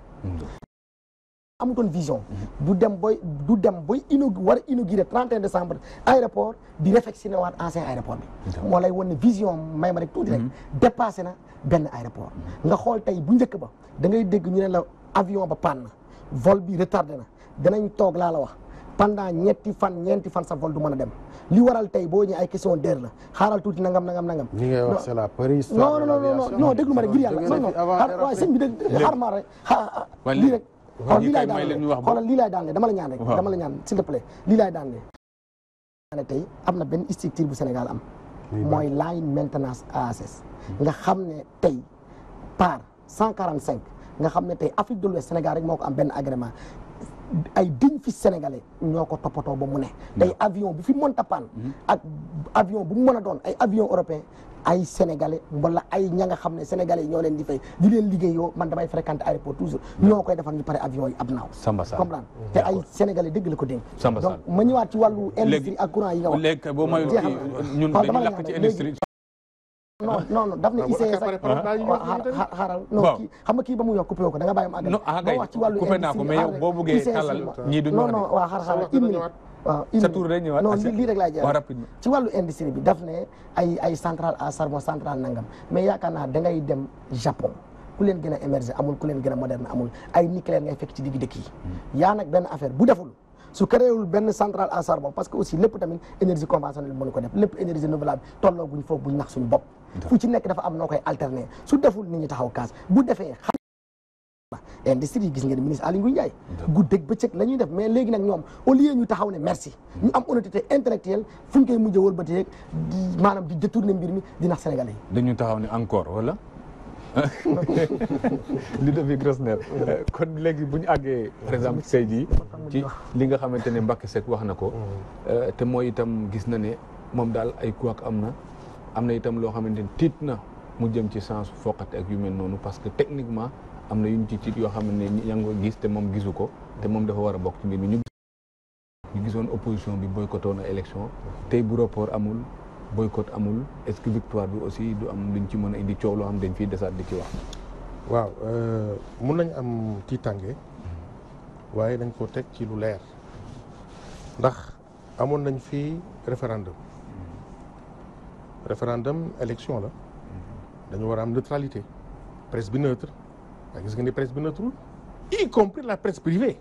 amutoon vision. Mhm. du dem booy du dem booy inauguré war a inauguré 31 décembre aéroport di réfectionné waat ancien aéroport bi. moo lay wan ne vision may ma rek tuuti rek. Mhm. dépassé na benn aéroport. Mhm. nga xool tey bu njëkk ba da ngay dégg ñu ne la avion ba panne na vol bi retardé na danañ toog laa la wax. pendant ñetti fan ñeenti fan sa vol du mën a dem li waral tey boo ñëwee ay question d'heure la xaaral tuuti nangam nangam nangam. ni ngay wax c'est la Paris histoire de l'aviation non non non déglu ma rek ngir yàlla non non waaw sëñ bi dégg xaar ma rek lii rek xool lii laay daanle xoolal lii laay daanle dama la ñaan rek dama la ñaan s'il te plaît lii laay daanle ne tey am na benn structure bu Sénégal am mooy line maintenance ASS nga xam ne tey par cent quarante cinq nga xam ne tey Afrique de l'Ouest Sénégal rek moo ko am benn agrément ay diñ fi sénégalais ñoo ko toppatoo ba mu ne tey avion bu fi mënta paan mhm. ak avion bu mu mën a doon ay avion européen ay sénégalais wala ay ña nga xam ne sénégalais ñoo leen di fey di leen liggéeyoo man damay fréquenter aéroport toujours ñoo koy defar ñu pare avion yi ab naaw Samba Sarr comprendre te ay sénégalais dëgg la ko dénk Samba Sarr donc ma ñëwaat ci wàllu industrie ak courant yi nga wax léegi boo mayul ñun dañuy lakk ci industrie non ah. non non daf ne ah, ICS ak ah, xaaral non ba mu yokk coupé ko da nga bàyyi a àgg. non wax ci wàllu lii rek laa jeexal ci wàllu ay ay centrale à charbon centrale nangam mais yaakaar naa da ngay dem Japon ku leen gën a émerger amul ku leen gën a moderne amul ay nucléaire ngay fekk ci digg dëkk yi hmm. yaa nag benn affaire bu deful su créewul benn centrale à charbon parce que aussi lépp tamit énergie conventionnelle mënu ko def lépp énergie renouvelable tolloo guñ foofu buñ nax suñu bopp fu ci nekk dafa am noo koy alterner su deful nit ñi taxaw kaas bu defee industrie yi gis ngeen ministre Aly Ngouille Ndiaye guddeeg bëccëg la lañuy def mais léegi nag ñoom au lieu ñu taxaw ne merci ñu am honnêteté intellectuelle fu ñu koy mujjee ba yeeg maanaam di détourner mbir mi di nax sénégalais yi taxaw ne encore wala [LAUGHS] Ludovic Rosner kon léegi bu ñu àggee par exemple tey jii ci li nga xamante ne Mbacké Seck wax na ko mm. euh, te mooy itam gis na ne moom daal ay kuwaak am na am na itam loo xamante ni tiit na mu jëm ci chance foqate ak yu mel noonu parce que techniquement am na yuñ ci tiit yoo xam ne yaa ngi ko gis te moom gisu ko te moom dafa war a bokk ci mi ñu gisoon opposition bi boycotté woon élection tey bu rapport amul boycott amul est-ce que victoire bi aussi du am luñ ci mën a indi coow loo xam dañ fiy desaat di ci wax waaw euh, mun nañ am tiitange waaye dañ ko teg ci lu leer ndax amoon nañ fii référendum référendum élection la dañu war a am neutralité presse bi neutre waa gis nga ni presse bi neutre y compris la presse privée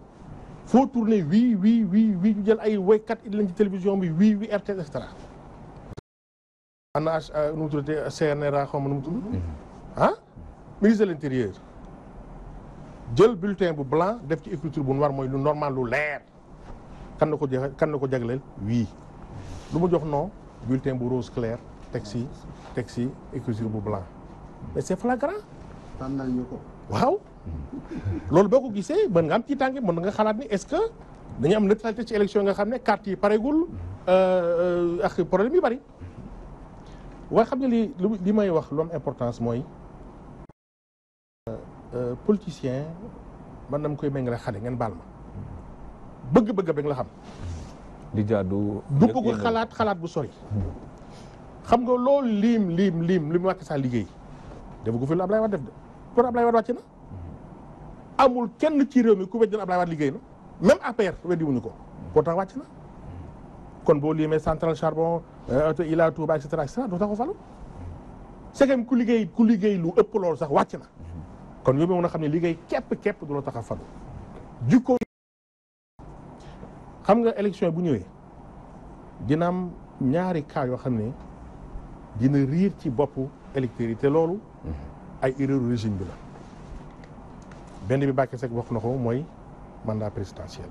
foo tourner oui oui oui jël ay woykat indi lañ ci télévision bi oui oui RTS et cetera ana nu mu tuddati CNRA nu mu tudd mm-hmm. ah ministre de l'intérieur jël bulletin bu blanc def ci écriture bu noir mooy lu normal lu leer kan na ko kan na ko jagleel wi lu mu jox noo bulletin bu rose clair taxi taxi écosur bu blanc mais c'est flagrant. tànnal ñu ko. waaw [LAUGHS] loolu boo ko gisee mën nga am ci tànk nga xalaat ni est-ce que dañu am neutralité ci élection nga xam ne carte yi pareegul euh, ak problème yu bari waaye xam ne li li may wax lu am importance mooy euh, euh, politicien man nam koy méngale xale ngeen baal ma bëgg-bëgg ba nga la xam. di jaadu du bëgg xalaat xalaat bu sori. xam nga loolu liim liim liim li mu Macky Sall liggéey dafa ku fi lu Ablaye Wade def wàcc na kenn ci réew mi ku weddina liggéey na même APR weddi wuñu ko koo tax wàcc kon boo liimee centrale charbon euh, Ila Touba et cetera et cetera doo ku liggéey ku liggéey lu ëpp loolu sax wàcc kon yow mën xam ne liggéey képp képp du la a falu jikko nga élection bu ñëwee dina am ñaari cas yoo xam ne dina riir ci boppu électeurs yi te loolu ay erreur régime bi la benn bi Bakke Seck wax na ko mooy mandat présidentiel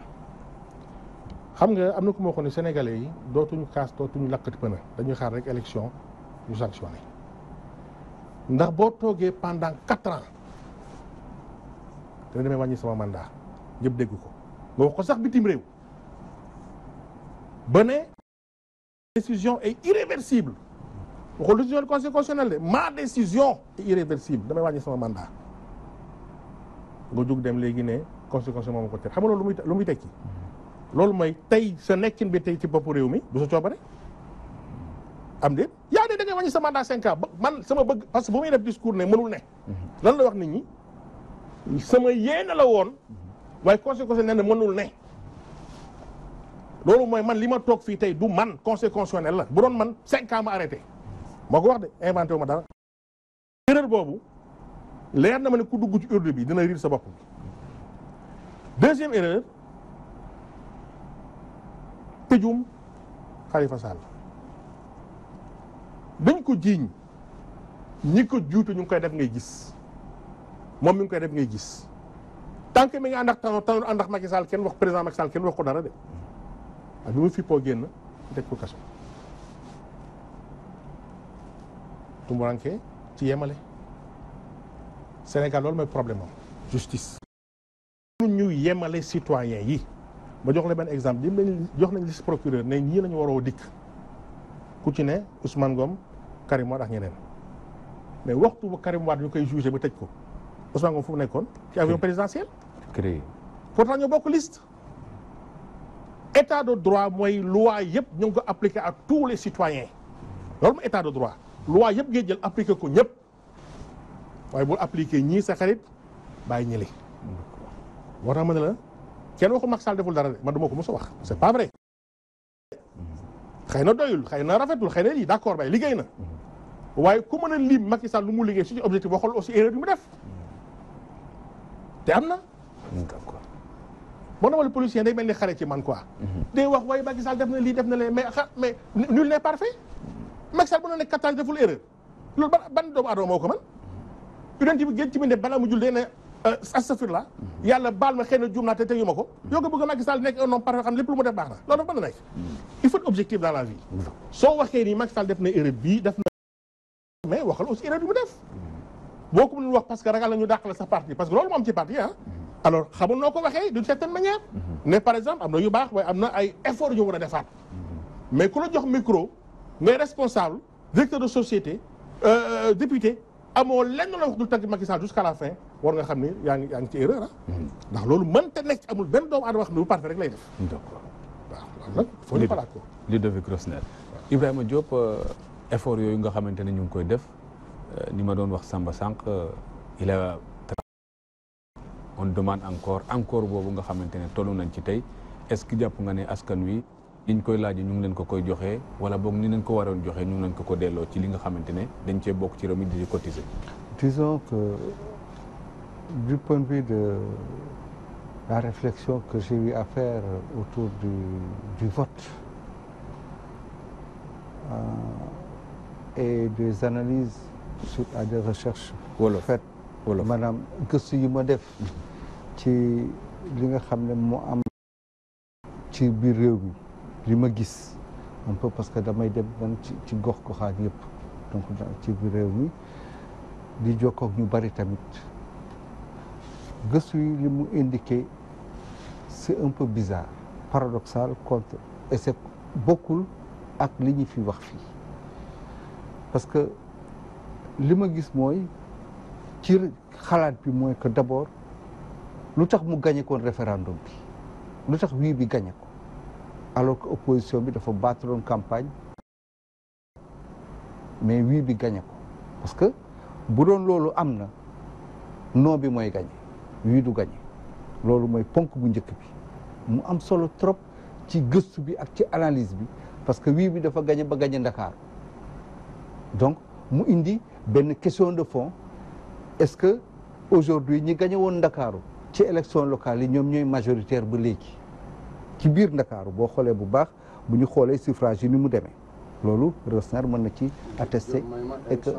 xam nga am na ku ma waxoon ne yi dootuñu kaas dootuñu lakkati pëna dañuy xaar rek élection ñu sanctionné ndax boo toogee pendant quatre ans dana demee wàññi sama mandat ñëpp dégg ko nga wax ko sax bitim réew ba ne waxul décision conseil constitutionnel de ma décision est irréversible damay wàññi sama mandat nga jóg dem léegi ne conseil constitutionnel moom ko teg xam nga loolu lu muy tekki loolu mooy tey sa nekkin bi tey ci boppu réew mi du sa coobare am déet yaa ne da ngay wàññi sa mandat cinq ans man sama bëgg parce que bu muy def discours ne mënul ne lan la wax nit ñi sama yéene la woon waaye conseil constitutionnel ne mënul ne loolu mooy man li ma toog fii tey du man conseil constitutionnel la bu doon man cinq ans ma arrêté moo ko wax de inventé wu ma dara erreur boobu leer na ma ne ku dugg ci urdu bi dina riir sa bopp deuxième erreur tëjum Khalifa Sall dañ ko jiiñ ñi ko juutu ñu ngi koy def ngay gis moom mi ngi koy def ngay gis tant que mi ngi ànd ak Tanor Tanor ànd ak Macky Sall kenn wax président Macky Sall kenn wax ko dara de waaye ah, bi mu fippoo génn teg ko kaso tumuranke ci yemale Sénégal loolu mooy problème am justice ñu yemale citoyen yi ba jox la benn exemple dim nañ jox nañ liste procureur ne ñii lañu waroo dikk ku ci ne Ousmane Ngom Karim Wade ak ñeneen mais waxtu ba Karim Wade ñu koy jugé ba tëj ko Ousmane Ngom fu mu nekkoon ci avion présidentiel créé pourtant ñu bokk liste état de droit mooy loi yëpp ñu ngi ko appliqué à tous les citoyens loolu mooy état de droit loi yëpp ngay jël appliqué ko ñëpp waaye bul appliqué ñii sa xarit bàyyi ñi li moo tax ma ne la kenn waxu Macky Sall deful dara de man duma ko mos a wax c'est pas vrai xëy na doyul xëy na rafetul xëy na lii d'accord bay liggéey na waaye ku mën a lii Macky Sall lu mu liggéey su ci objectif waxal aussi erreur bi mu def te am na boo dama le policier day mel ni xare ci man quoi mm-hmm. day wax waaye Macky Sall def na lii def na leen mais mais nul n'est parfait Macky Sall bu noon ne quatre moo ko man yonent bi gën ci binde balaa mu jul dee ne euh, astafirlah yàlla baal ma xëy na juum naa te teyu ko hmm. yoo nga bëgg a nekk un homme parfait xam lépp lu mu def baax na loolu dafa mën a nekk il faut objectif dans la vie soo waxee nii Macky Sall def na erreur bii def na mais waxal aussi erreur bi mu def boo ko mënul wax parce que ragal ñu dàq la sa parti parce que loolu moo am ci parti ah alors xamul noo ko waxee d'une mais hmm. par exemple am na yu baax waaye am na ay effort a hmm. mais ku la jox micro ngay responsable directeur de société euh, euh, député amoo lenn la wax dul tagg Macky Sall jusqu'à la fin war nga xam ni yaa ngi yaa ngi ci erreur ah. hmm. ndax loolu mënta nekk amul benn doomu aadama xam ne bu parfait rek lay def. d'accord waaw nag foo ñu xalaat ko. Ludovic Rosner Ibrahima Diop euh, effort yooyu nga xamante ne ñu ngi koy def ni ma doon wax Samba Sànq il on demande encore encore boobu nga xamante ne tollu nañ ci tey est-ce que jàpp nga ne askan wi. liñ koy laaj ñu ngi leen ko koy joxe wala boog ni leen ko waroon joxee ñu ngi leen ko ko delloo ci li nga xamante ne dañ cee bokk ci réew mi di ci cotiser. disons que du point de vue de la réflexion que j'ai à faire autour du vote euh, et des analyses suite à des recherches. wala faites wala maanaam gëstu yi ma def mhm. ci li nga xam ne moo am ci biir réew mi. li ma gis un peu parce que damay dem man ci gox goxaan yëpp donc ci réew mi di jokkoog ñu bari tamit gëstu yi li mu indiqué c'est un peu bizarre paradoxal contre et c'est bokkul ak li ñu fi wax fii parce que li ma gis mooy ci xalaat bi mooy que d'abord lu tax mu gañe koon référendum bi lu tax wii bi gañe alors que opposition bi dafa battroon campagne mais wii bi gañe ko parce que bu doon loolu am na non bi mooy gañe wii du gañe loolu mooy ponk bu njëkk bi mu am solo trop ci gëstu bi ak ci analyse bi parce que wii bi dafa gañe ba gañe Ndakaaru donc mu indi benn question de fond est-ce que aujourd'hui ñi gañe woon Ndakaaru ci élection locale yi ñoom ñooy majoritaire ba léegi ci biir ndakaaru boo xoolee bu baax bu ñu xoolee suffrage yi ni mu demee loolu Rosnar mën na ci attesté et que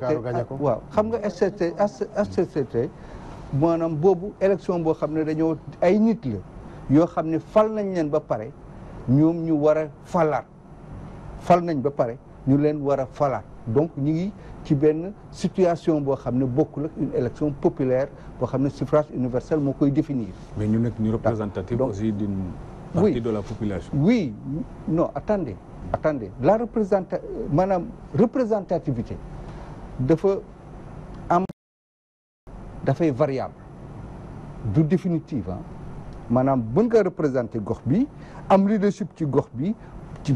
ah, waaw xam nga HCCT HCCT maanaam boobu élection boo xam ne dañoo ay nit la yoo xam ne fal nañ leen ba pare ñoom ñu war a falaat fal nañ ba pare ñu leen war a falaat donc ñu ngi ci benn situation boo xam ne bokkul ak une élection populaire boo xam ne suffrage universel moo koy définir. mais ñu nekk ñu représentative aussi d'une partie oui, de la population. oui non attendez attendez la représenta maanaam représentativité dafa am dafay variable du définitive ah maanaam mën nga gox bi am leadership ci gox bi ci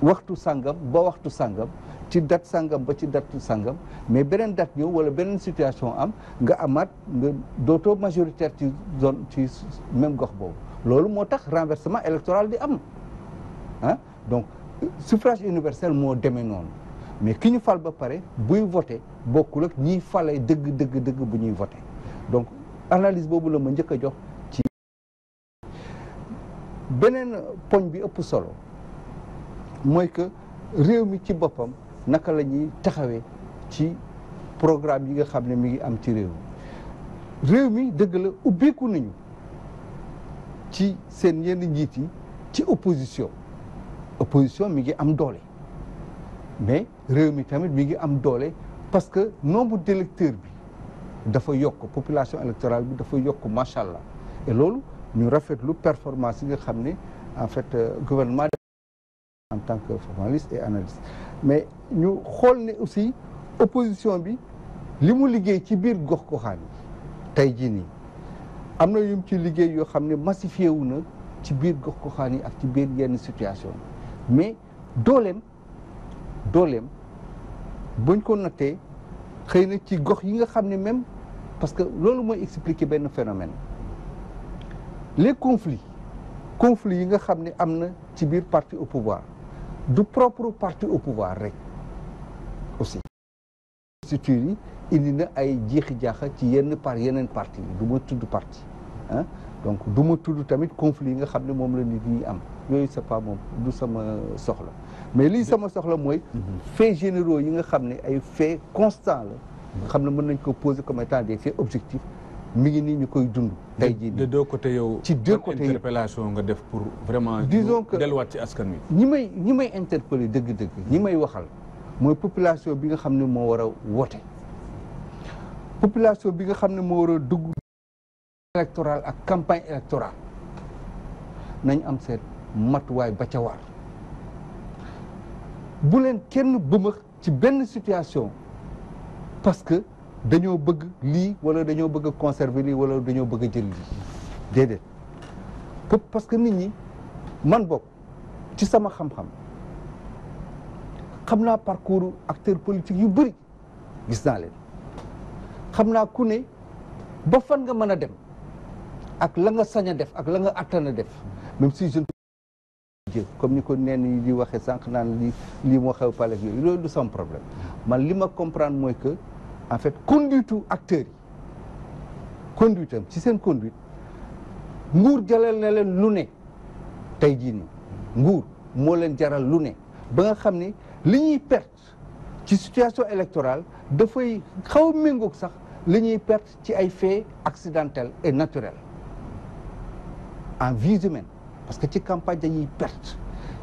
waxtu sàngam ba waxtu sàngam ci date sàngam ba ci date sangam mais beneen date ñëw wala beneen situation am nga amaat nga dootoo majoritaire ci zone ci même gox boobu loolu moo tax renversement électoral di am ah donc suffrage universel moo demee noonu mais ki ñu fal ba pare buy voté bokkul ak ñiy fale dëgg dëgg dëgg bu ñuy vote donc analyse boobu la ma njëkk a jox ci beneen poñ bi ëpp solo mooy que réew mi ci boppam naka la ñuy taxawee ci programme yi nga xam ne mi ngi am ci réew mi réew mi dëgg la ubbeeku nañu ci seen yenn njiit yi ci opposition opposition mi ngi am doole mais réew mi tamit mi ngi am doole parce que nombre d'électeurs bi dafa yokk population électorale bi dafa yokk macha allah et loolu ñu rafetlu performance yi nga xam ne en fait euh, gouvernement tant que formaliste et analyste mais ñu xool ne aussi opposition bi li mu liggéey ci biir gox goxaan yi tey jii nii am na yum ci liggéey yoo xam ne massifié wu na ci biir gox goxaan yi ak ci biir yenn situation mais dooleem dooleem buñ ko nattee xëy na ci gox yi nga xam ne même parce que loolu mooy expliquer benn phénomène les conflits conflits yi nga xam ne am na ci biir parti au pouvoir du propre parti au pouvoir rek aussi structure yi indi na ay jeexi jaaxa ci yenn par yeneen parti yi du ma tudd parti ah donc du ma tudd tamit conflit yi nga xam ne moom la nit ñi am yooyu c'est pas moom du sama soxla mais lii sama soxla mooy faits généraux yi nga xam ne ay faits constants la xam ne mën nañ ko poser comme étant des faits objectifs mi ngi nii ñu koy dund. tey jii de deux côtés yow. ci deux côtés interpellation nga def pour vraiment. disons que ci askan wi. ñi may ñi may interpeller dëgg-dëgg. ñi may waxal mooy population bi nga xam ne moo war a woote. population bi nga xam ne moo war dugg. électorale ak campagne électorale nañ am seen matuwaay ba ca war bu leen kenn bëmëx ci benn situation parce que. dañoo bëgg lii wala dañoo bëgg a conserver lii wala dañoo bëgg a jël lii déedéet parce que nit ñi man bokk ci sama xamxam xam xam naa parcours acteur politique yu bëri gis naa leen xam naa ku ne ba fan nga mën a dem ak la nga sañ a def ak la nga attan def même si jeune comme ni ko neen yi di waxee sànq naan li lii moo xew palais yooyu loolu du problème man li ma comprendre mooy que en fait conduite acteur yi conduite am ci seen conduite nguur jalal na leen lu ne tey jii nii nguur moo leen jaral lu ne ba nga xam ni li ñuy perte ci situation électoral dafay xaw a méngoog sax li ñuy perte ci ay faits accidentel et naturels en vie parce que ci campagne dañuy perte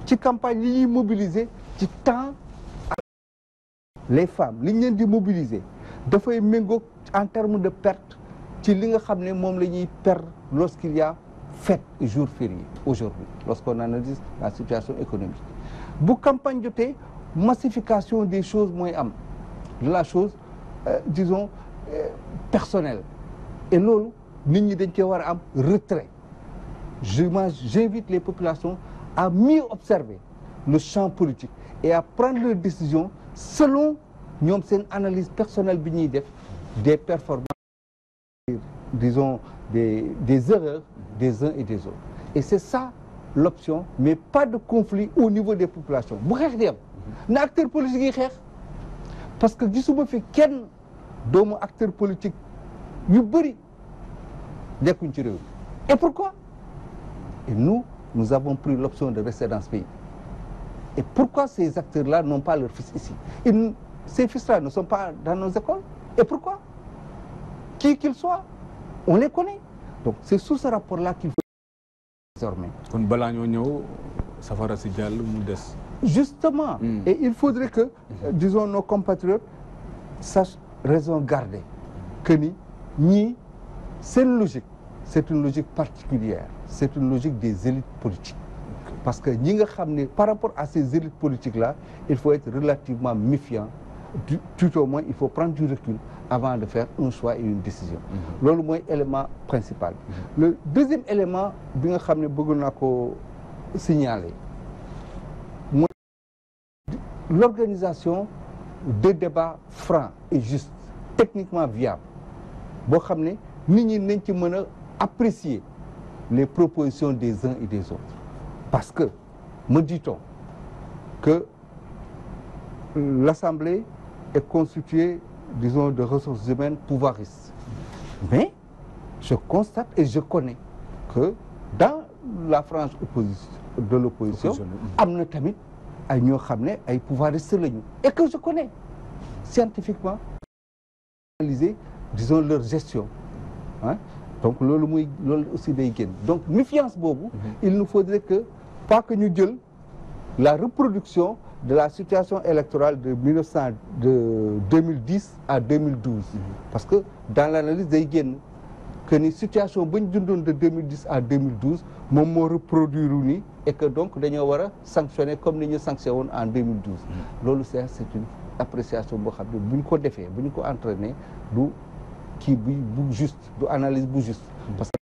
ci campagne li ñuy mobiliser ci temps les femmes li ñu leen di mobiliser dafay méngoog en terme de perte ci li nga xam ne moom la ñuy perdre lorsqu'il y a fête jour férié aujourd'hui lorsqu'on analyse la situation économique bu campagne jotee massification des choses mooy am de la chose euh, disons euh, personnelle et loolu nit ñi dañ cee war a am retrait je j'invite les populations à mieux observer le champ politique et à prendre leurs décisions selon ñoom seen analyse personnelle bi ñuy def des performances disons des des erreurs des uns et des autres et c'est ça l'option mais pas de conflit au niveau des populations bu xeex di am mm-hmm. na acteur politique yi xeex parce que gisuma fi kenn doomu acteur politique yu bëri nekkuñ ci réew mi et pourquoi et nous nous avons pris l'option de rester dans ce pays et pourquoi ces acteurs-là n'ont pas leur fils ici ces fils-là ne sont pas dans nos écoles. Et pourquoi Qui qu'ils soient, on les connaît. Donc c'est sous ce rapport-là qu'il faut désormais. Kon balaa ñoo ñëw safara si jàll mu des. Justement. Mm. Et il faudrait que, euh, disons, nos compatriotes sachent raison garder que ni ñii seen logique c'est une logique particulière c'est une logique des élites politiques parce que ñi nga xam ne par rapport à ces élites politiques là il faut être relativement méfiant tout au moins il faut prendre du recul avant de faire un choix et une décision mhm. loolu mooy élément principal mhm. le deuxième élément bi nga xam ne bëgg naa ko signaler mooy l'organisation de débats francs et justes techniquement viables boo xam ne nit ñi nañ ci mën a apprécier les propositions des uns et des autres parce que me dit-on que euh, l'Assemblée est constitué, disons, de ressources humaines pouvoiristes. Mais je constate et je connais que dans la frange opposition de l'opposition am na tamit ay ñoo xam ne ay pouvoiristes lañu et que je connais scientifiquement analyser disons leur gestion hein donc loolu muy loolu aussi day génn donc méfiance boobu mm-hmm. il nous faudrait que pas que ñu jël la reproduction de la situation électorale de 1900 de 2010 à mille 2012 parce que dans l'analyse day génn que ni situation ba ñu dundoon de 2010 à 2012 moom moo reproduire wu et que donc dañoo war a sanctionner comme ni ñu sanctionné woon en douze loolu c'est c'est une appréciation boo xam ne bu ñu ko defee bu ñu ko entraîner du kii bu juste du analyse bu juste parce que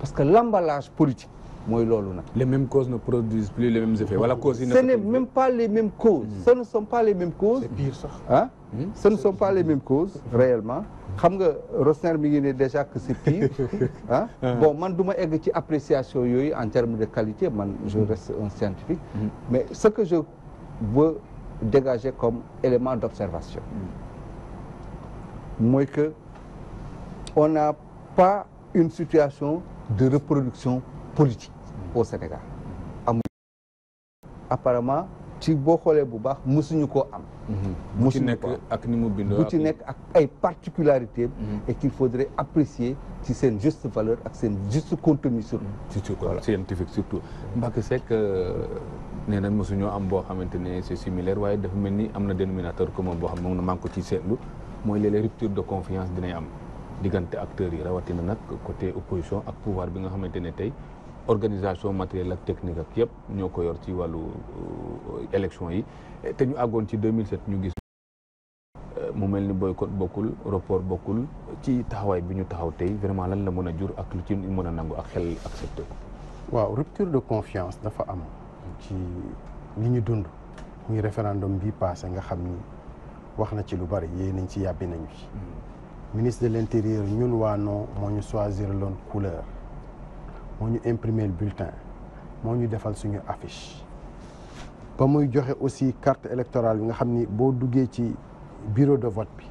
parce que l'emballage politique mooy loolu nag. les mêmes causes ne produisent plus les mêmes effets wala causes yi. ce n'est même pas les mêmes causes. Hmm. ce ne sont pas les mêmes causes. sax ah. Hmm? ce ne sont pas les réellement. xam nga Rosner mi ngi ne déjà que c'est pire [LAUGHS] ah. bon man du ma egg ci appréciation yooyu en termes de qualité man je reste un scientifique hmm. mais ce que je veux dégager comme élément d'observation mooy que on n'a pas une situation de reproduction politique au Sénégal amuñu apparemment ci boo xoolee bu baax musuñu koo am mhm. musuñu ko ak ni mu bindoo ci nekk ak ay particularités mhm. et qu'il faudrait apprécier ci seen juste valeur ak seen juste contenu sur mhm. surtout scientifique surtout Mbacké Seck euh, nee na mosuñoo am boo xamante ne c'est similaire waaye dafa mel ni am na dénominateur commun boo xam ne moom na maa ngi ko ci seetlu mooy léeg-léeg rupture de confiance dinay am diggante acteurs yi rawatina nag côté opposition ak pouvoir bi nga xamante ne tey organisation matériel ak technique ak yëpp ñoo ko yor ci wàllu euh, élection yi te ñu àggoon ci 2007 ñu gis euh, mu mel ni boycott bokkul report bokkul ci taxawaay bi ñu taxaw tey vraiment lan la mën a jur ak lu ci mën a nangu ak xel ak ko waaw rupture de confiance dafa am ci li ñu dund muy référendum bii passé nga xam ni wax na ci lu bari yéey nañ ci yàbbi nañu ci hmm. ministre de l'intérieur ñun waa non moo ñu choisir loon couleur moo ñu imprimer le bulletin moo ñu defal suñu affiche ba muy joxe aussi carte électorale bi nga xam ni boo duggee ci bureau de vote bi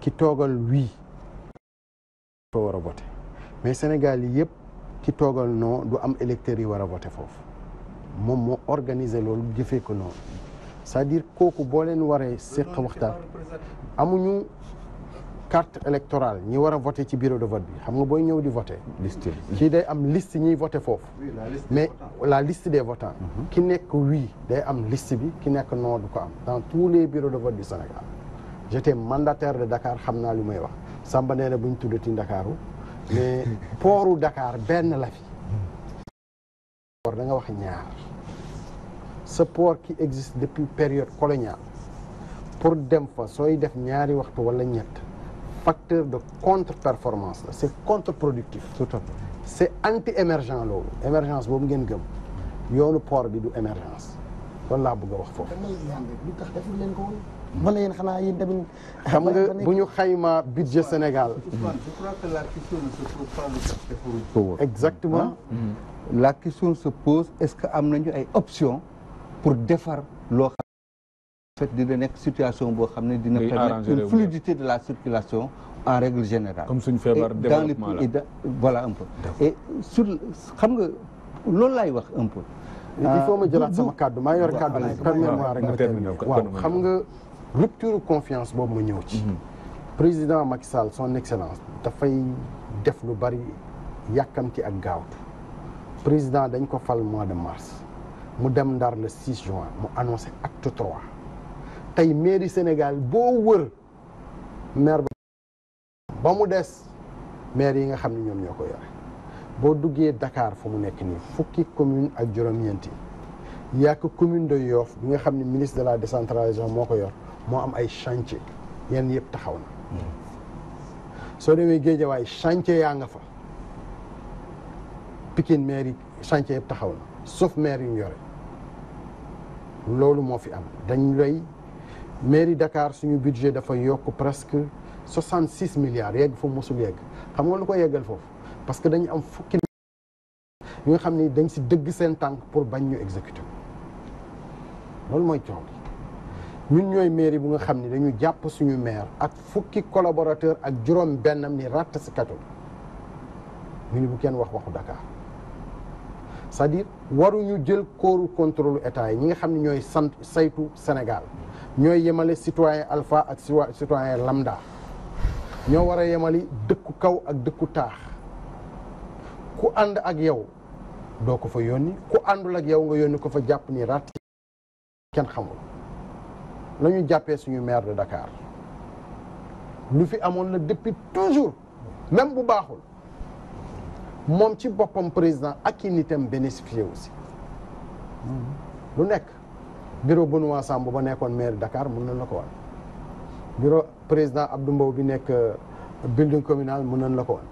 ki toogal oui fa mais Sénégal yi yëpp ki toogal noo du am électeurs yi war a voter foofu moom moo organiser loolu jëfee ko noonu cest dire kooku boo leen waree séq waxtaan amuñu carte électorale ñi war a voté ci bureau de vote bi xam nga booy ñëw di voté liste kii day am liste ñiy voté foofu mais la liste des votants mhm. ki nekk oui day am list bi ki nekk non du ko am dans tous les bureaux de vote du Sénégal j'étais mandataire de Dakar xam naa lu may wax Samba nee na bu ñu tuddati Ndakaaru mais [LAUGHS] pooru Dakar benn la fi poor da nga wax ñaar ce port qui existe depuis période coloniale pour dem fa sooy def ñaari waxtu wala ñett facteur de contre-performance la c'est contre-productif tout à fait c'est anti-émergent loolu émergence boobu ngeen gëm yoonu port bi du émergence loolu laa bëgg wax foofu wala xanaa yéen xam nga bu xayma budget Sénégal. je crois que la exactement. la question se pose est-ce que am nañu ay options pour defar loo fait dina situation boo xam ne dina permettre une fluidité de la circulation en règle générale comme suñu feebar développement la et dans les voilà un peu et sur xam nga loolu laay wax un peu il faut euh, ma jëlaat sama kàddu maa yor kàddu la permets-moi rek ma terminer waaw xam nga rupture confiance boobu ma ñëw ci mhm. président Macky Sall son excellence dafay def lu bari yàkkamti ak gaawtu président dañ ko fal mois de mars mu dem ndar le 6 juin mu annoncé acte 3 tey mairie Sénégal boo wër maire ba mu des maire yi nga xam ne ñoom ñoo ko yore boo duggee Dakar fu mu nekk nii fukki commune ak juróom-ñeenti yàq commune de Yoff bi nga xam ne ministre de la décentralisation moo ko yor moo am ay chantier yenn yëpp taxaw na soo demee Géejawaay chantier yaa nga fa pikin maire yi chantier taxaw na sauf maire yu yore loolu moo fi am dañ lay mairie Dakar suñu budget dafa yokk presque 66 milliards yegg fu mosul yegg xam nga lu ko yeggal foofu parce que dañu am fukki yu nga xam ni dañ si dëgg seen tànk pour bañ ñu exécuter loolu mooy coow ñun ñooy mairie bu nga xam ni dañu jàpp suñu maire ak fukki collaborateur ak juróom bennam ni ràtt si katu ñu ni bu kenn wax waxu Dakar cest dire waruñu jël kooru contrôle état yi ñi nga xam ne ñooy sant saytu Sénégal ñoo yemale citoyen alpha ak citoyen lambda ñoo war a yemali dëkku kaw ak dëkku taax ku ànd ak yow doo ko fa yónni ku àndul ak yow nga yónni ko fa jàpp ni rat ken xamul la ñu jàppee suñu maire de Dakar lu fi amoon la depuis toujours même bu baaxul moom ci boppam président ak i nitam bénéficié aussi lu nekk bureau Benoît Sambou ba nekkoon maire Dakar mun na la ko wan bureau président Abdou Mbow bi nekk euh, building communal mun na la ko wan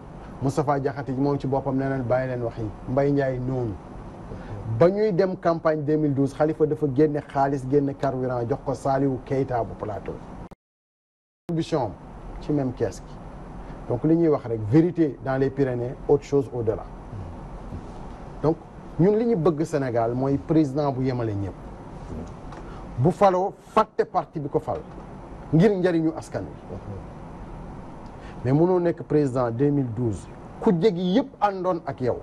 Moustapha Diakhaté moom ci boppam nee nañ bàyyi leen wax yi mbay Ndiaye noonu ba ñuy dem campagne 2012 Khalifa dafa génne xaalis génne carburant jox ko Saliou Keita bu plateau contribution ci même kees donc li ñuy wax rek vérité dans les Pyrénées autre chose au-delà ñun li ñuy bëgg Sénégal mooy président bu yemalee ñëpp bu faloo fàtte parti bi ko fal ngir njariñu askan wi mais munoo nekk président 2012 ku jegi yëpp àndoon ak yow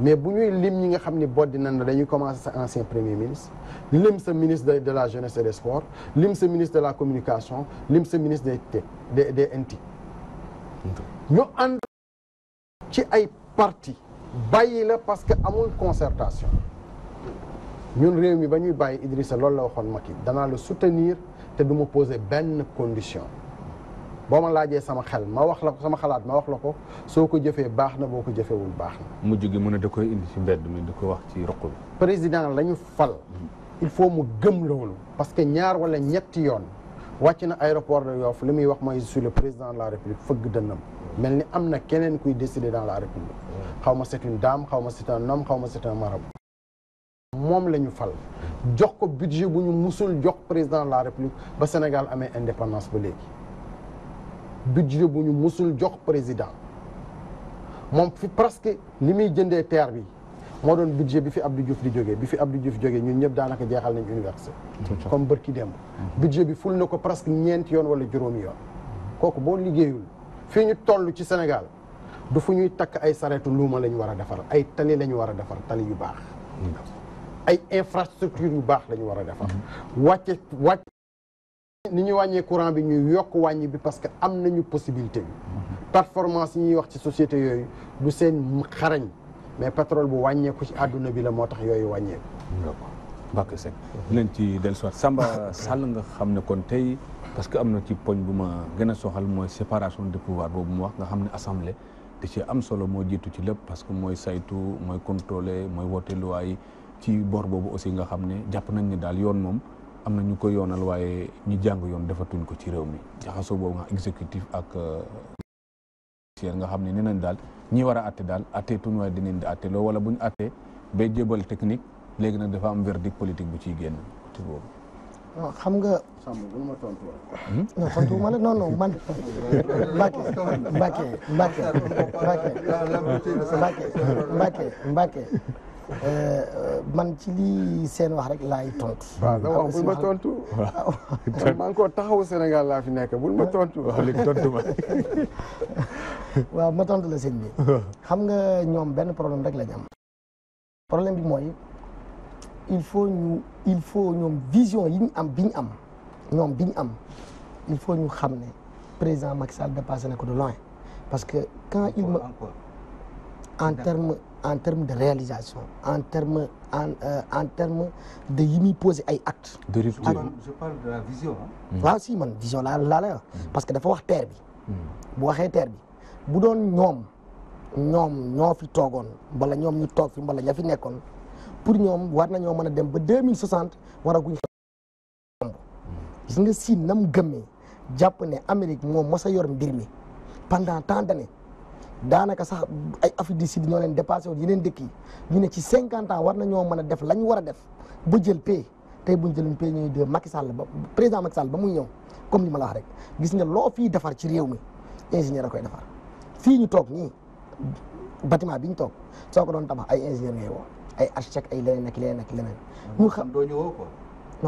mais bu ñuy lim ñi nga xam ni boddi nañ la dañuy commencer sa ancien premier ministre lim sa ministre de la jeunesse et des sports lim sa ministre de la communication lim sa ministre des des des NTI ñu ànd ci ay parti bàyyi la parce que amul concertation ñun réew mi ba ñuy bàyyi Idrissa loolu la waxoon Macky danaa la soutenir te du ma poser benn condition boo ma laajee sama xel ma wax la ko sama xalaat ma wax la ko soo ko jëfee baax na boo ko jëfewul baax na. mujj gi mu ne da koy indi ci mbedd mi di ko wax ci roq bi. président la ñu fal il faut mu gëm loolu parce que ñaar wala ñetti yoon wàcc na aéroport de Yoff li muy wax mooy je le président la république fëgg dënnam mel ni am na keneen kuy décider dans la république xaw ma c'est une xaw ma c'est un xaw ma c'est un moom lañu fal jox ko budget bu ñu musul jox président la république ba Sénégal amee indépendance ba léegi budget bu ñu musul jox président moom fi presque li muy jëndee teer bi moo doon budget bi fi Abdou Diouf di jóge bi fi Abdou Diouf jógee ñun ñëpp daanaka jeexal nañ université comme bërki démb budget bi ful na ko presque ñeenti yoon wala juróomi yoon kooku boo liggéeyul fii ñu toll ci Sénégal du fu ñuy takk ay sareetu luuma lañu ñu war a defar ay tali la war a defar tali yu baax ay infrastructure yu baax la ñu war a defar wàcce wàcc ni ñuy wàññee courant bi ñuy yokk wàññi bi parce que am nañu possibilité bi performance yi ñuy wax ci société yooyu du seen xarañ mais pétrole bu wàññeeku ci àdduna bi la moo tax yooyu wàññeeku Mbacké Seck leen ci dellusiwaat Samba Sall nga xam ne kon tey parce que am na ci poñ bu ma gën a soxal mooy séparation de pouvoir boobu mu wax nga xam ne assemblée da ci am solo moo jiitu ci lépp parce que mooy saytu mooy contrôler mooy woote loi yi ci boor boobu aussi nga xam ne jàpp nañ ne daal yoon moom am na ñu ko yoonal waaye ñi jàng yoon defatuñ ko ci réew mi ci jaxasoo boobu nga exécutif ak judiciaire euh, nga xam ne nee nañ daal ñi war a atte daal atte tuñ waaye dinañ di atte loo wala buñ atte ba jébal technique léegi nag dafa am verdict politique bu ciy génn côté boobu oh, xam nga. sàmm bu ma tontu woon. Hmm? non tontu ma la non non Euh, euh, man ci lii seen wax rek laay tontu. waaw da ma tontu. waaw maa ngi taxawu Sénégal laa fi nekk bul ma tontu. waaw léegi tontu ma. [LAUGHS] tontu la sëñ bi. [LAUGHS] xam nga ñoom benn problème rek la ñu am. problème bi mooy il faut ñu il faut ñoom vision yi ñu am bi ñu am ñoom bi ñu am il faut ñu xam ne président Macky Sall dépassé na ko de loin parce que quand il me en terme en termes de réalisation en termes en euh, en termes de yi muy posé ay actes. de rupture je mm. waaw si man vision laa laa mm. parce que dafa wax terre bi. Mm. bu waxee terre bi bu doon ñoom ñoom ñoo fi toogoon wala ñoom ñu toog fi wala ña fi nekkoon pour ñoom war nañoo mën a dem ba deux mille soixante war a guñ fa. gis nga siin nam gëmmee jàpp ne Amérique moom mos a yor mbir mi pendant tant d'années daanaka sax ay Afrique du Sud ñoo leen dépassé woon yeneen dëkk yi ñu ne ci cinquante ans war nañoo mën def la ñu war a def bu jël paie tey bu ñu jëluñ paie ñuy de Macky Sall ba président Macky Sall ba muy ñëw comme ni ma la wax rek gis nga loo fii defar ci réew mi ingénieur a koy defar fii ñu toog ñii bâtiment bi ñu toog soo ko doon tabax ay ingénieur ngay woo ay architecte ay leneen ak leneen ak leneen. ñu xam doo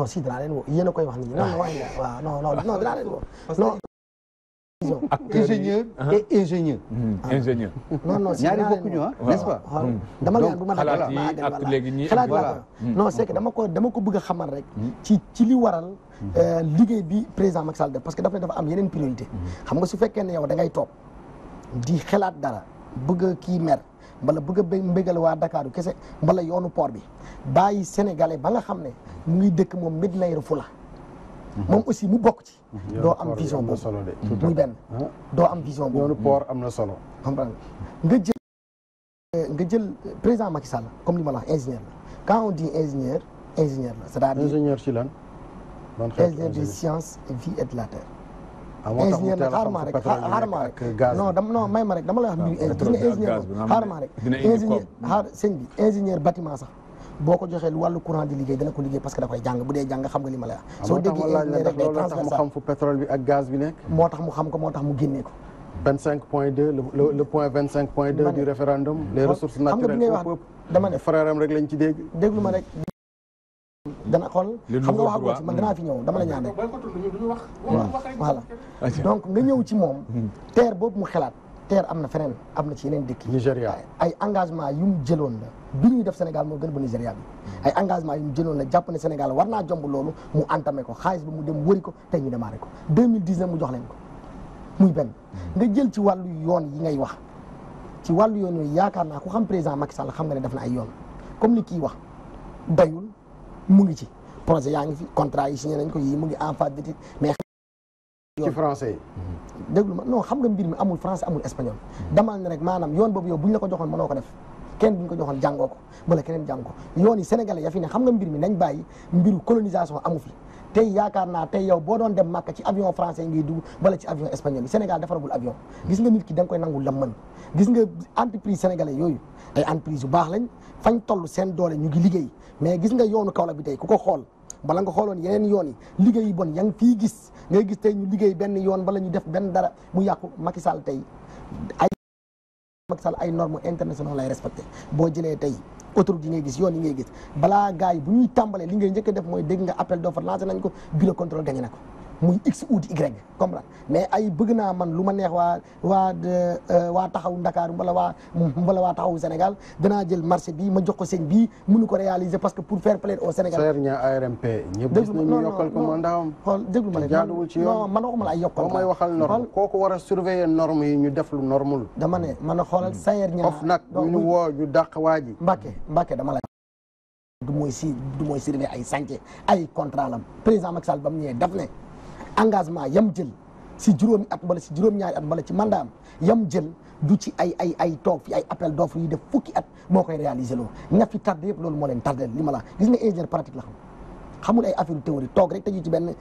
si danaa leen woo yéen koy wax ni waaw ah. waaw non leen woo ingénieur et ingénieur. Ah. ingénieur. Hmm. Ah. non non ñaari ah. hmm. dama leen bu ma xalaat yi hmm. ko dama ko bëgg a xamal rek. ci ci li waral. Euh, liggéey bi président Macky Sall def parce que dafa dafa am yeneen priorité. xam nga su fekkee ne yow da toog di xalaat dara bëgg ki kii mer mbala bëgg a mbégal waa Dakar kese mbala yoonu port bi bàyyi sénégalais ba nga xam ne mu ngi dëkk moom Médina Yoro la Mhm. moom aussi mu bokk ci. Mhm. doo am vision boobu solo de. muy benn ah. doo am vision boobu. yoonu am na solo. comprendre nga jël nga jël président Macky Sall comme li ma la wax ingénieur la quand on dit ingénieur ingénieur la c'est-à-dire. ingénieur ci lan. ingénieur des sciences vie et de la terre. Ah, ingénieur nag xaarma rek xaarma rek non dama non may ma rek dama lay wax mbiru ah, ingénieur xaarma sax boo ko joxee wàllu courant di liggéey dana ko liggéey parce que da koy jàng bu dee jàng xam nga li ma ah, la wax soo déggee rek day transversal mu xam fu pétrole bi ak gaz bi nekk moo tax mu xam ko moo tax mu génnee ko 25 point 2 le le point 25 point 2 du référendum les ressources naturelles pour peuple dama ne frère am rek lañ ci dégg déglu ma rek dana xool xam nga waxagoo ci man danaa fi ñëw dama la ñaan rek voilà donc nga ñëw ci moom hmm. terre boobu mu xelaat terre am na feneen am na ci yeneen dëkk Nigéria ay engagement yu mu jëloon la bi ñuy def Sénégal moo gën bu Nigéria bi ay engagement yu mu jëloon la jàpp ne Sénégal war naa jomb loolu mu entamé ko xaalis bi mu dem wëri ko tey ñu démarré ko 2019 mu jox leen ko muy benn nga jël ci wàllu yoon yi ngay wax ci wàllu yoon yooyu yaakaar naa ku xam président Macky Sall xam nga ne def na ay yoon comme ni kii wax dayul mu ngi ci projet yaa ngi fi contrat yi signé mu ngi en phase ci français yi déglu ma non xam nga mbir mi amul français amul espagnol damal ne rek maanaam yoon boobu yow bu ñu la ko joxoon mënoo ko def kenn duñ ko joxoon jàngoo ko bala keneen jàng ko yoon yi sénégalais ya fi ne xam nga mbir mi nañ bàyyi mbiru colonisation amu fi tey yaakaar naa tey yow boo doon dem màkk ci avion français ngay dugg wala ci avion espagnol yi Sénégal defaragul avion gis nga nit ki da nga koy nangul lam mën gis nga entreprise sénégalais yooyu ay entreprise yu baax lañ fañ toll seen doole ñu ngi liggéey mais gis nga yoonu Kaolack bi tey ku ko xool bala nga xooloon yeneen yoon yi liggéey bon yaa ngi fii gis ngay gis tey ñu liggéey benn yoon bala ñu def benn dara mu yàqu Macky Sall tey ay Macky Sall ay normes internationales lay respecté boo jëlee tey autoroute yi ngay gis yoon yi ngay gis balaa gars yi bu ñuy tàmbalee li ngay njëkk def mooy dégg nga appel d'offre lancé nañ ko bureau contrôle gagné na ko muy x ou di y comme la mais ay bëgg naa man lu ma neex waa waa euh, waa taxaw Ndakaaru mbala waa mbala taxaw Sénégal danaa jël marché bi ma jox ko sëñ bii mënu ko réaliser parce que pour faire plaire au Sénégal. Seer ña ARMP. ñëpp gis nañu yokkal ko mandaam. ci man waxuma la ay yokkal. may waxal norme war a surveiller norme yi ñu def lu normul. dama ne man a xoolal hmm. ña. of nag ñu woo ñu dàq waa ji. Mbacke Mbacke dama la. du mooy si du mooy surveiller ay sànce ay contrat lam président Macky Sall ba mu ñëwee daf ne engagement yam jël si juróomi at wala si juróom-ñaari at wala ci mandaam yam jël du ci ay ay ay toog fi ay appel d'offre yi def fukki at moo koy réaliser loolu ña fi tardé yëpp loolu moo leen tardé li ma la gis nga ingénieur pratique la xam xamul ay affaire théorie toog rek tëju ci benn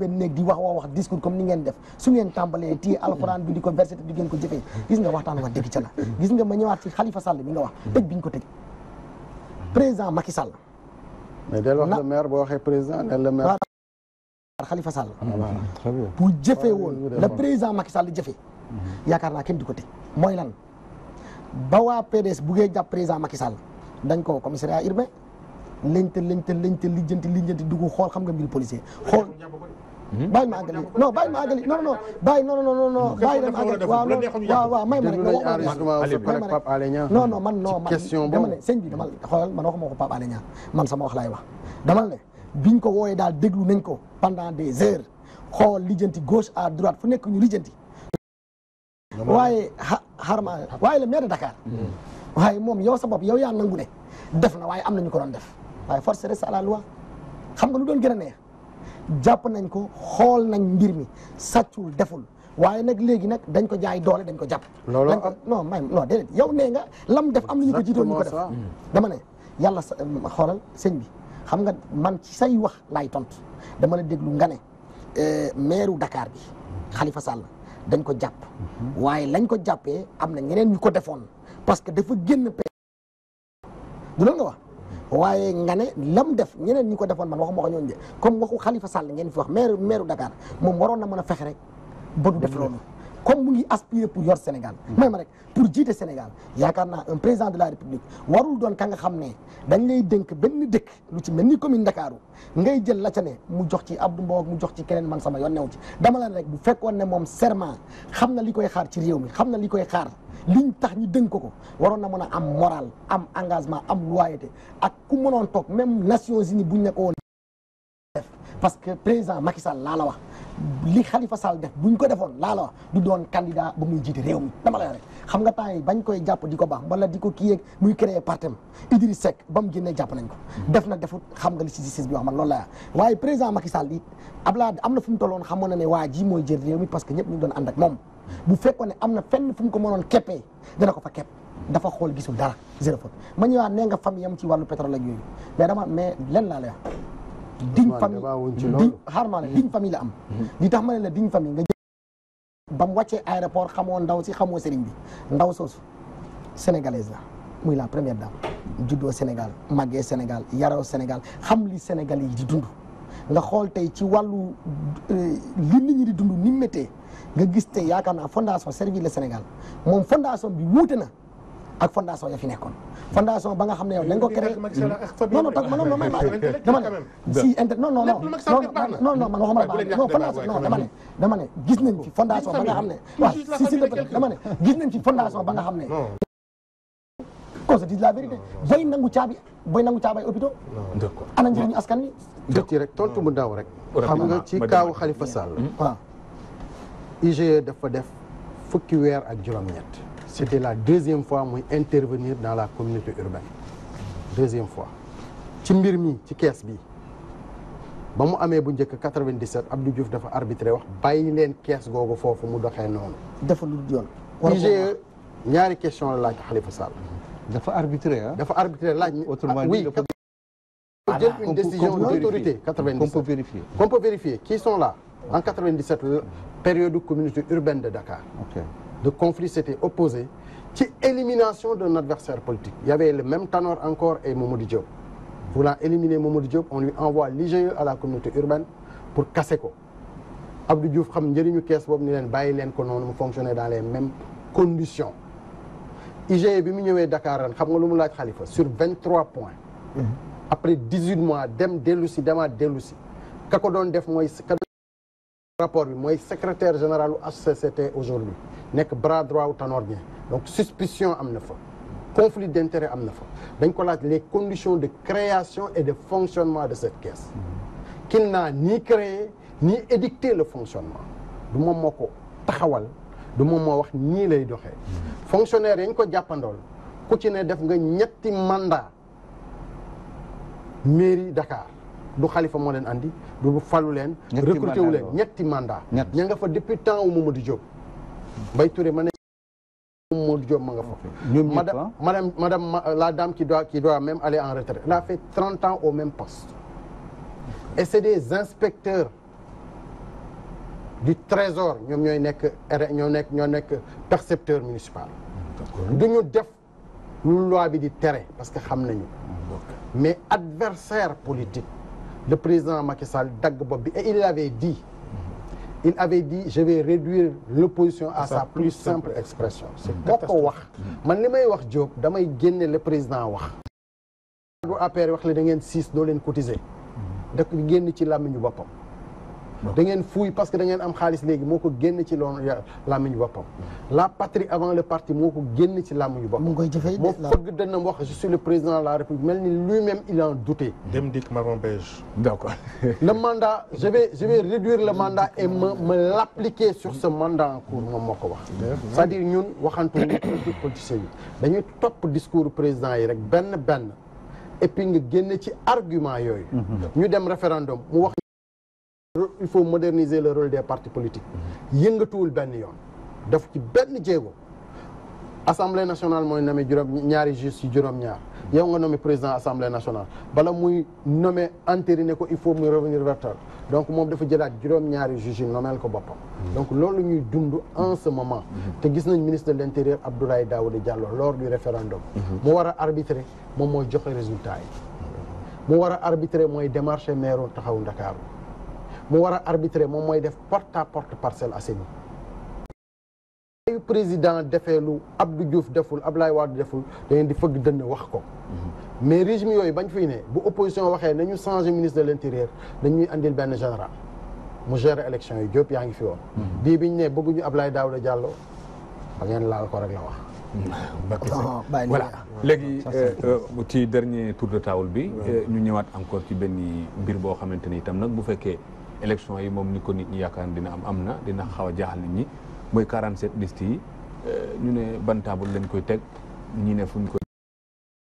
benn néeg di wax wax wax discours comme ni ngeen def su ngeen tàmbalee téye alxuraan bi di ko verset di ngeen ko jëfee gis nga waxtaan wax dëgg ca la gis nga ma ñëwaat si Khalifa Sall mi nga wax tëj boo waxee président del Khalifa Sall ah, bu jëfee woon ah, la président Macky Sall jëfee yaakaar na kenn di ko teg mooy lan ba waa PDS buggee jàpp président Macky Sall dañ ko commissariat urbain lëñte lëñte lëñte lijjanti lijjanti dugg xool di nga mbir policier xool hmm? bàyyi ma àggali non bàyyi ma àggali non non bàyyi non non non non bàyyi dem àggali waaw waaw waaw may ma rek non non man non man dama ne sëñ bi dama xoolal man waxuma ko Pape Alé Niang man sama wax laay wax ne biñ ko wooyee daal déglu nañ ko pendant des heures xool lijjanti gauche a droite fu nekk ñu lijjanti. waaye xa xarma waaye le maire Dakar. Mm-hmm. waaye moom yow sa bopp yow yaa nangu ne def na waaye am na ñu ko doon def waaye force reste à la loi xam lu doon gën a neex jàpp nañ ko xool nañ mbir mi sàccul deful waaye nag léegi nag dañ ko jaay doole dañ ko jàpp. loolu am may non déedéet yow nee nga lam def am na ñu ko jiitoon ñu ko def. dama ne yàlla sa xoolal sëñ bi. xam nga man ci say wax laay tontu dama la déglu nga ne euh, maire Dakar bi Khalifa Sall dañ ko jàpp mhm. waaye lañ ko jàppee am na ñeneen ñu ko defoon parce que dafa génn p du loolu nga wax waaye nga ne lam def ñeneen ñi ko defoon man waxuma ko ñooñu de comme waxu Khalifa Sall ngeen fi wax maire meeru Dakar moom waroon na mën a fexe rek ba du def comme mu ngi aspirer pour yor Sénégal même rek pour jiite Sénégal yaakaar naa un président de la République warul doon ka nga xam ne dañ lay dënk benn dëkk lu ci mel ni commune Ndakaaru ngay jël la ca ne mu jox ci Abdou Mbow mu jox ci keneen man sama yoon newu ci dama leen rek bu fekkoon ne moom serment xam na li koy xaar ci réew mi xam na li koy xaar liñ tax ñu dénk ko waroon na mën a am moral am engagement am loyauté ak ku mënoon toog même Nations Unies buñ ne ko woon parce que président Macky Sall laa la wax li Khalifa Sall def buñ ko defoon laa la wax du doon candidat ba muy jiite réew mi dama la rek xam nga temps yi bañ koy jàpp di ko baax wala di ko kii yeeg muy créer partem Idriss Seck ba mu génnee jàpp nañ ko def na defut xam nga li si justice bi wax man loolu laa waaye président Macky na fu mu tolloon xamoon na ne waa ji mooy jël réew mi parce que ñëpp ñu moom bu fekkoon ne am na fenn fu mu ko mënoon keppee dana ko fa kepp dafa xool gisul dara zéro faute ma ñëwaat nee nga famille am ci wàllu pétrole ak yooyu mais dama mais lenn laa diñ famille diñ xaaral maa ne diñ famille la am mhm. li tax ma ne la diñ famille nga ba mu wàccee aéroport xamoo ndaw si xamoo sëriñ bi ndaw soosu sénégalaise la muy la première dame juddoo Sénégal màggee Sénégal yaroo Sénégal xam li Sénégal yi di dund nga xool tey ci wàllu euh, li li ñi di dund ni méttee nga gis tey yaakaar naa fondation Servir le Sénégal moom fondation bi wuute na ak fondation ya fi nekkoon fondation ba nga xam ne yow da nga ko créé non non non non may dama ne si inter non non non non non man waxuma la non fondation non dama ne dama ne gis nañ ci fondation ba nga xam ne waaw si si dama ne gis nañ ci fondation ba nga xam ne qu'on se dise la vérité bay nangu caabi bay nangu caabi ay hôpitaux ana njëriñu askan wi ci rek tontu mu ndaw rek xam nga ci kaaw Khalifa Sall hmm. waaw IGE dafa def fukki weer ak juróom-ñett c'était la deuxième fois muy intervenir dans la communauté urbaine deuxième fois ci mbir mi ci kees bi ba mu amee bu njëkk 97 Abdou Diouf dafa arbitré wax bàyyi leen kees googu foofu mu doxee noonu. dafa yoon. IGE ñaari question la laaj Khalifa Sall. dafa arbitré ah. dafa arbitré laaj. autrement ah, dit dafa jël une décision d'autorité 97 qu'on peut vérifier qu'on peut vérifier qui sont là en 97 période communauté urbaine de Dakar. de conflit s'étaient opposés ci élimination d'un adversaire politique il y avait le même Tanor encore et Mamadou Diop voulant éliminer Mamadou Diop on lui envoie l'IGE à la communauté urbaine pour casser ko Abdou Diouf xam njëriñu kees boobu ni leen bàyyi leen ko noonu mu fonctionner dans les mêmes conditions IGE bi mu ñëwee Dakar xam nga lu mu laaj Khalifa sur vingt trois points mm-hmm. après dix huit mois dem dellu si demaat dellu si ka ko doon def mooy rapport bi mooy secrétaire général u HCCT aujourd'hui nekk bras droit wu Tanor donc suspicion am na fa conflit d'intérêt am na fa dañ ko laaj les conditions de création et de fonctionnement de cette caisse qu'il naa ni créé ni édicté le fonctionnement du moom moo ko taxawal du moom moo wax ñii lay doxee fonctionnaire yañ ko jàppandool ku ci ne def nga ñetti mandat mairie Dakar du xalifa moo leen indi du falu leen recruté wu leen ñetti mandat ña nga fa depuis temps wu Mamadou Diop Mbaye Touré ma ne Modou Diop ma nga fa ah? madame madame euh, la dame qui doit qui doit même aller en retraite elle a fait trente ans au même poste et c'est des inspecteurs du trésor ñoom ñooy nekk ñoo nekk ñoo nekk percepteur municipal duñu def lu loi bi di tere parce que xam nañu mais adversaire politique le président Macky Sall dagg bopp bi et il l'avait dit il avait dit je vais réduire l'opposition à sa plus simple expression c'est moo wax man li may wax Diop damay génne le président wax lu APR wax le da ngeen siis doo leen cotiser mm. da ko ci làmmiñu boppam da ngeen fuuy parce que da ngeen am xaalis léegi moo ko génn ci loon làmmiñu boppam la patrie avant le parti moo ko génn ci làmmiñu boppam moo fëgg dënnam wax je suis le président de la république mel ni lui-même il en doutait dem dikk marron beige d'accord le mandat je vais je vais réduire le mandat ma l'appliquer sur ce mandat cours moom moo ko wax c'est-à-dire ñun waxantu politiciens yi dañuy topp discours président yi rek benn benn et puis nga génn ci argument yooyu mhm. ñu dem référendum mu wax il faut moderniser le rôle des partis politiques mhm. yëngatuwul benn yoon daf ci benn jéego assemblée nationale mooy nommé juróom ñaari juge yi juróom-ñaar yow nga nommé président assemblée nationale bala muy nommé entériné ko il faut muy revenir vers toi donc moom dafa jëlaat juróom-ñaari juge yi ko boppam mhm. donc loolu ñuy dund en ce moment mhm. te gis nañ ministre de l' intérieur Abdoulaye Daouda Diallo lors du référendum mu war a arbitrer moom mooy joxe résultat yi mu war a arbitrer mooy démarché maire taxawu Ndakaaru mu war a arbitrer moom mooy def porte à porte parcelle Assainies ay président defee lu Abdou Diouf deful Abdoulaye Wade deful da di fëgg dënn wax ko mais régime yooyu bañ fiy ne bu opposition waxee nañu changer ministre de l'intérieur dañuy andil benn général mu gérer élection yi Diop yaa ngi fi woon mm-hmm. bii bi ñu ne bëgguñu Abdoulaye Daouda Diallo ba ngeen laal ko rek la wax mm-hmm. voilà léegi euh, euh, ci dernier tour de table bi euh, ñu ñëwaat encore ci benn biir boo xamante ni itam nag bu fekkee élection yi moom ni ko nit ñi yaakaar dina am am na dina xaw a jaaxal nit ñi mooy 47 listes yi euh, ñu ne ban taabal lañ koy teg ñi ne fuñ koy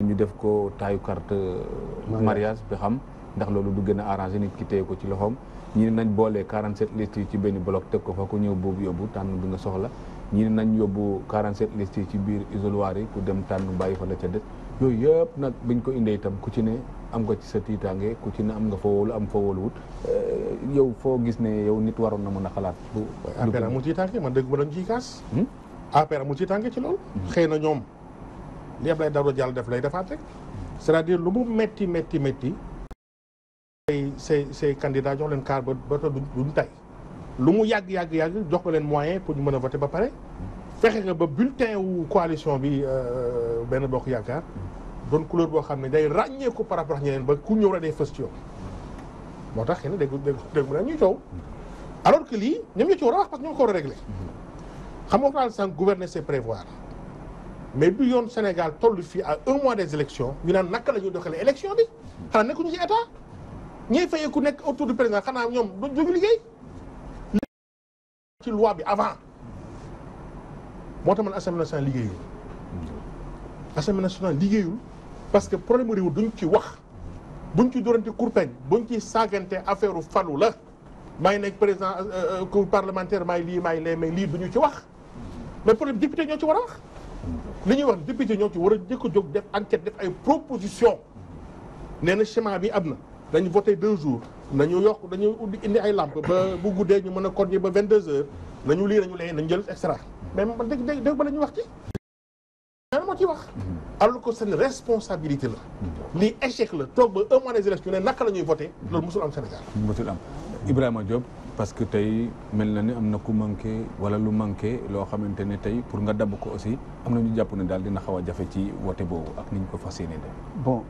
ñu def ko taayu carte euh, mariage bi xam ndax loolu du gën a arrangé nit ki téye ko ci loxoom ñi ne nañ boolee 47 listes yi ci benn bloc teg ko fa ku ñëw boobu yóbbu tànn bi nga soxla ñi ne nañ yóbbu 47 listes yi ci biir isoloir yi ku dem tànn bàyyi fa la ca des yooyu yëpp nag biñ ko indee itam ku ci ne am nga ci sa tiitaange ku ci ne am nga fa wóolu am fa wóoluwut eh, yow foo gis ne yow nit waroon na mën a xalaat. bu APR amul tiitaange man dégg ma dañ ciy kaas. Hmm? APR amul ci loolu. Hmm. xëy na ñoom li Abdoulaye Daouda Diallo def lay defaat rek. c'est-à-dire lu mu métti métti métti. say say say candidat jox leen kaar ba ba ñu tay lu mu yàgg yàgg yàgg jox ko leen moyen pour ñu mën a voter ba pare. Hmm. fexe nga ba bulletin wu coalition bi euh, benn bokk yaakaar doon couleur boo xam ne day ràññeeku par rapport ak ñeneen ba ku ñëw rek day fës ci yow moo tax xëy na dégg dégg mu ñuy coow alors que lii ñoom ñoo ci war a wax parce que ñoo ko war a xam nga ko daal sànq gouverner c'est prévoir mais du yoon Sénégal toll fii à un mois des élections ñu naan naka la ñuy doxalee élection bi xanaa nekkuñu ci état ñiy fayee ku nekk autour du président xanaa ñoom duñu liggéey ci loi bi avant moo tax man assemblée nationale liggéeyul. assemblée nationale liggéeyul parce que problème réew duñ ci wax bu buñ ci dorante kurpeñ buñ ci saagante affaire u falu la maay nekk président euh, euh, cour parlementaire maay lii maay lee mais lii duñu ci wax mais problème député ñoo ci war a wax. li ñuy wax député ñoo ci war a jëkk jog def enquête def ay proposition nee na schéma bi am na dañu voté deux jours na nañu yokk dañu indi ay làmp ba bu guddee ñu mën a continuer ba vingt deux heures nañu lii nañu lee nañu jël extra. mais man dégg dégg dégg ñu wax ci. lan ci wax. alors seen responsabilité la. lii échec la toog ba un mois des élections ne naka la ñuy voté loolu mosul am Sénégal. mosul am Ibrahima Diop parce que tey mel na ni am na ku manqué wala lu manqué loo xamante ne tey pour nga dabb ko aussi am na ñu jàpp ne daal dina xaw a jafe ci voté boobu ak ni ñu ko fas yéene bon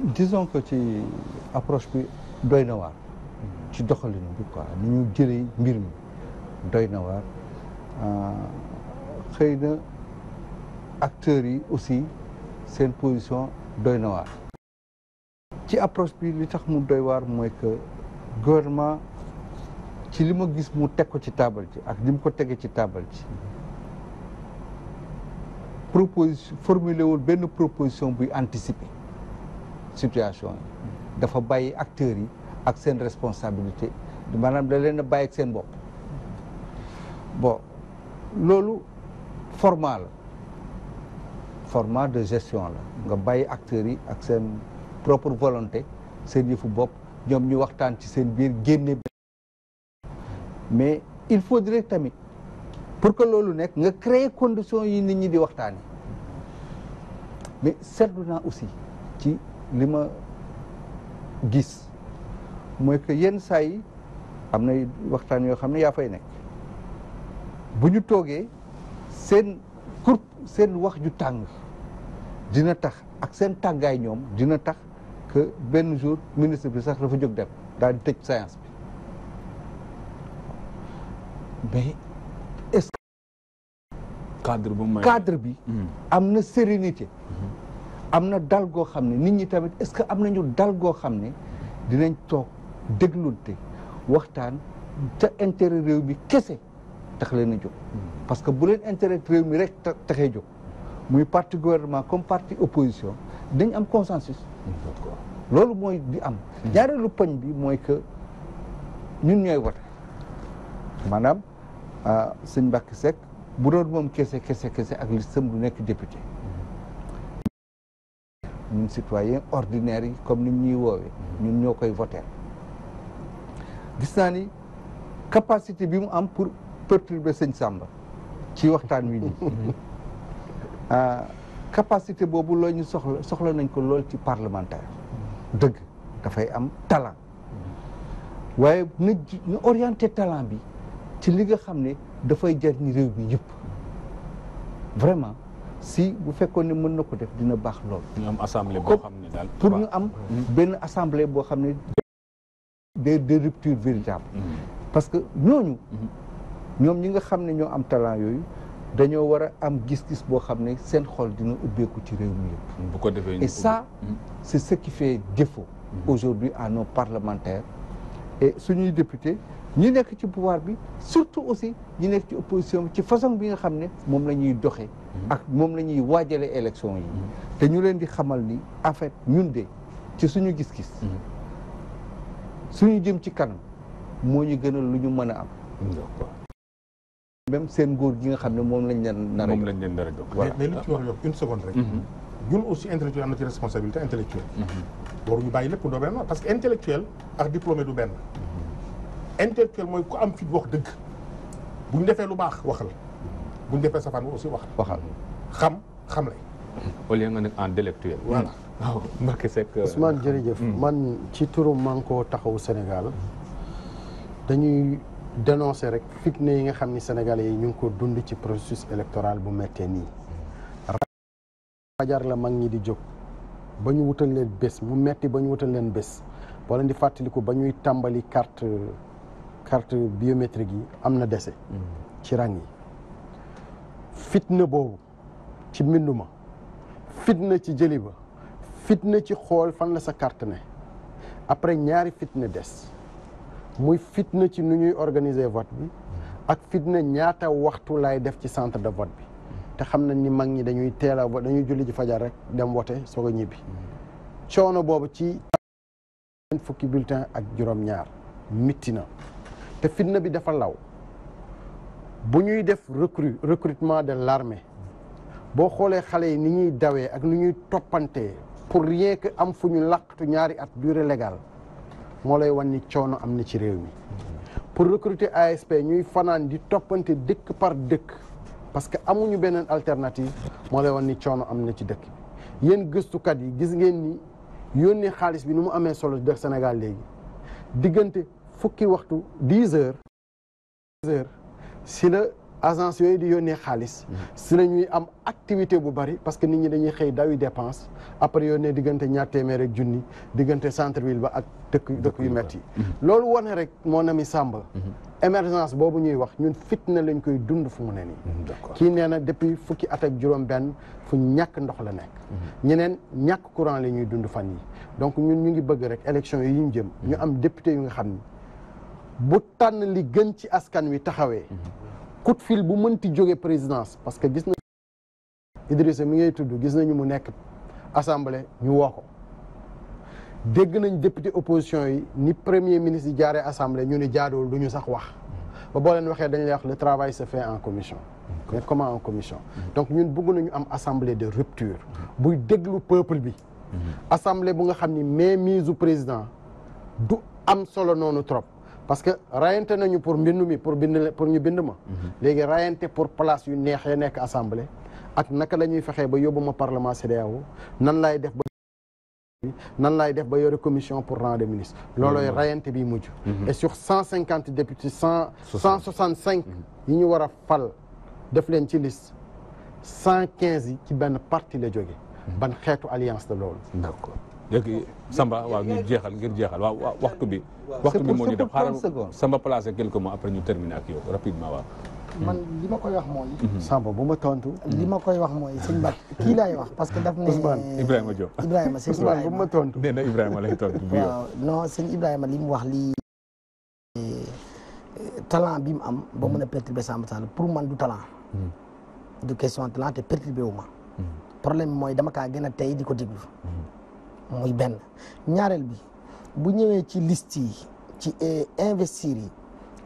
disons que ci approche bi doy na waar. ci doxalin bi quoi ni ñu jëlee mbir mi doy na waar. Euh, xëy na acteurs yi aussi seen position doy na waar ci approche bi li tax mu doy waar mooy que gouvernement ci li ma gis mu teg ko ci taabal ci ak li mu ko tegee ci taabal ji proposition formulé wul benn proposition buy anticiper situation yi dafa bàyyi acteurs yi ak seen responsabilité maanaam da leen bàyyi ak seen bopp bo loolu format la format de gestion la nga bàyyi acteurs yi ak seen propre volonté seen yëfu bopp ñoom ñu waxtaan ci seen biir génne mais il faudrait tamit pour que loolu nekk nga créer conditions yi nit ñi di waxtaani mais seetlu naa aussi ci li ma gis mooy que yenn saa yi am na waxtaan yoo xam ne yaa fay nekk bu ñu toogee seen kur seen wax ju tàng dina tax ak seen tàngaay ñoom dina tax que benn jour ministre bi sax dafa jóg dem daal di tëj séance bi mais est-ce cadre bu may cadre bi hmm. am na sérénité hmm. am na dal goo xam ne nit ñi tamit est-ce que am nañu dal goo xam ne dinañ toog déglunte waxtaan ca intérêt réew bi kese tax leen a jóg parce que bu leen intérêt réew mi rek taxee jóg muy parti gouvernement comme parti opposition dañ am consensus loolu mooy di am hmm. ñaareelu poñ bi mooy que ñun ñooy wote maanaam ah, sëñ Mbacke Seck bu doon moom kese kese kese ak listam du nekk député ñun citoyen ordinaire yi comme ni ñuy woowee hmm. ñun ñoo koy voter gis naa ni capacité bi mu am pour perturbé sëñ Samba ci waxtaan wi nii [LAUGHS] ah, capacité boobu la ñu soxla soxla nañ ko lool ci parlementaire dëgg dafay am talent waaye na na orienté talent bi ci li nga xam ne dafay jariñ réew mi yëpp vraiment si bu fekkoon ne mën na ko def dina baax lool. ñu am assemblée xam ne daal pour ñu am mm-hmm. benn assemblée boo xam ne des mm-hmm. parce que ñooñu mm-hmm. ñoom ñi nga xam ne ñoo am talent yooyu dañoo war a am gis-gis boo xam ne seen xool dina ubbeeku ci réew mi yëpp. Mm, ko defee et ça mm. c' est ce qui fait défaut. Mm. aujourd'hui à nos parlementaires et suñuy député ñu nekk ci pouvoir bi surtout aussi ñu nekk ci opposition bi ci façon bi nga xam ne moom la ñuy doxee. ak moom la ñuy waajalee élection yi. te ñu leen di xamal ni en fait ñun de ci suñu gis-gis. suñu jëm ci kanam moo ñu gënal lu ñu mën a am. même seen nguur gi nga xam ne moom lañ leen nar a moom lañ leen nar a jóg mais li ci wax yokk une seconde rek mm-hmm. ñun aussi intellectuel am na ci responsabilité intellectuelle mm-hmm. waruñu bàyyi lépp doo parce que intellectuel ak diplômé du benn mm-hmm. intellectuel mooy ku am fit wax dëgg buñ defee lu baax waxal buñ defee safaan aussi wax waxal xam xam lay au lieu nga nekk intellectuel voilà waaw Mbacké Seck euh, Ousmane jërëjëf mm. man ci turu Manko Taxawu Sénégal dañuy dénoncer rek fitna yi nga xam ni sénégal yi ñu ngi ko dund ci processus électoral bu méttee nii fajar la mag ñi di jóg ba ñu wutal leen bés mu metti ba ñu wutal leen bés walla leen di fàttaliku ba ñuy tàmbali carte carte biométrique yi am na dese ci rang yi fitna boobu ci mbinduma ma fitna ci jëli ba fitna ci xool fan la sa carte ne après ñaari fitna des muy fitna ci nu ñuy organiser vote bi ak fitna ñaata waxtu laay def ci centre de vote bi te xam nañ ni mag ñi dañuy teel dañuy julli ji fajar rek dem wote soog a ñibbi coono boobu ci fukki bulletin ak juróom-ñaar mitti na te fitna bi dafa law bu ñuy def recrue recrutement de larme boo xoolee xale yi ni ñuy dawee ak nu ñuy toppantee pour rien que am fu ñu làqatu ñaari at durée légale moo lay wan ni coono am na ci réew mi pour recruter ASP ñuy fanaan di toppante dëkk par dëkk parce que amuñu beneen alternative moo lay wan ni coono am na ci dëkk bi yéen gëstukat yi gis ngeen ni yónnee xaalis bi ni mu amee solo def Sénégal léegi diggante fukki waxtu dix heures dix heures si la agence yooyu di yónnee xaalis si nañuy am activité bu bari parce que nit ñi dañuy xëy dawi dépense après yónnee diggante ñaar téeméer ak junni diggante centre ville ba ak tëkk dëkk yu métti yi loolu wane rek moo nami sàmba émergence boobu ñuy wax ñun fitna lañ koy dund fu mu ne nii mm-hmm, kii nee na depuis fukki at ak juróom benn fu ñàkk ndox la nekk mm-hmm. ñeneen ñàkk courant la ñuy dund fan yi donc ñun ñu ngi bëgg rek élection yi ñu jëm ñu am député yu nga xam ni bu tànn li gën ci askan wi taxawee mm-hmm. coup de bu mënti jóge présidence parce que gis na Idrissa mi ngay tudd gis nañu mu nekk assemblée ñu woo ko dégg nañ député opposition yi ni premier ministre yi jaaree assemblée ñu ni jaadool du ñu sax wax ba boo leen waxee dañ lay wax le travail se fait en commission mais comment en commission mm-hmm. donc ñun bëgg nañu am assemblée de rupture mm-hmm. buy déglu peuple bi mm-hmm. assemblée bu nga xam ni mais mainmise du président du am solo noonu trop parce que rayante nañu pour mbind mi pour bind pour ñu bind ma mhm. léegi rayante pour place yu neex ya nekk assemblée ak naka lañuy fexee ba yóbbu ma parlement CEDEAO nan laay def ba nan laay def ba yore commission pour rang des ministres mhm. loolooy rayante bi mujj mhm. et sur cent cinquante députés cent cent soixante cinq yi ñu war a fal def leen ci liste cent quinze yi ci benn parti la jóge ban xeetu alliance la loolu léegi Samba waaw ñu jeexal ngir jeexal waaw waxtu bi. waxtu bi moo ñu def xaaral Samba placé quelques mots après ñu terminer ak yow rapidement waaw. man li ma koy wax mooy. Mhm. Mhm. Samba bu ma tontu. li ma koy wax mooy sëñ Ba kii laay wax parce que daf ne. Ousmane Ibrahima Diop Ibrahima sëñ Ibrahima Ousmane bu ma tontu. nee na Ibrahima lay tontu bu mu wax lii. talent bi mu am ba mën a mhm. perturber Samba Sall pour man du talent. du question talent te perturber wu ma. problème mooy dama kaa gën a tey di ko déglu. muy benn ñaareel bi bu ñëwee ci list yi ci eh, investir yi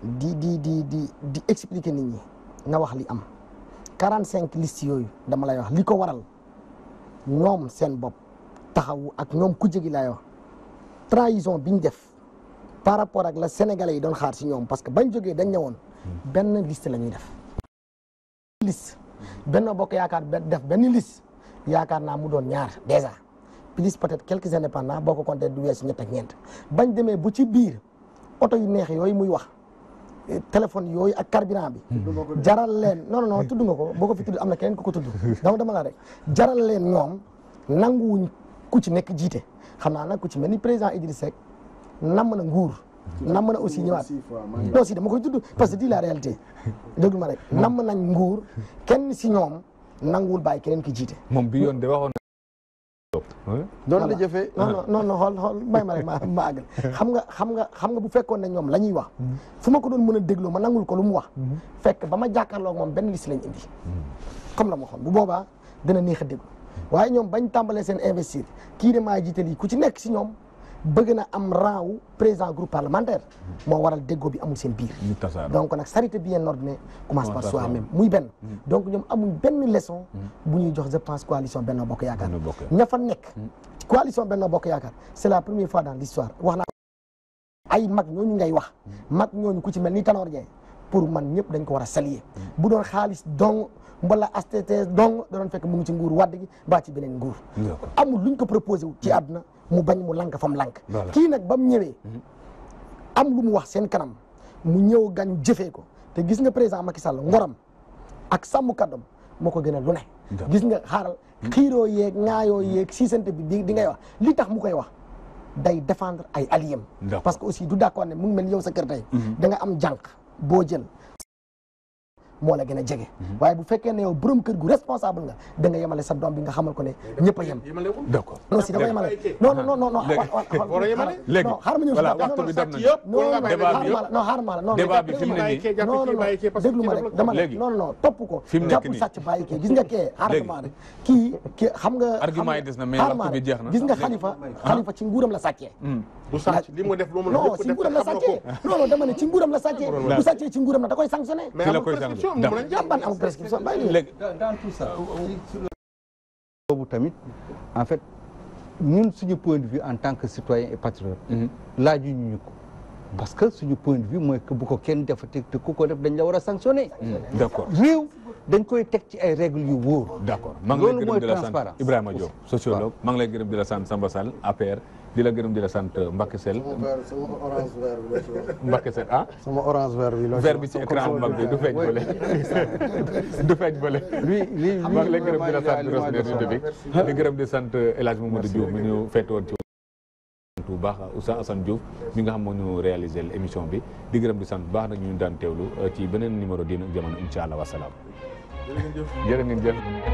di di di di di expliquer nit ñi nga wax li am quarante cinq liste yooyu dama lay wax li ko waral ñoom seen bopp taxawu ak ñoom ku jegi lay wax trahison bi ñu def par rapport ak la sénégalais yi doon xaar ci ñoom parce que bañ jógee dañ ñëwoon benn liste la ñuy def liste benn bokk yaakaar def benn liste yaakaar naa mu doon ñaar déjà plus peut-être quelques indépendants boo ko compté du weesu ñett ak ñeent bañ demee bu ci biir oto yu neex yooyu muy wax eh, téléphone yooyu ak carburant bi jaral leen non non tuddu nga ko boo ko fi am na keneen ku ko tudd [LAUGHS] dama dama la rek jaral leen ñoom nanguwuñ ku ci nekk jiite xam naa nag ku ci mel ni président Idrissa Seck namm na nguur namm na aussi ñëwaat non si dama koy tudd parce que di la réalité déglu ma rek namm nañ nguur kenn si ñoom nanguwul bàyyi keneen ki jiite moom doon la jëfee non noonu non xool xool may ma rek ma ma àggal [LAUGHS] xam nga xam nga xam nga bu fekkoon ne ñoom la ñuy wax mm-hmm. fu ma ko doon mën a dégloo ma nangul ko lu mu wax mm-hmm. fekk ba ma jàkkaarloo moom benn liste lañ indi mm-hmm. comme la ma xoon bu boobaa dana neex a déglu waaye ñoom bañ tàmbalee seen investir kii de maa jiital ku ci nekk si ñoom bëgg na am rang wu président groupe parlementaire moo waral déggoo bi amul seen biir donc nag charité bien ordonnée commence par soi-même muy benn mm. donc ñoom amuñ benn leçon mm. bu ñuy jox je pense coalition Benno Bokk Yaakaar ña fa nekk mm. coalition Benno Bokk Yaakaar c'est la première fois dans l'histoire wax naa ay mag ñooñu ngay wax mag ñooñu ku ci mel ni Tanor Dieng pour man ñëpp dañ ko war a saluer bu doon xaalis dong mbala ACTT dong da doon fekk mu ngi ci nguur wadd gi mbaa ci beneen nguur amul luñ ko proposé wu ci àdduna mu bañ mu lank fam lank kii nag ba mu ñëwee am lu mu wax seen kanam mu ñëw gan jëfee ko te gis nga président Macky Sall ngoram ak sàmm kàddoom moo ko gën a lu ne gis nga xaaral xiiroo yeeg ŋaayoo yeeg siisante bi di ngay wax li tax mu koy wax day défendre ay alliés parce que aussi du d'accord ne mu ngi mel yow sa kër tey mhm. da nga am jànq boo jël moo la gën a jege waaye bu fekkee ne yow borom kër gu responsable nga da nga yemale sa doom bi nga xamal ko ne ñëpp a yem d'accord non si dama na ko jàpp sàcc bàyyi kee gis nga kee xaar ma rek kii xam nga argument yi des na mais waxtu bi nga xalifa ah. xalifa la sàccee bu hmm. sàcc li la sàccee bu sàccee ci nguuram la koy sanctionné prescription moom lañ am prescription bàyyi leen léegi dans boobu tamit en fait ñun suñu point de vue en tant que citoyen et patriote mhm. laaju ñu ñu ko parce que suñu point de vue mooy que bu ko kenn defati te ku ko def dañ la war a sanctionner mhm. d'accord réew dañ koy tek ci ay règles yu wóor d'accord loolu mooy transparence Ibrahima Diop sociologue maa ngi lay gërëm di la sant Samba Sall APR di la gërëm di la sant Mbacke Sell. sama orange vert ah? sama orange vert bi vert bi ci écran mag bi du feeñ bële. [LAUGHS] du feeñ bële. lii lii maa ngi lay gërëm di la sant Roselyne di gërëm di sant El Hadj Mamadou Diouf mi ñu féete woon ci bu baax Oustaz Assane Diouf mi nga xam moo ñu réalisé émission bi di gërëm di sant bu baax nag ñu daan teewlu ci beneen numéro Diine ak Jamono incha allah wasalaam. jërë